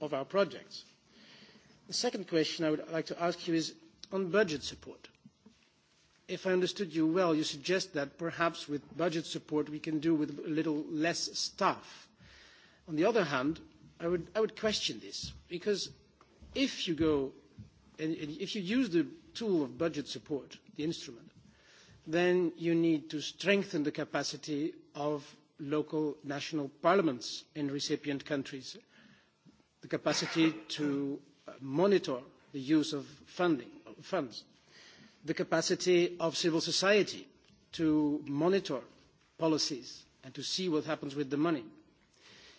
[SPEAKER 19] of our projects. The second question I would like to ask you is on budget support. If I understood you well, you suggest that perhaps with budget support we can do with a little less staff. On the other hand, I would, I would question this because if you go and, and if you use the tool of budget support, the instrument, then you need to strengthen the capacity of local national parliaments in recipient countries, the capacity to monitor the use of funding funds, the capacity of civil society to monitor policies and to see what happens with the money.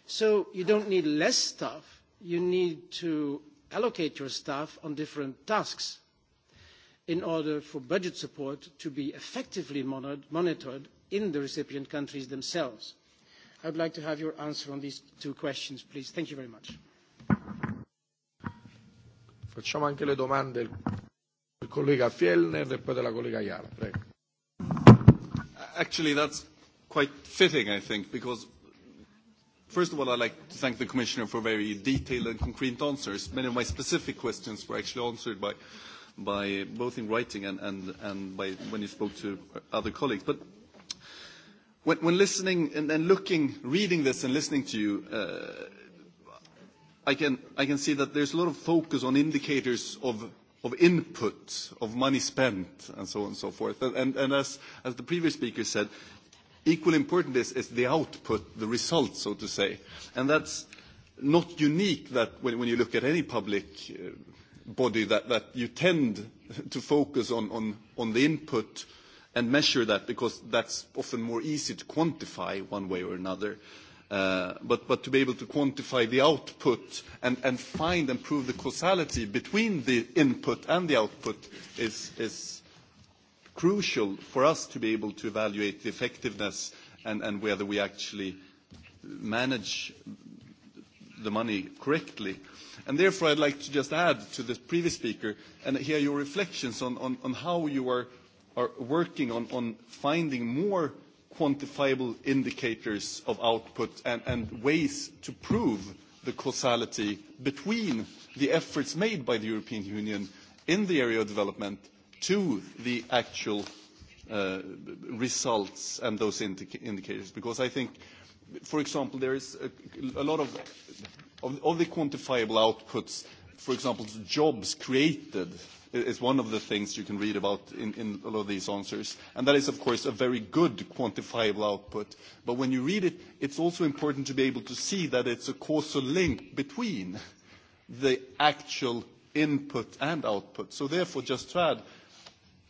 [SPEAKER 19] So you don't need less staff, you need to allocate your staff on different tasks in order for budget support to be effectively monitored in the recipient countries themselves. I would like to have your answer on these two questions, please. Thank you very much.
[SPEAKER 2] Facciamo anche le domande collega Fjellner e Prego.
[SPEAKER 11] Actually, that's quite fitting, I think, because First of all, I'd like to thank the Commissioner for very detailed and concrete answers. Many of my specific questions were actually answered by, by both in writing and, and, and by when you spoke to other colleagues. But when, when listening and, then looking, reading this and listening to you, uh, I, can, I can see that there's a lot of focus on indicators of of input, of money spent, and so on and so forth. And As the previous speaker said, equally important is the output, the result, so to say. And That's not unique that when you look at any public body, that you tend to focus on the input and measure that because that's often more easy to quantify one way or another but to be able to quantify the output and find and prove the causality between the input and the output is crucial for us to be able to evaluate the effectiveness and whether we actually manage the money correctly. And Therefore, I'd like to just add to the previous speaker and hear your reflections on how you are working on finding more quantifiable indicators of output and ways to prove the causality between the efforts made by the European Union in the area of development to the actual results and those indicators. Because I think, for example, there is a lot of the quantifiable outputs, for example, jobs created is one of the things you can read about in, in a lot of these answers. And that is, of course, a very good quantifiable output. But when you read it, it's also important to be able to see that it's a causal link between the actual input and output. So therefore, just to add,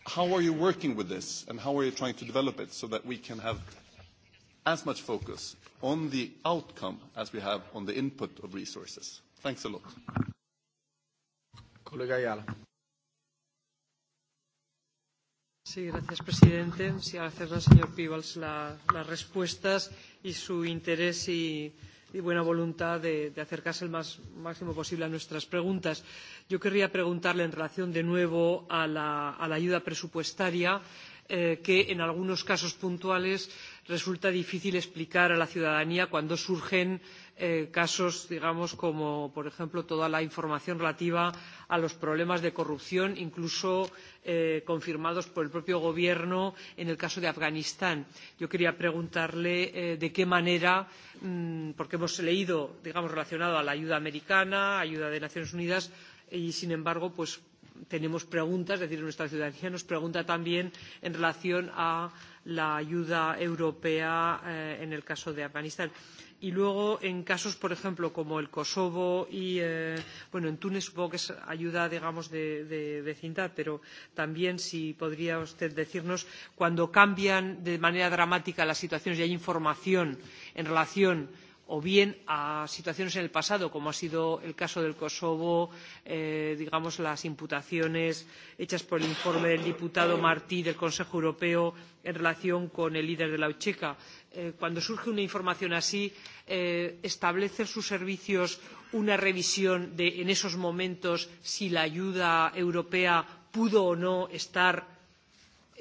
[SPEAKER 11] how are you working with this and how are you trying to develop it so that we can have as much focus on the outcome as we have on the input of resources? Thanks a lot. Collega Ayala.
[SPEAKER 12] Señor presidente. Sí, agradecerle al señor Piebalgs las respuestas y su interés y, buena voluntad de, acercarse el máximo posible a nuestras preguntas. Yo querría preguntarle en relación de nuevo a la, ayuda presupuestaria que en algunos casos puntuales resulta difícil explicar a la ciudadanía cuando surgen casos digamos como por ejemplo toda la información relativa a los problemas de corrupción incluso confirmados por el propio gobierno en el caso de afganistán. yo quería preguntarle de qué manera porque hemos leído digamos relacionado a la ayuda americana ayuda de las naciones unidas y sin embargo pues tenemos preguntas es decir nuestra ciudadanía nos pregunta también en relación con la ayuda europea en el caso de Afganistán. Y luego, en casos, por ejemplo, como el Kosovo y, bueno, en Túnez supongo que es ayuda, digamos, de, de vecindad, pero también si podría usted decirnos, cuando cambian de manera dramática las situaciones y hay información en relación o bien a situaciones en el pasado, como ha sido el caso del Kosovo, digamos, las imputaciones hechas por el informe del diputado Martí del Consejo Europeo en relación con el líder de la Ucheca. cuando surge una información así, ¿establecen sus servicios una revisión de, en esos momentos, si la ayuda europea pudo o no estar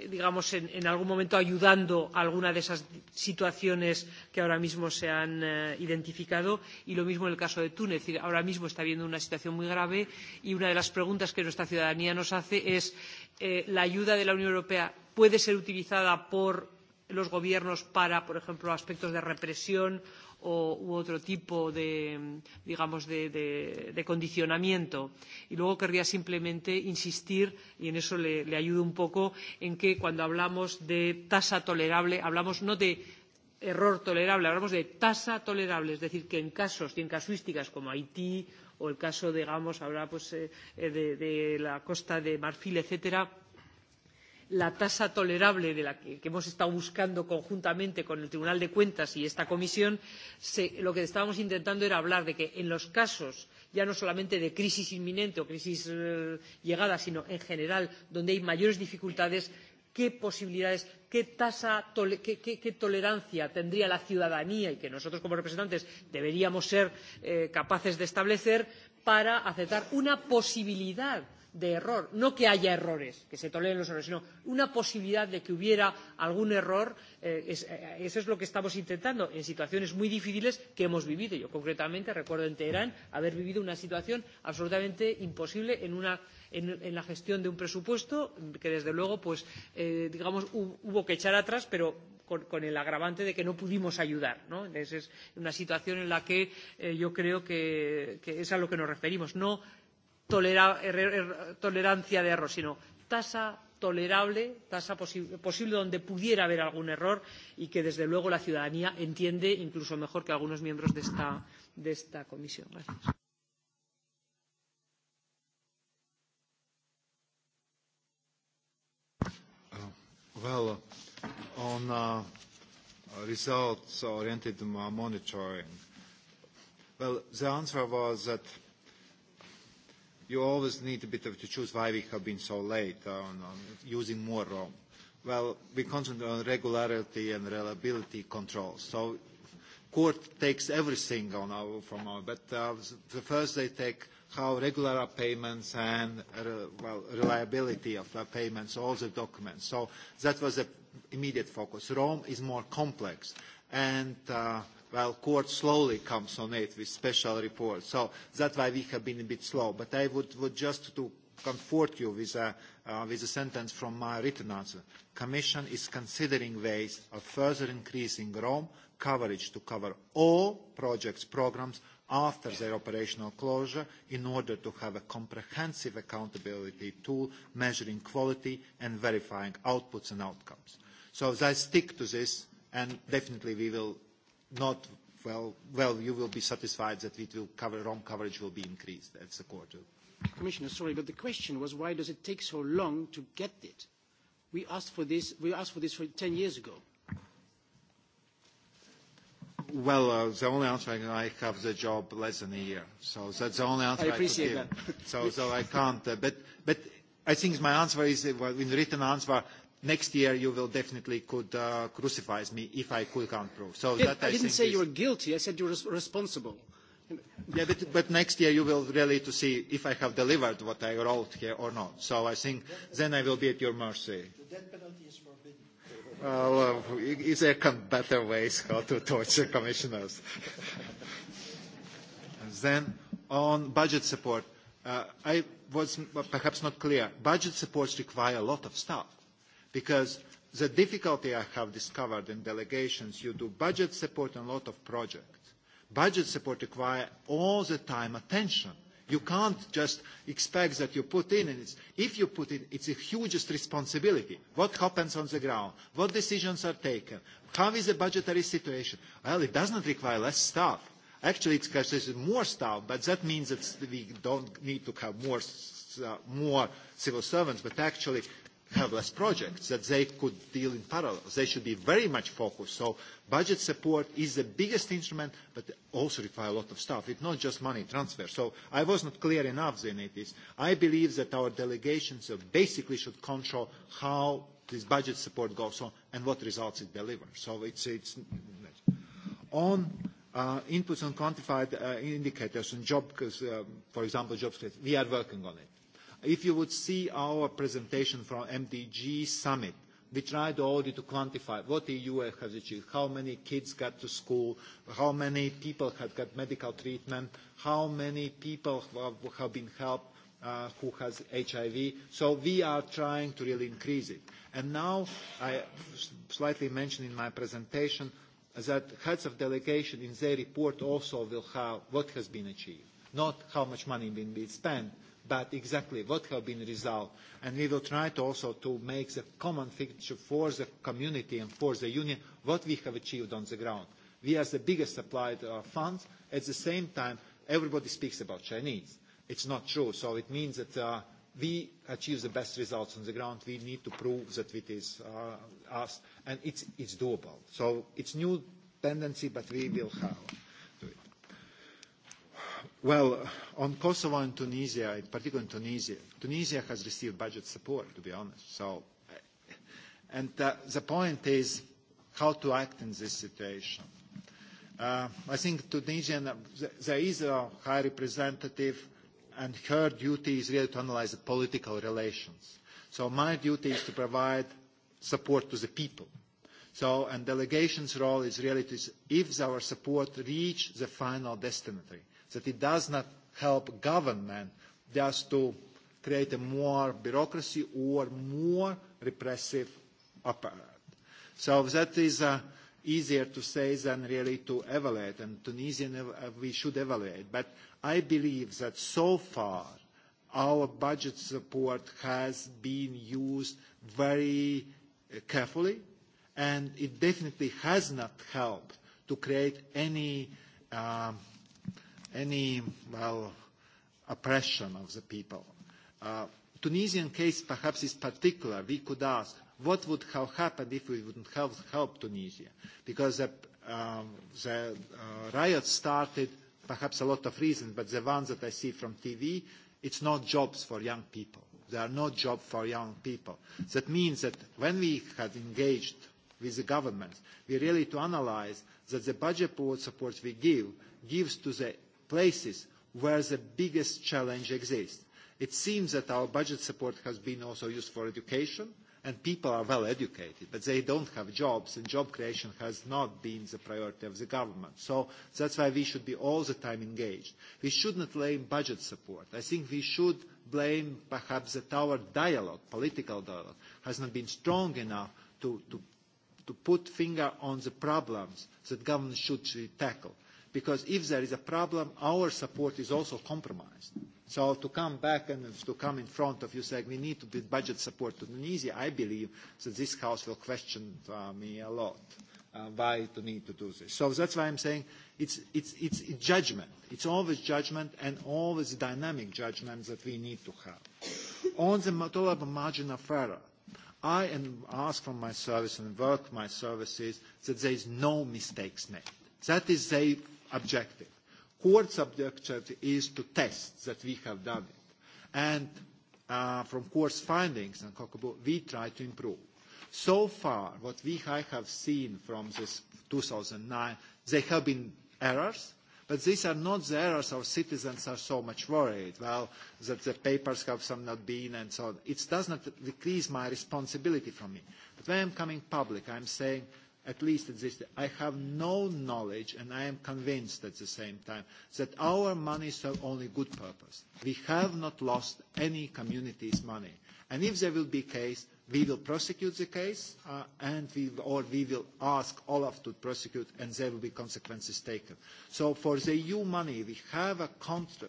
[SPEAKER 12] digamos, en, algún momento ayudando a alguna de esas situaciones que ahora mismo se han identificado. Y lo mismo en el caso de Túnez. ahora mismo está habiendo una situación muy grave y una de las preguntas que nuestra ciudadanía nos hace es ¿la ayuda de la Unión Europea puede ser utilizada por los gobiernos para, por ejemplo, aspectos de represión o, u otro tipo de, digamos, de, de, de condicionamiento. Y luego querría simplemente insistir, y en eso le, le ayudo un poco, en que cuando hablamos de tasa tolerable, hablamos no de error tolerable, hablamos de tasa tolerable, es decir, que en casos y en casuísticas como Haití o el caso, digamos, ahora pues, de, de la costa de Marfil, etcétera, la tasa tolerable de la que, hemos estado buscando conjuntamente con el Tribunal de Cuentas y esta comisión, lo que estábamos intentando era hablar de que en los casos ya no solamente de crisis inminente o crisis llegada, sino en general donde hay mayores dificultades, qué posibilidades, qué tasa, qué, tolerancia tendría la ciudadanía y que nosotros como representantes deberíamos ser capaces de establecer para aceptar una posibilidad de error. No que haya errores, que se toleren los errores, sino una posibilidad de que hubiera algún error. eso es lo que estamos intentando en situaciones muy difíciles que hemos vivido. Yo concretamente recuerdo en Teherán haber vivido una situación absolutamente imposible en una en, la gestión de un presupuesto que desde luego pues digamos hubo que echar atrás pero con, el agravante de que no pudimos ayudar. ¿no? Esa es una situación en la que yo creo que, es a lo que nos referimos. No tolerancia de error, sino tasa tolerable, tasa posible donde pudiera haber algún error y que desde luego la ciudadanía entiende incluso mejor que algunos miembros de esta, de esta comisión. Gracias.
[SPEAKER 16] Well, on uh, results-oriented monitoring, well, the answer was that you always need a bit of to choose why we have been so late on, on using more ROM. Well, we concentrate on regularity and reliability control. So court takes everything on our, from our, but uh, the first they take how regular are payments and uh, well, reliability of the payments, all the documents. So that was the immediate focus. Rome is more complex and uh, while court slowly comes on it with special reports. So that's why we have been a bit slow. But I would, would just to comfort you with a, uh, with a sentence from my written answer. Commission is considering ways of further increasing Rome coverage to cover all projects, programs after their operational closure in order to have a comprehensive accountability tool measuring quality and verifying outputs and outcomes. So I stick to this and definitely we will not well, well, you will be satisfied that it
[SPEAKER 19] will cover, ROM coverage will be increased. That's the quarter. Commissioner, sorry, but the question was why does it take so long to get it? We asked for this, we asked for this for 10 years ago.
[SPEAKER 16] Well, uh, the only answer I can I have the job less than a year, so that's the only answer I, I appreciate I could that. so, so I can't. Uh, but, but I think my answer is, well, in written answer, next year you will definitely could uh, crucify me if I could count proof. So that I, I didn't say you
[SPEAKER 19] were guilty. I said you were responsible.
[SPEAKER 16] Yeah, but, but next year you will really to see if I have delivered what I wrote here or not. So I think then I will be at your mercy. The death penalty is forbidden. Well, is there better ways how to torture commissioners? then on budget support, uh, I was perhaps not clear. Budget supports require a lot of stuff. Because the difficulty I have discovered in delegations, you do budget support and a lot of projects. Budget support requires all the time attention. You can't just expect that you put in, and it's, if you put in, it's a hugest responsibility. What happens on the ground? What decisions are taken? How is the budgetary situation? Well, it doesn't require less staff. Actually, it's because there's more staff, but that means that we don't need to have more, uh, more civil servants, but actually have less projects that they could deal in parallel. They should be very much focused. So budget support is the biggest instrument, but also require a lot of stuff. It's not just money transfer. So I was not clear enough, Zenitis. I believe that our delegations basically should control how this budget support goes on and what results it delivers. So it's, it's on uh, inputs on quantified uh, indicators and job, because, for example, jobs, we are working on it If you would see our presentation from MDG Summit, we tried already to quantify what the EU has achieved, how many kids got to school, how many people have got medical treatment, how many people have been helped uh, who has HIV. So we are trying to really increase it. And now I slightly mentioned in my presentation that heads of delegation in their report also will have what has been achieved, not how much money has been spent, but exactly what have been resolved. And we will try to also to make the common picture for the community and for the union what we have achieved on the ground. We are the biggest supplier of funds. At the same time, everybody speaks about Chinese. It's not true. So it means that uh, we achieve the best results on the ground. We need to prove that it is uh, us, and it's, it's doable. So it's new tendency, but we will have. Well, on Kosovo and Tunisia, in particular in Tunisia, Tunisia has received budget support, to be honest. So, and uh, the point is how to act in this situation. Uh, I think Tunisian, there is a high representative, and her duty is really to analyze the political relations. So my duty is to provide support to the people. So, and delegation's role is really to, if our support reach the final destinatory, that it does not help government just to create a more bureaucracy or more repressive apparatus. So that is uh, easier to say than really to evaluate, and Tunisian uh, we should evaluate. But I believe that so far our budget support has been used very carefully, and it definitely has not helped to create any um, any, well, oppression of the people. Uh, Tunisian case perhaps is particular. We could ask, what would have happened if we wouldn't have helped Tunisia? Because the, um, the uh, riots started, perhaps a lot of reasons, but the ones that I see from TV, it's not jobs for young people. There are no jobs for young people. That means that when we had engaged with the governments, we really to analyze that the budget support we give gives to the places where the biggest challenge exists. It seems that our budget support has been also used for education, and people are well educated, but they don't have jobs, and job creation has not been the priority of the government. So that's why we should be all the time engaged. We should not blame budget support. I think we should blame perhaps that our dialogue, political dialogue, has not been strong enough to, to, to put finger on the problems that governments should tackle because if there is a problem, our support is also compromised. So to come back and to come in front of you saying we need to give budget support to Tunisia, I believe that this House will question uh, me a lot uh, why to need to do this. So that's why I'm saying it's, it's, it's judgment. It's always judgment and always dynamic judgment that we need to have. On the tolerable margin of error, I am from my service and work my services that there is no mistakes made. That is a objective. Court's objective is to test that we have done it. And uh, from Court's findings and Kokobo, we try to improve. So far, what we have seen from this 2009, there have been errors, But these are not the errors our citizens are so much worried, well, that the papers have some not been and so on. It does not decrease my responsibility from me. But when I'm coming public, I'm saying at least at this, I have no knowledge, and I am convinced at the same time, that our money serve only good purpose. We have not lost any community's money. And if there will be case, we will prosecute the case, uh, and we, or we will ask Olaf to prosecute, and there will be consequences taken. So for the EU money, we have a contra-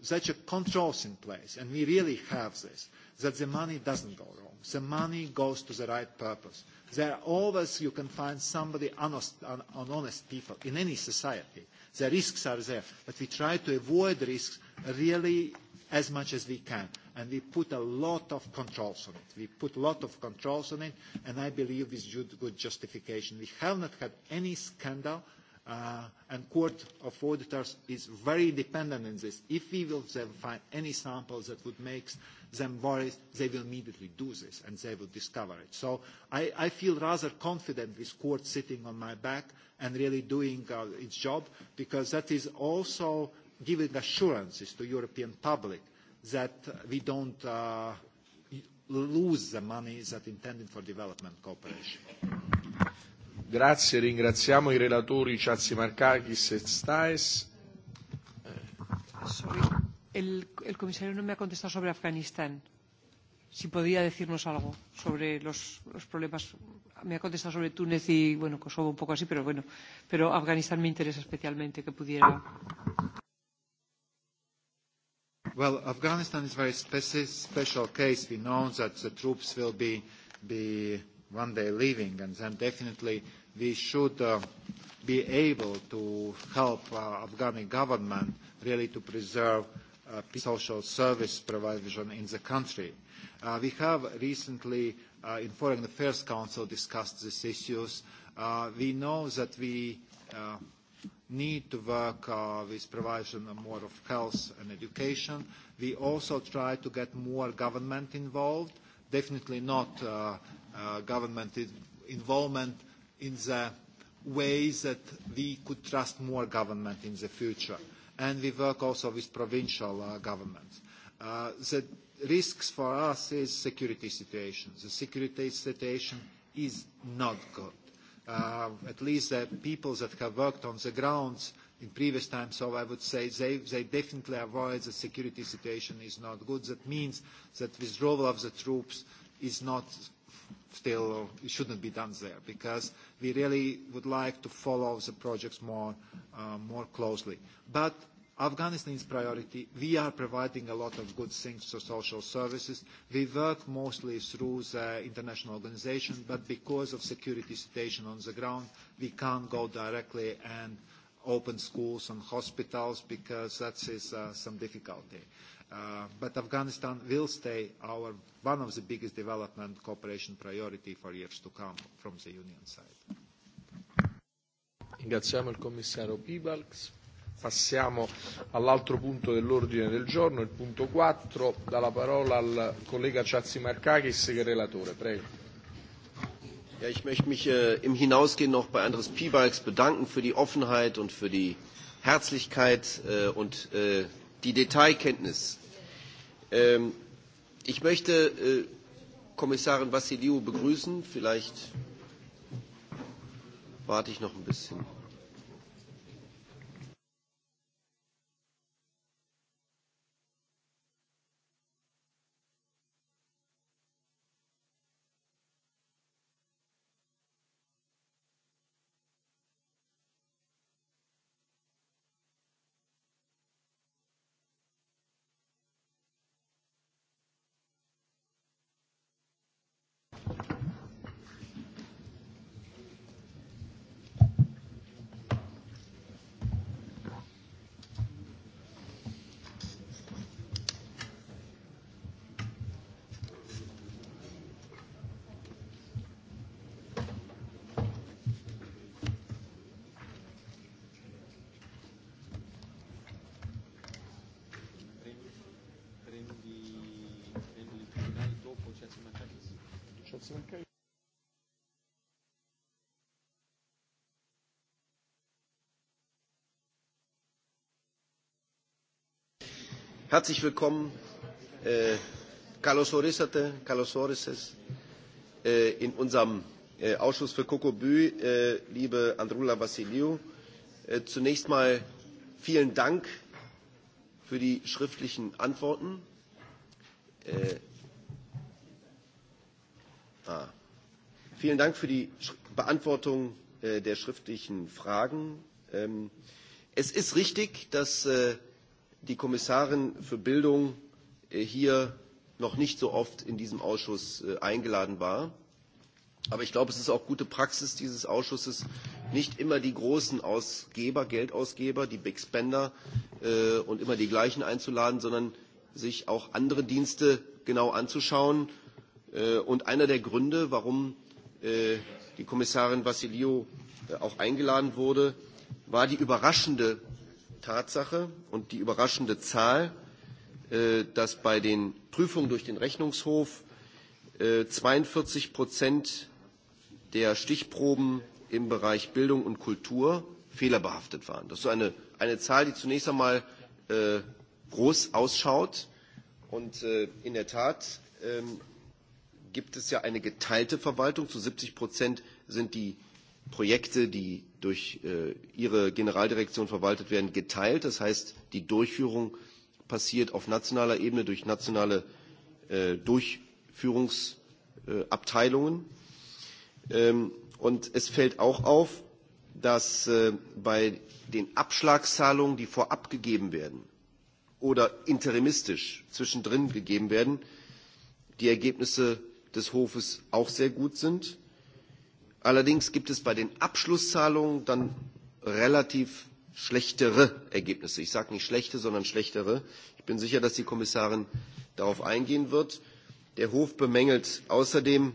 [SPEAKER 16] such a controls in place, and we really have this that the money doesn't go wrong. The money goes to the right purpose. There are always, you can find somebody honest, un, honest people in any society. The risks are there, but we try to avoid risks really as much as we can. And we put a lot of controls on it. We put a lot of controls on it, and I believe with good justification. We have not had any scandal uh, and court of auditors is very dependent on this. If we will then find any samples that would make them worried, they will immediately do this and they will discover it. So I, I feel rather confident with court sitting on my back and really doing uh, its job because that is also giving assurances to European public that we don't uh, lose the money that intended for development cooperation.
[SPEAKER 2] Grazie, ringraziamo i relatori Ciazzi Marcakis e Staes.
[SPEAKER 12] el, el comisario no me ha contestado sobre Afganistán. Si podía decirnos algo sobre los, los problemas. Me ha contestado sobre Túnez y, bueno, Kosovo un poco así, pero bueno. Pero Afganistán me interesa especialmente que pudiera.
[SPEAKER 16] Well, Afghanistan is a very special case. We know that the troops will be, be one day leaving, and then definitely we should be able to help uh, Afghani government really to preserve uh, social service provision in the country. Uh, we have recently uh, in Foreign Affairs Council discussed these issues. Uh, we know that we uh, need to work uh, with provision of more of health and education. We also try to get more government involved, definitely not uh, uh, government involvement in the ways that we could trust more government in the future. And we work also with provincial uh, governments. Uh, the risks for us is security situation. The security situation is not good. Uh, at least the people that have worked on the grounds in previous times, so I would say they, they definitely avoid the security situation is not good. That means that withdrawal of the troops is not still shouldn't be done there because we really would like to follow the projects more, uh, more closely. But Afghanistan is priority. We are providing a lot of good things to social services. We work mostly through the international organization, but because of security situation on the ground, we can't go directly and open schools and hospitals because that is uh, some difficulty. But Afghanistan will stay our one of the biggest development cooperation priority for years to come from the Union side. Ringraziamo il commissario Pibalks. Passiamo
[SPEAKER 2] all'altro punto dell'ordine del giorno, il punto 4. Dà la parola al collega
[SPEAKER 14] Ciazzimarcakis, che è relatore. Prego. Ja, ich möchte mich im Hinausgehen noch bei Andres Piebalgs bedanken für die Offenheit und für die Herzlichkeit und die Detailkenntnis ich möchte Kommissarin Vassiliou begrüßen. Vielleicht warte ich noch ein bisschen. Herzlich willkommen. Carlos Orisate, Carlos Orises in unserem Ausschuss für Kokobü, liebe Andrula Vassiliou. Zunächst mal vielen Dank für die schriftlichen Antworten. Vielen Dank für die Beantwortung der schriftlichen Fragen. Es ist richtig, dass die Kommissarin für Bildung hier noch nicht so oft in diesem Ausschuss eingeladen war. Aber ich glaube, es ist auch gute Praxis dieses Ausschusses, nicht immer die großen Ausgeber, Geldausgeber, die Big Spender und immer die gleichen einzuladen, sondern sich auch andere Dienste genau anzuschauen. und einer der Gründe, warum die Kommissarin Vassiliou auch eingeladen wurde, war die überraschende Tatsache und die überraschende Zahl, dass bei den Prüfungen durch den Rechnungshof 42 Prozent der Stichproben im Bereich Bildung und Kultur fehlerbehaftet waren. Das ist eine, eine Zahl, die zunächst einmal groß ausschaut. Und in der Tat gibt es ja eine geteilte Verwaltung. Zu 70 Prozent sind die Projekte, die durch ihre Generaldirektion verwaltet werden, geteilt. Das heißt, die Durchführung passiert auf nationaler Ebene durch nationale Durchführungsabteilungen. und es fällt auch auf, dass bei den Abschlagszahlungen, die vorab gegeben werden oder interimistisch zwischendrin gegeben werden, die Ergebnisse des Hofes auch sehr gut sind Allerdings gibt es bei den Abschlusszahlungen dann relativ schlechtere Ergebnisse. Ich sage nicht schlechte, sondern schlechtere. Ich bin sicher, dass die Kommissarin darauf eingehen wird. Der Hof bemängelt außerdem,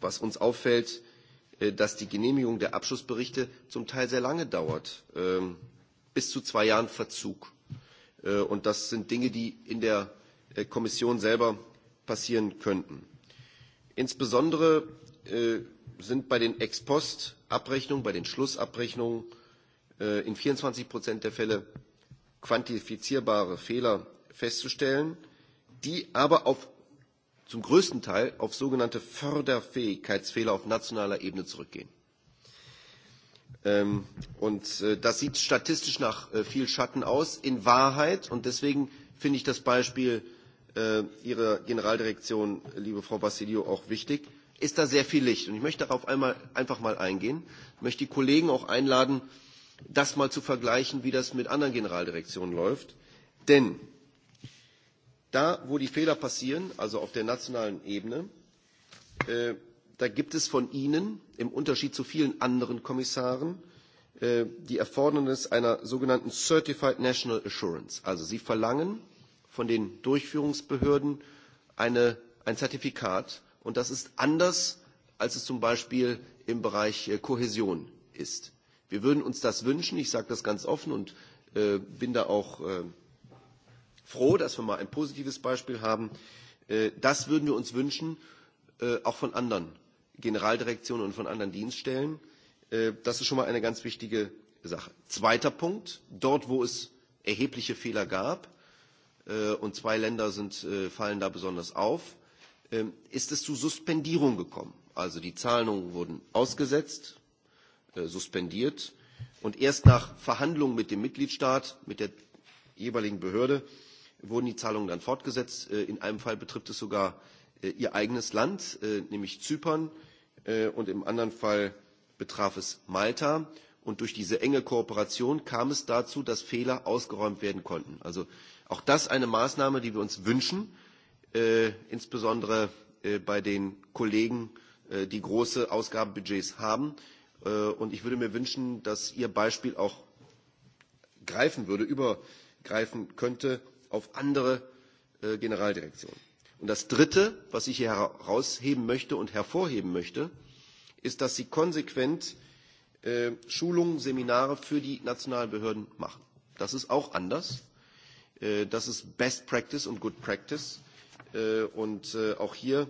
[SPEAKER 14] was uns auffällt, dass die Genehmigung der Abschlussberichte zum Teil sehr lange dauert, bis zu zwei Jahren Verzug. Und das sind Dinge, die in der Kommission selber passieren könnten. Insbesondere sind bei den Ex-Post-Abrechnungen, bei den Schlussabrechnungen in 24 Prozent der Fälle quantifizierbare Fehler festzustellen, die aber auf, zum größten Teil auf sogenannte Förderfähigkeitsfehler auf nationaler Ebene zurückgehen. Und das sieht statistisch nach viel Schatten aus, in Wahrheit. Und deswegen finde ich das Beispiel Ihrer Generaldirektion, liebe Frau Basilio, auch wichtig ist da sehr viel Licht. Und ich möchte darauf einmal, einfach mal eingehen. Ich möchte die Kollegen auch einladen, das mal zu vergleichen, wie das mit anderen Generaldirektionen läuft. Denn da, wo die Fehler passieren, also auf der nationalen Ebene, da gibt es von Ihnen im Unterschied zu vielen anderen Kommissaren die Erfordernis einer sogenannten Certified National Assurance. Also Sie verlangen von den Durchführungsbehörden ein Zertifikat, Und das ist anders, als es zum Beispiel im Bereich Kohäsion ist. Wir würden uns das wünschen. Ich sage das ganz offen und bin da auch froh, dass wir mal ein positives Beispiel haben. das würden wir uns wünschen, auch von anderen Generaldirektionen und von anderen Dienststellen. das ist schon mal eine ganz wichtige Sache. Zweiter Punkt, dort wo es erhebliche Fehler gab, und zwei Länder fallen da besonders auf, ist es zu Suspendierung gekommen. Also die Zahlungen wurden ausgesetzt, suspendiert und erst nach Verhandlungen mit dem Mitgliedstaat, mit der jeweiligen Behörde, wurden die Zahlungen dann fortgesetzt. In einem Fall betrifft es sogar ihr eigenes Land, nämlich Zypern, und im anderen Fall betraf es Malta. Und durch diese enge Kooperation kam es dazu, dass Fehler ausgeräumt werden konnten. Also auch das eine Maßnahme, die wir uns wünschen, insbesondere bei den Kollegen, die große Ausgabenbudgets haben. Und ich würde mir wünschen, dass Ihr Beispiel auch greifen würde, übergreifen könnte auf andere Generaldirektionen. Und das Dritte, was ich hier herausheben möchte und hervorheben möchte, ist, dass Sie konsequent Schulungen, Seminare für die nationalen Behörden machen. Das ist auch anders. Das ist Best Practice und Good Practice. Und auch hier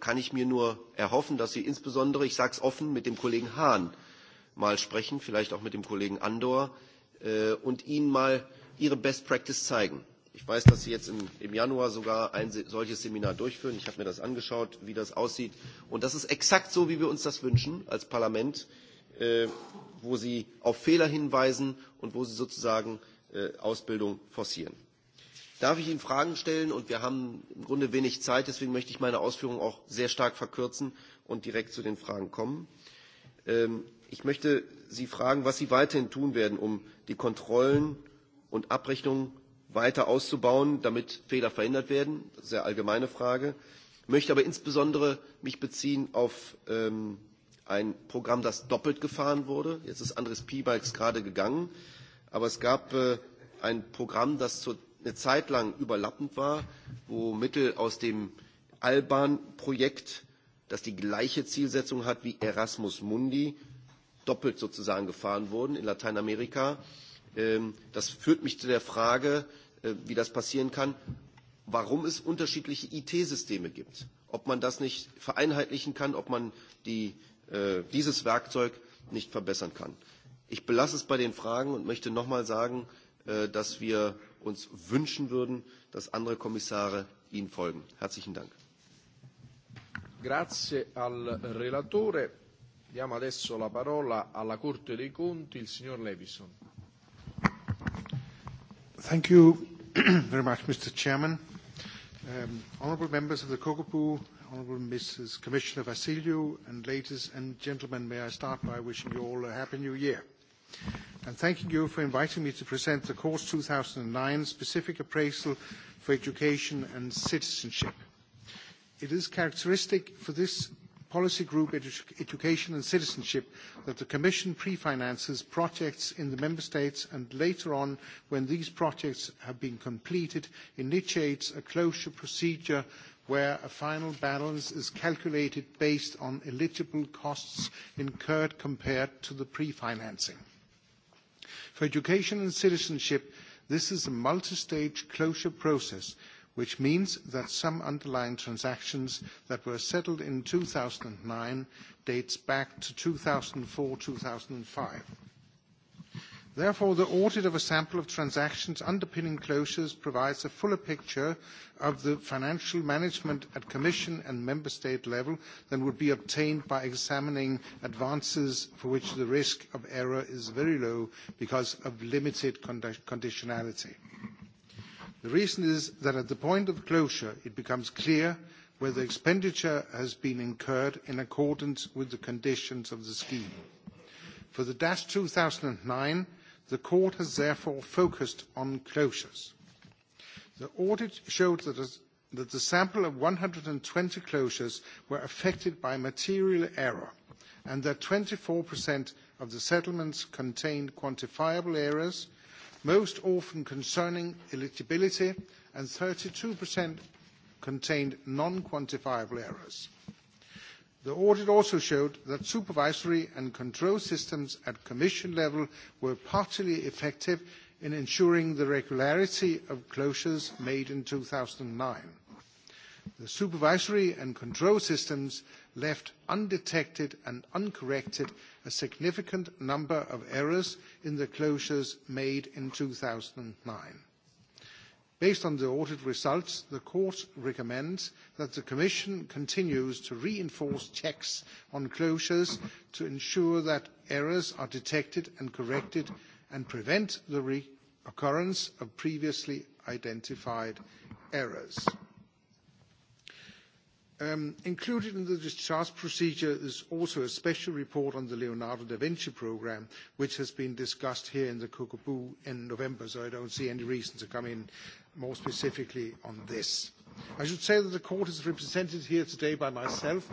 [SPEAKER 14] kann ich mir nur erhoffen, dass Sie insbesondere, ich sage es offen, mit dem Kollegen Hahn mal sprechen, vielleicht auch mit dem Kollegen Andor und Ihnen mal Ihre Best Practice zeigen. Ich weiß, dass Sie jetzt im, Januar sogar ein solches Seminar durchführen. Ich habe mir das angeschaut, wie das aussieht. Und das ist exakt so, wie wir uns das wünschen als Parlament, wo Sie auf Fehler hinweisen und wo Sie sozusagen Ausbildung forcieren. Darf ich Ihnen Fragen stellen? Und wir haben im Grunde wenig Zeit, deswegen möchte ich meine Ausführungen auch sehr stark verkürzen und direkt zu den Fragen kommen. Ich möchte Sie fragen, was Sie weiterhin tun werden, um die Kontrollen und Abrechnungen weiter auszubauen, damit Fehler verhindert werden. Sehr allgemeine Frage. Ich möchte aber insbesondere mich beziehen auf ein Programm, das doppelt gefahren wurde. Jetzt ist Andres Piebalgs gerade gegangen. Aber es gab ein Programm, das zur eine Zeit lang überlappend war, wo Mittel aus dem Alban-Projekt, das die gleiche Zielsetzung hat wie Erasmus Mundi, doppelt sozusagen gefahren wurden in Lateinamerika. Das führt mich zu der Frage, wie das passieren kann, warum es unterschiedliche IT-Systeme gibt, ob man das nicht vereinheitlichen kann, ob man dieses Werkzeug nicht verbessern kann. Ich belasse es bei den Fragen und möchte nochmal sagen, dass wir uns wünschen würden, dass andere Kommissare Ihnen folgen. Herzlichen Dank.
[SPEAKER 2] Grazie al relatore. Diamo adesso la parola alla Corte dei Conti, il signor Levison.
[SPEAKER 20] Thank you very much, Mr. Chairman. Um, honorable members of the Kokopu, honorable Mrs. Commissioner Vassiliou, and ladies and gentlemen, may I start by wishing you all a happy new year and thanking you for inviting me to present the course 2009 specific appraisal for education and citizenship. It is characteristic for this policy group education and citizenship that the commission pre-finances projects in the member states and later on when these projects have been completed initiates a closure procedure where a final balance is calculated based on eligible costs incurred compared to the pre-financing. For education and citizenship, this is a multi-stage closure process, which means that some underlying transactions that were settled in 2009 dates back to 2004, 2005. Therefore, the audit of a sample of transactions underpinning closures provides a fuller picture of the financial management at Commission and Member State level than would be obtained by examining advances for which the risk of error is very low because of limited conditionality. The reason is that at the point of closure, it becomes clear whether expenditure has been incurred in accordance with the conditions of the scheme. For the DAS 2009, The court has therefore focused on closures. The audit showed that the sample of one hundred and twenty closures were affected by material error, and that twenty 24% of the settlements contained quantifiable errors, most often concerning eligibility, and thirty 32% contained non-quantifiable errors. The audit also showed that supervisory and control systems at Commission level were partially effective in ensuring the regularity of closures made in two thousand nine. The supervisory and control systems left undetected and uncorrected a significant number of errors in the closures made in two thousand nine. Based on the audit results, the Court recommends that the Commission continues to reinforce checks on closures to ensure that errors are detected and corrected and prevent the reoccurrence of previously identified errors. Included in the discharge procedure is also a special report on the Leonardo da Vinci program, which has been discussed here in the Kokobu in November, so I don't see any reason to come in more specifically on this. I should say that the court is represented here today by myself,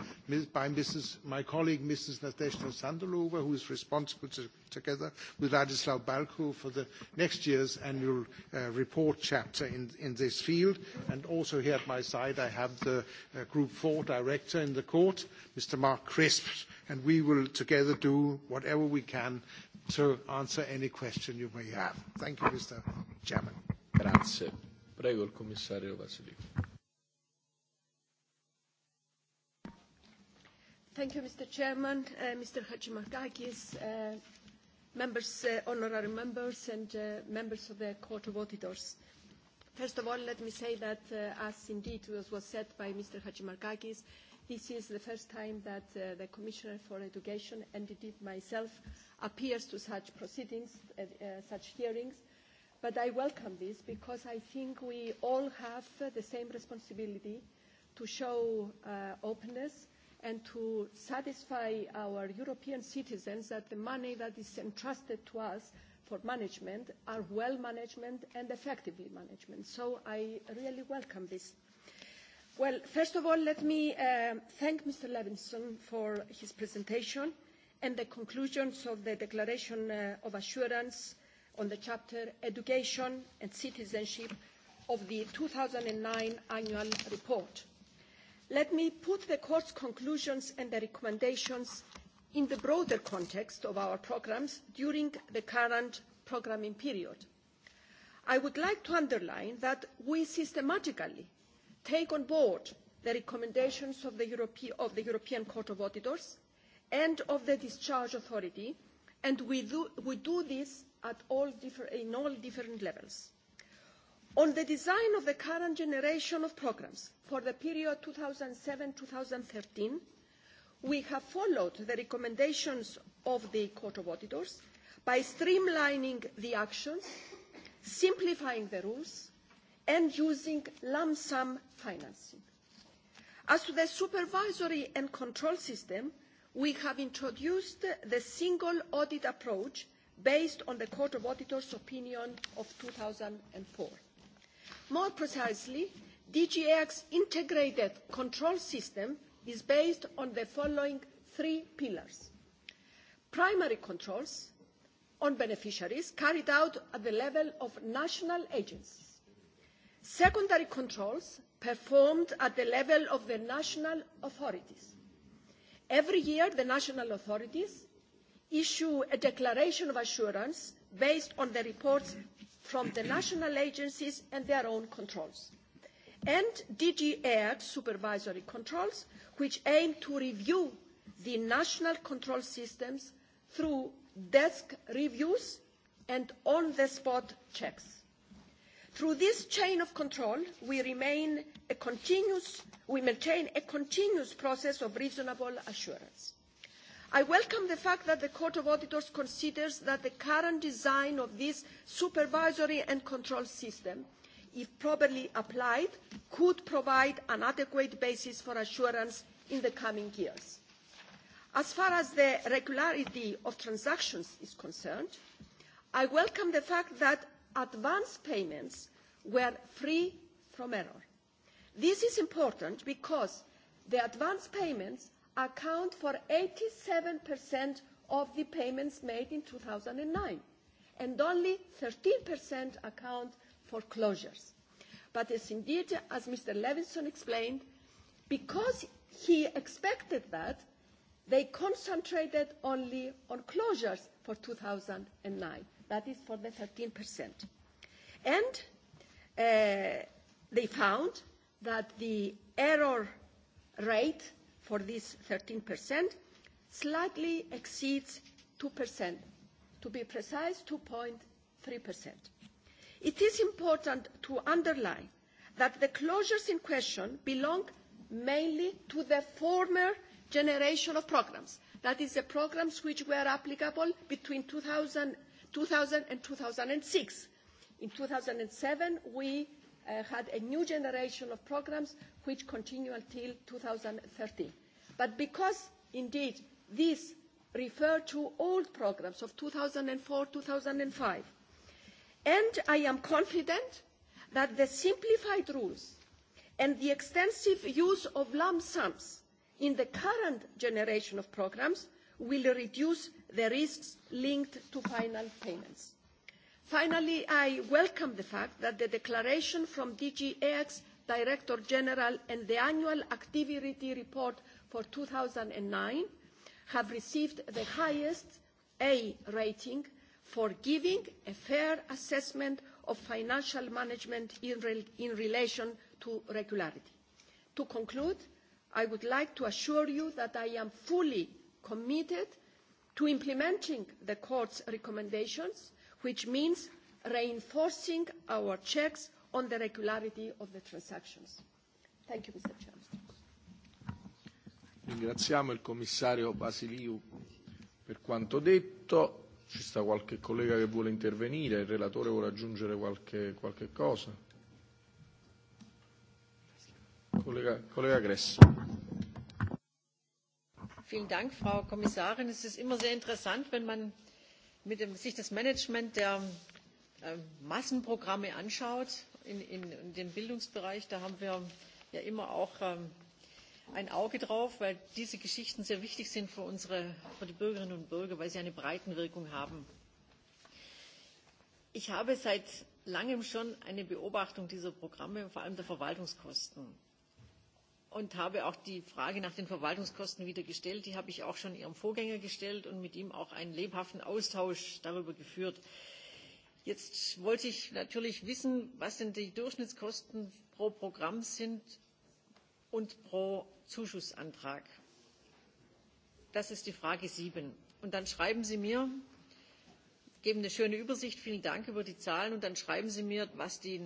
[SPEAKER 20] by Mrs. my colleague Mrs. Nadezhda Sandalova, who is responsible together with Ladislav Balko for the next year's annual report chapter in, this field. And also here at my side, I have the Group Four director in the court, Mr. Mark Crisp, and we will together do whatever we can to answer any question you may have. Thank you,
[SPEAKER 2] Mr. Chairman. Grazie. Prego il commissario Vassilio.
[SPEAKER 21] Thank you, Mr. Chairman, uh, Mr. Hachimakakis, uh, members, uh, honorary members, and uh, members of the Court of Auditors. First of all, let me say that, uh, as indeed was, was said by Mr. Hachimarkakis, this is the first time that uh, the Commissioner for Education, and indeed myself, appears to such proceedings, uh, uh, such hearings. But I welcome this because I think we all have uh, the same responsibility to show uh, openness and to satisfy our European citizens that the money that is entrusted to us for management are well management and effectively management. So I really welcome this. Well, first of all, let me uh, thank Mr. Levinson for his presentation and the conclusions of the Declaration uh, of Assurance on the chapter Education and Citizenship of the 2009 Annual Report Let me put the court's conclusions and the recommendations in the broader context of our programmes during the current programming period. I would like to underline that we systematically take on board the recommendations of the, European Court of Auditors and of the Discharge Authority, and we do, this at all in all different levels. On the design of the current generation of programmes for the period 2007-2013, we have followed the recommendations of the Court of Auditors by streamlining the actions, simplifying the rules, and using lump sum financing. As to the supervisory and control system, we have introduced the single audit approach based on the Court of Auditors opinion of 2004. four. More precisely, DG integrated control system is based on the following three pillars. Primary controls on beneficiaries carried out at the level of national agencies. Secondary controls performed at the level of the national authorities. Every year, the national authorities issue a declaration of assurance based on the reports from the national agencies and their own controls. And DG Air supervisory controls, which aim to review the national control systems through desk reviews and on-the-spot checks. Through this chain of control, we, remain a continuous, we maintain a continuous process of reasonable assurance. I welcome the fact that the Court of Auditors considers that the current design of this supervisory and control system, if properly applied, could provide an adequate basis for assurance in the coming years. As far as the regularity of transactions is concerned, I welcome the fact that advance payments were free from error. This is important because the advance payments account for 87% of the payments made in 2009, and only 13% account for closures. But as indeed, as Mr. Levinson explained, because he expected that, they concentrated only on closures for 2009, that is for the 13%. And uh, they found that the error rate for this 13% slightly exceeds 2%, to be precise, 2.3%. It is important to underline that the closures in question belong mainly to the former generation of programmes. That is, the programmes which were applicable between 2000, 2000 and 2006. In 2007, we had a new generation of programs which continue until thirteen. But because, indeed, these refer to old programs of 2004, 2005, and I am confident that the simplified rules and the extensive use of lump sums in the current generation of programmes will reduce the risks linked to final payments. Finally, I welcome the fact that the declaration from DG EAC's Director General and the annual activity report for two thousand nine have received the highest A rating for giving a fair assessment of financial management in, relation to regularity. To conclude, I would like to assure you that I am fully committed to implementing the Court's recommendations which means reinforcing our checks on the regularity of the transactions. Thank you, Mr.
[SPEAKER 11] Chairman.
[SPEAKER 2] Ringraziamo il commissario Basiliu per quanto detto. Ci sta qualche collega che vuole intervenire, il relatore vuole aggiungere qualche, qualche cosa. Collega, collega Vielen
[SPEAKER 6] Dank, Frau Kommissarin. Es ist immer sehr interessant, wenn man mit dem, sich das Management der Massenprogramme anschaut, in, in, in dem Bildungsbereich, da haben wir ja immer auch ein Auge drauf, weil diese Geschichten sehr wichtig sind für, unsere, für die Bürgerinnen und Bürger, weil sie eine Breitenwirkung haben. Ich habe seit langem schon eine Beobachtung dieser Programme, vor allem der Verwaltungskosten und habe auch die Frage nach den Verwaltungskosten wieder gestellt. Die habe ich auch schon Ihrem Vorgänger gestellt und mit ihm auch einen lebhaften Austausch darüber geführt. Jetzt wollte ich natürlich wissen, was denn die Durchschnittskosten pro Programm sind und pro Zuschussantrag. Das ist die Frage sieben. Und dann schreiben Sie mir, geben eine schöne Übersicht, vielen Dank über die Zahlen, und dann schreiben Sie mir, was die,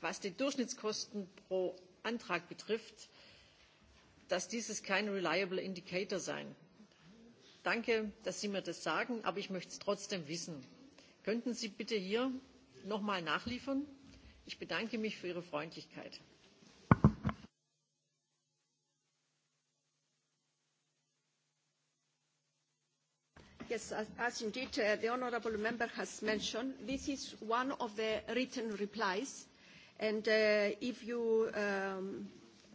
[SPEAKER 6] was die Durchschnittskosten pro Antrag betrifft dass dieses kein reliable indicator sein. Danke, dass Sie mir das sagen, aber ich möchte es trotzdem wissen. Könnten Sie bitte hier noch mal nachliefern? Ich bedanke mich für Ihre Freundlichkeit.
[SPEAKER 21] Yes, as indeed the honourable member has mentioned, this is one of the written replies, and if you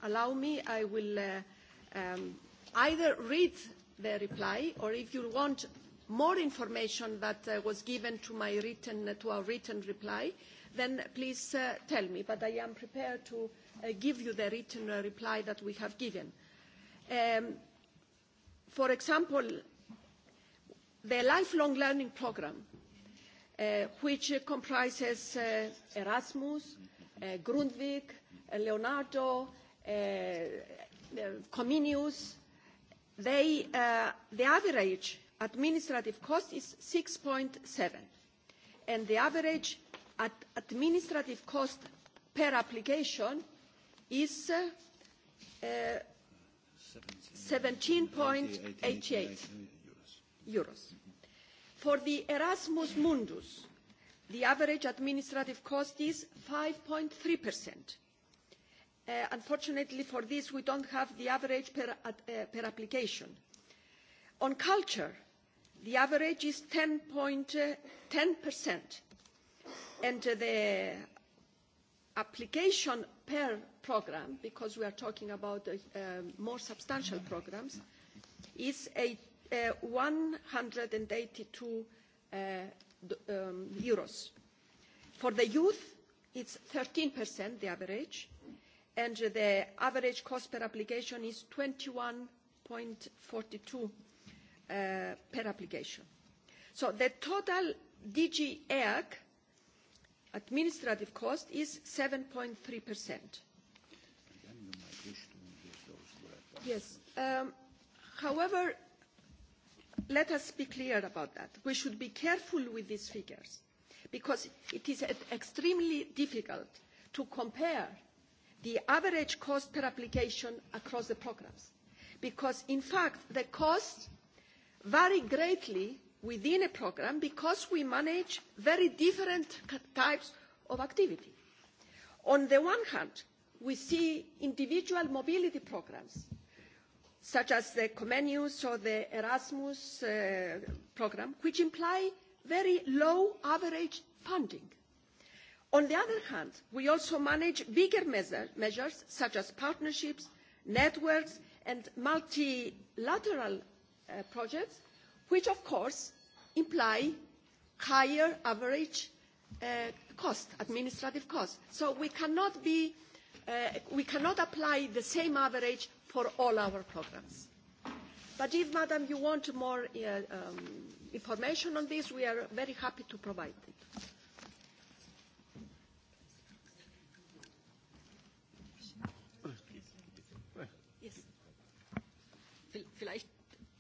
[SPEAKER 21] allow me, I will either read the reply or if you want more information that was given to, my written, to our written reply, then please tell me. But I am prepared to give you the written reply that we have given. for example, the lifelong learning programme, which comprises Erasmus, Grundvik, Leonardo, Comenius, they, uh, the average administrative cost is 6.7, and the average at administrative cost per application is uh, uh, 17.88 euros. For the Erasmus Mundus, the average administrative cost is 5.3 percent unfortunately for this, we don't have the average per, application. On culture, the average is ten and the application per programme, because we are talking about more substantial programmes, is EUR one hundred and eighty euros. For the youth, it's thirteen the average, and the average cost per application is 21.42 per application. So the total DG EAC administrative cost is 7.3%. Yes. However, let us be clear about that. We should be careful with these figures because it is extremely difficult to compare the average cost per application across the programmes, Because, in fact, the costs vary greatly within a programme because we manage very different types of activity. On the one hand, we see individual mobility programmes, such as the Comenius or the Erasmus programme, which imply very low average funding On the other hand, we also manage bigger measures such as partnerships, networks and multilateral projects, which of course imply higher average cost, administrative cost. So we cannot, be, we cannot apply the same average for all our programmes. But if, Madam, you want more information on this, we are very happy to provide it.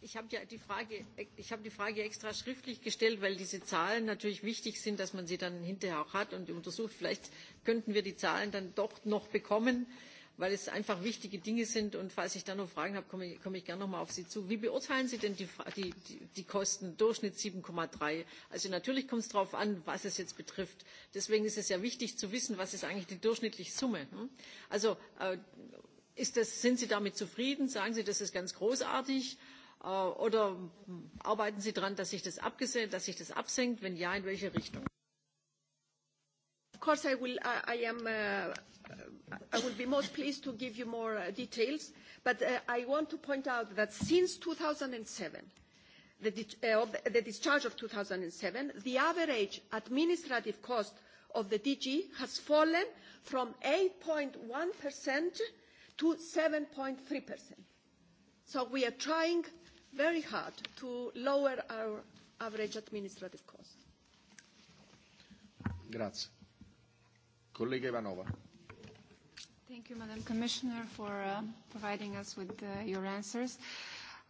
[SPEAKER 6] ich habe ja die Frage, ich habe die Frage extra schriftlich gestellt, weil diese Zahlen natürlich wichtig sind, dass man sie dann hinterher auch hat und untersucht. Vielleicht könnten wir die Zahlen dann doch noch bekommen, weil es einfach wichtige Dinge sind. Und falls ich dann noch Fragen habe, komme ich, komme ich gerne mal auf Sie zu. Wie beurteilen Sie denn die, die, die Kosten? Durchschnitt 7,3. Also natürlich kommt es darauf an, was es jetzt betrifft. Deswegen ist es ja wichtig zu wissen, was ist eigentlich die durchschnittliche Summe. Also sind Sie damit zufrieden? Sagen Sie, das ist ganz großartig? Oder arbeiten Sie daran, dass sich das dass sich das absenkt? Wenn ja, in welche Richtung? Of course, I will, I, I am,
[SPEAKER 21] I will be most pleased to give you more details, but I want to point out that since 2007, the, uh the discharge of 2007, the average administrative cost of the DG has fallen from 8.1% to 7.3%. So we are trying very hard to lower
[SPEAKER 17] our average administrative cost.
[SPEAKER 2] Grazie. Collega Ivanova.
[SPEAKER 17] Thank you, Madam Commissioner, for uh, providing us with uh, your answers.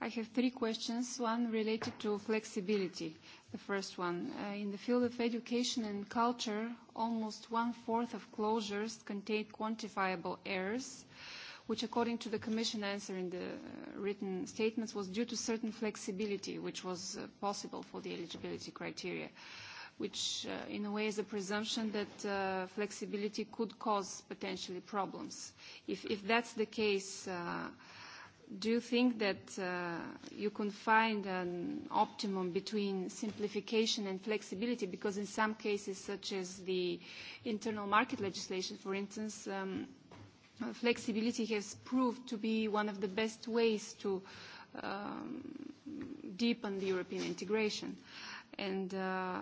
[SPEAKER 17] I have three questions, one related to flexibility, the first one. Uh, in the field of education and culture, almost one-fourth of closures contain quantifiable errors. Uh, which according to the Commission answer in the written statements was due to certain flexibility which was possible for the eligibility criteria, which in a way is a presumption that flexibility could cause potentially problems. If, if that's the case, uh, do you think that uh you can find an optimum between simplification and flexibility? Because in some cases, such as the internal market legislation, for instance, um flexibility has proved to be one of the best ways to um, deepen the European integration. And uh,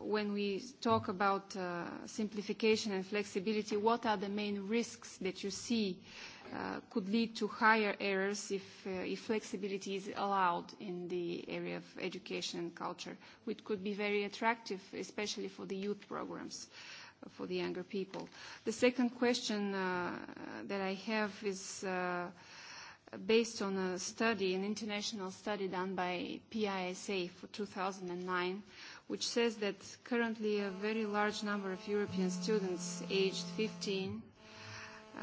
[SPEAKER 17] when we talk about uh, simplification and flexibility, what are the main risks that you see uh, could lead to higher errors if, uh, if flexibility is allowed in the area of education and culture, which could be very attractive, especially for the youth programs? Uh, for the younger people. The second question uh, that I have is uh, based on a study, an international study done by PISA for 2009, which says that currently a very large number of European students aged 15 uh,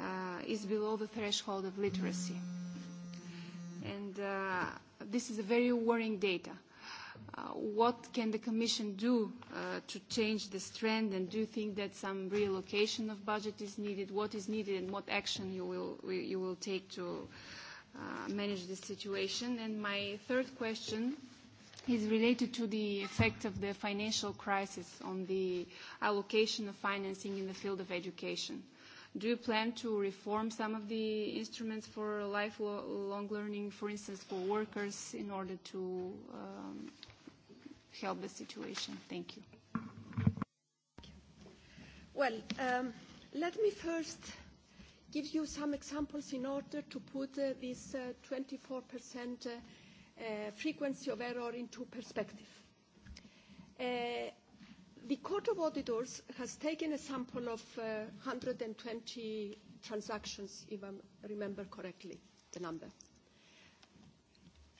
[SPEAKER 17] is below the threshold of literacy. And uh, this is a very worrying data what can the Commission do uh to change this trend, and do you think that some reallocation of budget is needed? What is needed, and what action you will you will take to uh manage this situation? And my third question is related to the effect of the financial crisis on the allocation of financing in the field of education. Do you plan to reform some of the instruments for lifelong learning, for instance, for workers, in order to um, help the situation. Thank you.
[SPEAKER 21] Well, um, let me first give you some examples in order to put uh, this uh, 24% uh, uh, frequency of error into perspective. Uh, the Court of Auditors has taken a sample of uh, 120 transactions, if I remember correctly, the number.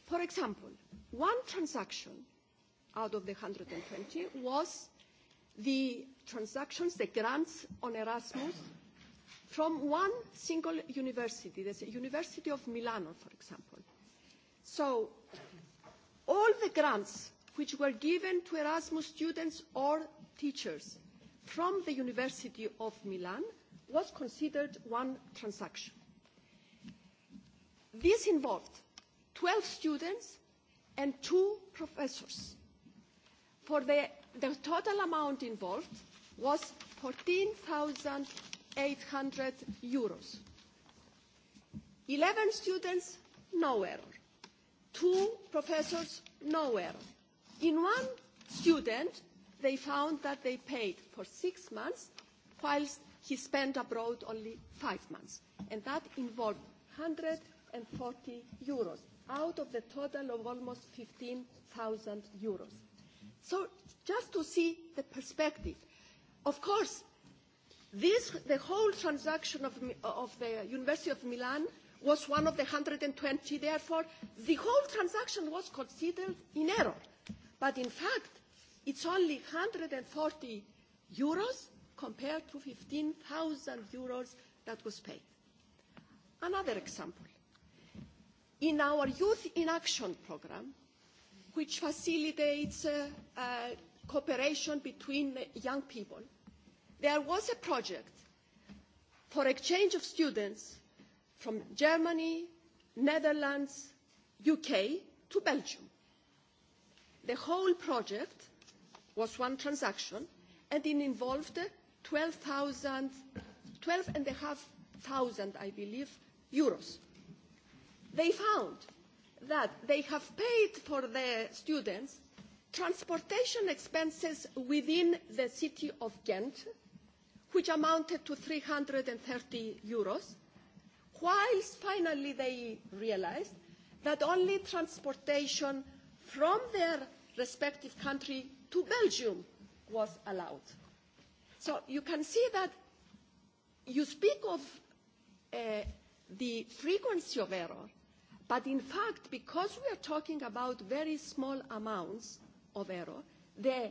[SPEAKER 21] For example, one transaction out of the 120 was the transactions, the grants on Erasmus from one single university, the University of Milano, for example. So all the grants which were given to Erasmus students or teachers from the University of Milan was considered one transaction. This involved 12 students and two professors for the, the total amount involved was 14,800 euros. 11 students, no error. Two professors, no error. In one student, they found that they paid for six months, whilst he spent abroad only five months. And that involved 140 euros out of the total of almost 15,000 euros. So just to see the perspective, of course, this, the whole transaction of, of the University of Milan was one of the 120, therefore the whole transaction was considered in error. But in fact, it's only 140 euros compared to 15,000 euros that was paid. Another example. In our Youth in Action programme, which facilitates cooperation between young people. There was a project for exchange of students from Germany, Netherlands, UK to Belgium. The whole project was one transaction and it involved 12,000, 12,500, I believe, euros. They found that they have paid for the students transportation expenses within the city of Ghent, which amounted to 330 euros, whilst finally they realized that only transportation from their respective country to Belgium was allowed. So you can see that you speak of uh, the frequency of error, But in fact, because we are talking about very small amounts of error, the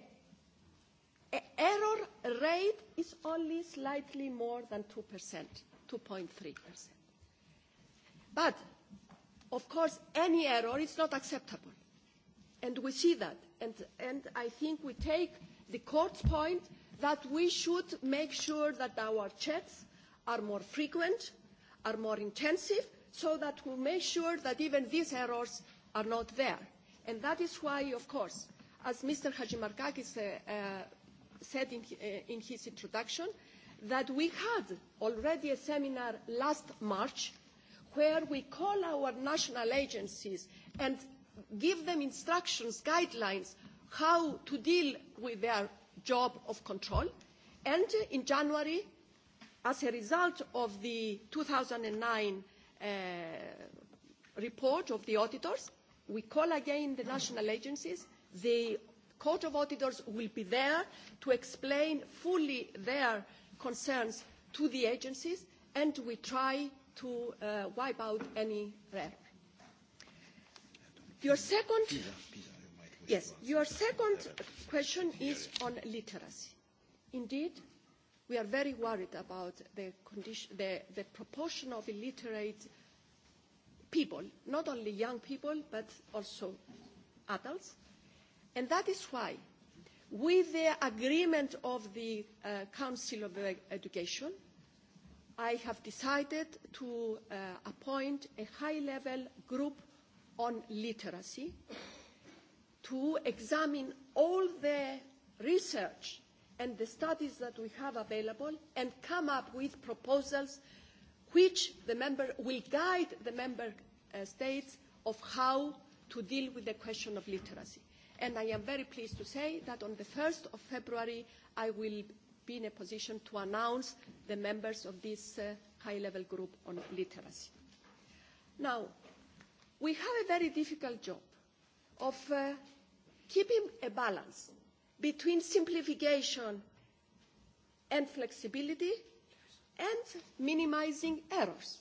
[SPEAKER 21] error rate is only slightly more than 2%, 2.3%. But, of course, any error is not acceptable. And we see that. And, and I think we take the court's point that we should make sure that our checks are more frequent, are more intensive, so that we make sure that even these errors are not there. And that is why, of course, as Mr. Hajimarkakis uh, uh, said in, uh, in his introduction, that we had already a seminar last March where we call our national agencies and give them instructions, guidelines, how to deal with their job of control. And in January, as a result of the 2009 report of the auditors. We call again the national agencies. The Court of Auditors will be there to explain fully their concerns to the agencies, and we try to wipe out any error. Your second, yes, your second question is on literacy. Indeed, we are very worried about the, condition, the, the proportion of illiterate people, not only young people, but also adults. And that is why, with the agreement of the uh, Council of Education, I have decided to uh, appoint a high-level group on literacy to examine all the research and the studies that we have available and come up with proposals which the member will guide the member states of how to deal with the question of literacy. And I am very pleased to say that on the 1st of February, I will be in a position to announce the members of this high-level group on literacy. Now, we have a very difficult job of keeping a balance between simplification and flexibility and minimizing errors.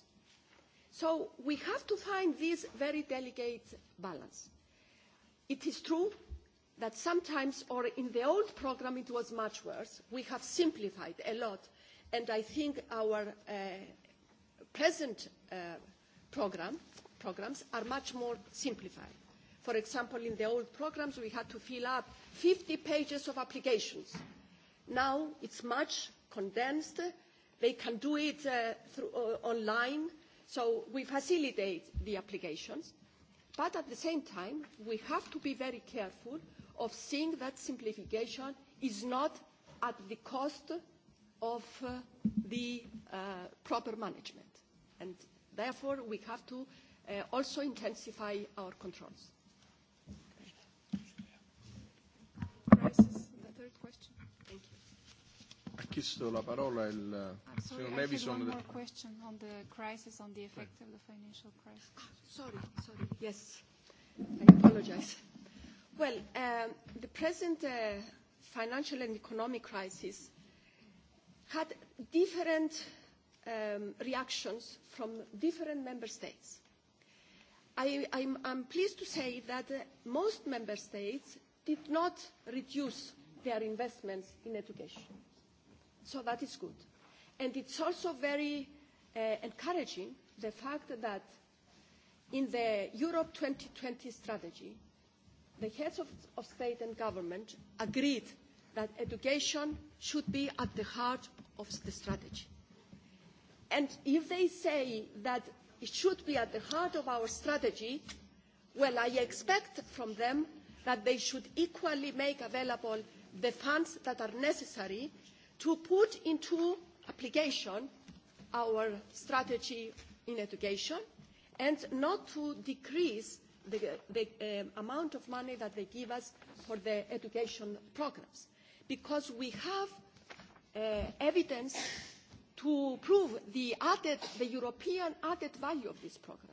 [SPEAKER 21] So we have to find this very delicate balance. It is true that sometimes, or in the old programme it was much worse, we have simplified a lot, and I think our uh, present uh, program, programs are much more simplified. For example, in the old programmes we had to fill up 50 pages of applications. Now it's much condensed. They can do it online, so we facilitate the applications. But at the same time, we have to be very careful of seeing that simplification is not at the cost of the proper management. And therefore, we have to also intensify our controls.
[SPEAKER 17] addresses the third question. Thank you.
[SPEAKER 2] Ha chiesto la parola One more
[SPEAKER 17] question on the crisis, on the effect of the financial crisis. Sorry, sorry. Yes, I apologize. Well,
[SPEAKER 21] the present financial and economic crisis had different reactions from different member states. I, I'm, I'm pleased to say that most member states did not reduce their investments in education. So that is good. And it's also very uh, encouraging the fact that in the Europe 2020 strategy, the heads of, of state and government agreed that education should be at the heart of the strategy. And if they say that it should be at the heart of our strategy, well, I expect from them that they should equally make available the funds that are necessary to put into application our strategy in education and not to decrease the, the amount of money that they give us for the education programs because we have uh, evidence to prove the, added, the European added value of these programs.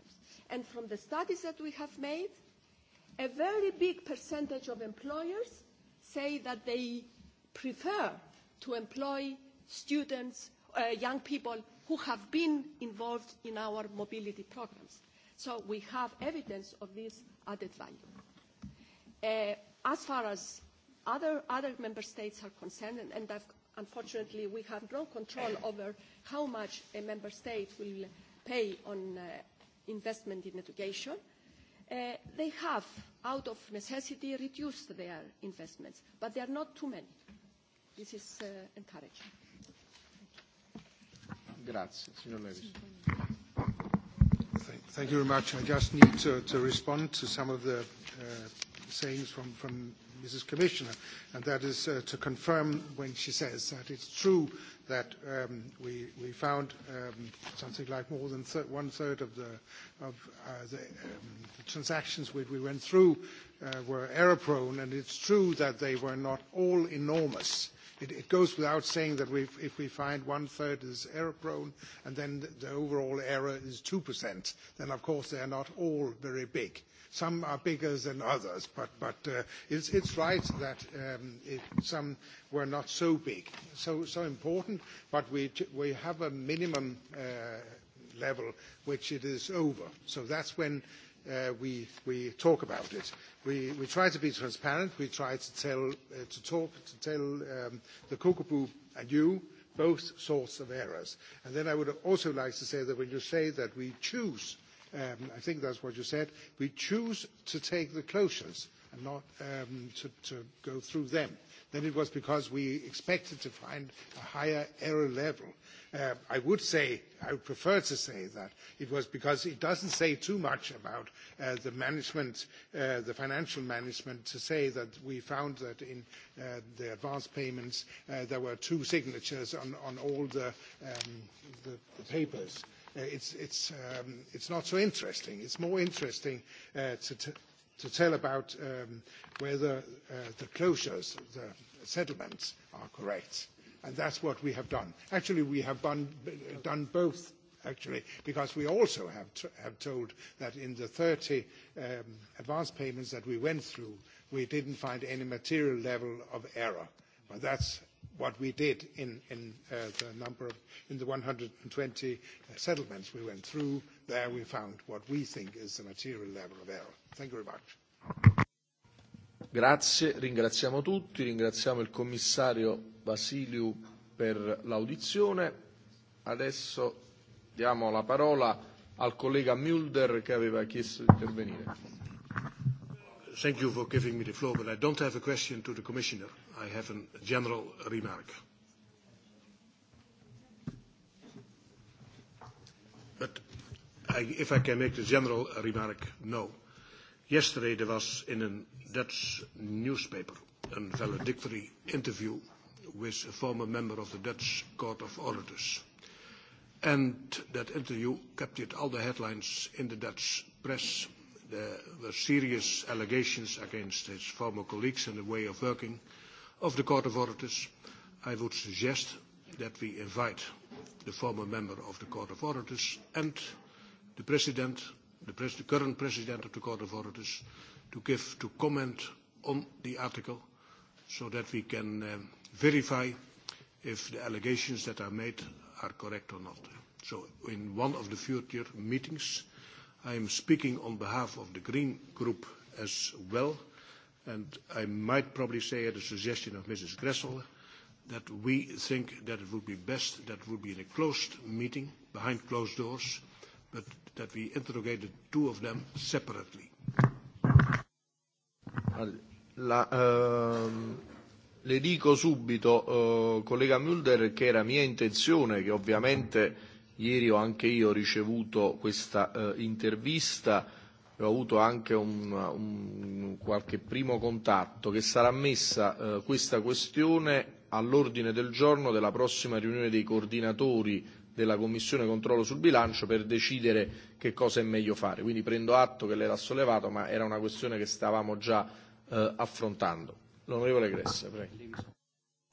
[SPEAKER 21] And from the studies that we have made, a very big percentage of employers say that they prefer to employ students, uh, young people who have been involved in our mobility programs. So we have evidence of this added value. Uh, as far as other, other member states are concerned, and, and I've, unfortunately we have no control over how much a member state will pay on uh, investment in education, uh, Uh, they have, out of necessity, reduced their investments, but they are not too many. This is uh, encouraging.
[SPEAKER 2] Grazie. Signor
[SPEAKER 20] Levis. Thank you very much. I just need to, to respond to some of the uh, sayings from, from Mrs. Commissioner, and that is to confirm when she says that it's true that we we found something like more than one-third of the of the transactions which we went through were error-prone, and it's true that they were not all enormous. It goes without saying that if we find one-third is error-prone and then the overall error is 2%, then of course they are not all very big. Some are bigger than others, but, but uh, it's, it's right that um, it, some were not so big, so, so important, but we, we have a minimum uh, level which it is over. So that's when uh, we, we talk about it. We, we try to be transparent. We try to tell, uh, to talk, to tell um, the Kokobu and you both sorts of errors. And then I would also like to say that when you say that we choose um, I think that's what you said, we choose to take the closures and not um, to, to go through them. Then it was because we expected to find a higher error level. Uh, I would say, I would prefer to say that it was because it doesn't say too much about uh, the management, uh, the financial management, to say that we found that in uh, the advance payments uh, there were two signatures on, on all the, um, the, the papers. Uh, it's, it's, um, it's not so interesting. It's more interesting uh, to, t- to tell about um, whether uh, the closures, the settlements are correct. And that's what we have done. Actually, we have done, done both, actually, because we also have, t- have told that in the 30 um, advance payments that we went through, we didn't find any material level of error. But that's what we did in the number of in the 120 settlements we went through. There we found what we think is the material level of error. Thank you very much.
[SPEAKER 2] Grazie, ringraziamo tutti, ringraziamo il commissario Vasiliu per l'audizione. Adesso diamo la parola al collega Mulder che aveva chiesto di intervenire. Thank you for giving me the floor, but I don't
[SPEAKER 18] have a question to the commissioner. I have a general remark. But If I can make the general remark, no. Yesterday, there was in a Dutch newspaper a valedictory interview with a former member of the Dutch Court of Auditors. And That interview captured all the headlines in the Dutch press the, the serious allegations against his former colleagues and the way of working of the Court of Auditors, I would suggest that we invite the former member of the Court of Auditors and the President, the, pres the current President of the Court of Auditors, to give to comment on the article so that we can um, verify if the allegations that are made are correct or not. So in one of the future meetings, I am speaking on behalf of the Green Group as well, and I might probably say at the suggestion of Mrs. Gressel that we think that it would be best that would be in a closed meeting behind closed doors, but that we interrogate the two of them separately.
[SPEAKER 2] le dico subito, collega Mulder, che era mia intenzione che ovviamente Ieri ho anche io ricevuto questa eh, intervista ho avuto anche un, un, qualche primo contatto, che sarà messa eh, questa questione all'ordine del giorno della prossima riunione dei coordinatori della Commissione controllo sul bilancio per decidere che cosa è meglio fare. Quindi prendo atto che lei l'ha sollevato, ma era una questione che stavamo già eh, affrontando. L'onorevole Gressa, prego.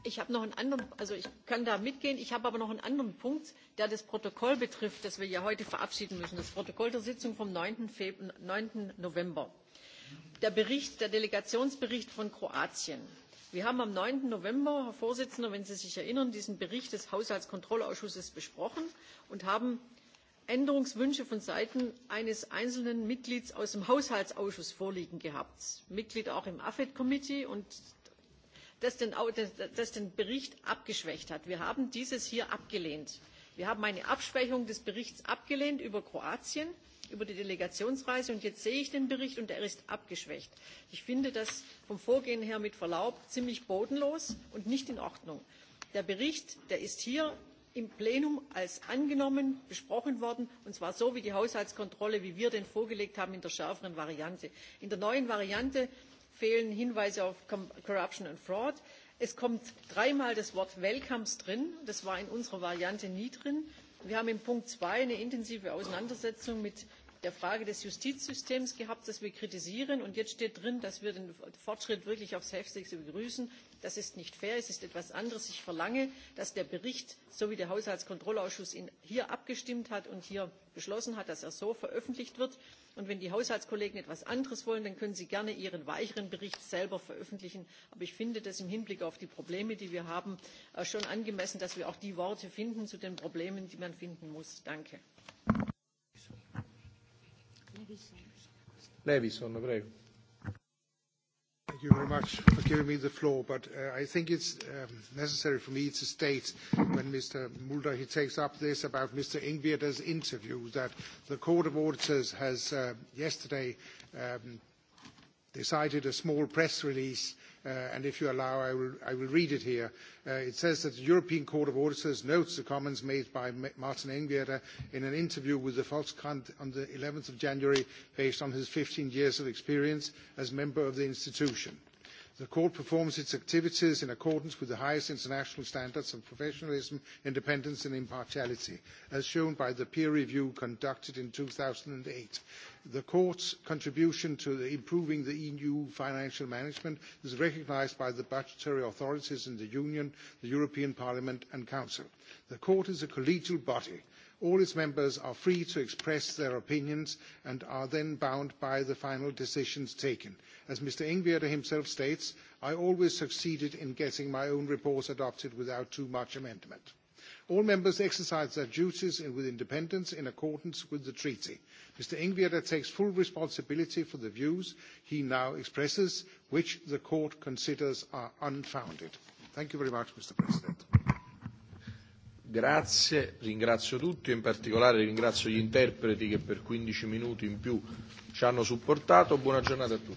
[SPEAKER 6] Ich habe noch einen anderen, also ich kann da mitgehen. Ich habe aber noch einen anderen Punkt, der das Protokoll betrifft, das wir ja heute verabschieden müssen. Das Protokoll der Sitzung vom 9. November. Der Bericht, der Delegationsbericht von Kroatien. Wir haben am 9. November, Herr Vorsitzender, wenn Sie sich erinnern, diesen Bericht des Haushaltskontrollausschusses besprochen und haben Änderungswünsche von Seiten eines einzelnen Mitglieds aus dem Haushaltsausschuss vorliegen gehabt. Mitglied auch im AFED-Committee und das den Bericht abgeschwächt hat. Wir haben dieses hier abgelehnt. Wir haben eine Abschwächung des Berichts abgelehnt über Kroatien, über die Delegationsreise und jetzt sehe ich den Bericht und er ist abgeschwächt. Ich finde das vom Vorgehen her mit Verlaub ziemlich bodenlos und nicht in Ordnung. Der Bericht, ist hier im Plenum als angenommen besprochen worden, und zwar so wie die Haushaltskontrolle, wie wir den vorgelegt haben, in der schärferen Variante. In der neuen Variante fehlen Hinweise auf Corruption and Fraud. Es kommt dreimal das Wort Welcomes drin. Das war in unserer Variante nie drin. Wir haben in Punkt zwei eine intensive Auseinandersetzung mit der Frage des Justizsystems gehabt, das wir kritisieren. Und jetzt steht drin, dass wir den Fortschritt wirklich aufs Heftigste begrüßen. Das ist nicht fair, es ist etwas anderes. Ich verlange, dass der Bericht, so wie der Haushaltskontrollausschuss ihn hier abgestimmt hat und hier beschlossen hat, dass er so veröffentlicht wird. Und wenn die Haushaltskollegen etwas anderes wollen, dann können sie gerne ihren weicheren Bericht selber veröffentlichen. Aber ich finde das im Hinblick auf die Probleme, die wir haben, schon angemessen, dass wir auch die Worte finden zu den Problemen, die man finden muss. Danke.
[SPEAKER 2] Levison, prego. Thank you very much
[SPEAKER 20] for giving me the floor, but uh, I think it's um, necessary for me to state when Mr. Mulder he takes up this about Mr. Ingvierder's interview that the Court of Auditors has uh, yesterday um, decided a small press release and if you allow, I will, I will read it here. it says that the European Court of Auditors notes the comments made by Martin Engwerder in an interview with the Volkskrant on the 11th of January based on his fifteen years of experience as member of the institution. The court performs its activities in accordance with the highest international standards of professionalism, independence and impartiality, as shown by the peer review conducted in two thousand eight. The court's contribution to improving the EU financial management is recognised by the budgetary authorities in the Union, the European Parliament and Council. The court is a collegial body All its members are free to express their opinions and are then bound by the final decisions taken. As Mr. Ingwerder himself states, I always succeeded in getting my own reports adopted without too much amendment. All members exercise their duties with independence in accordance with the treaty. Mr. Ingwerder takes full responsibility for the views he now expresses, which the court considers are unfounded. Thank you very much, Mr. President.
[SPEAKER 2] Grazie, ringrazio tutti, in particolare ringrazio gli interpreti che per 15 minuti in più ci hanno supportato. Buona giornata a tutti.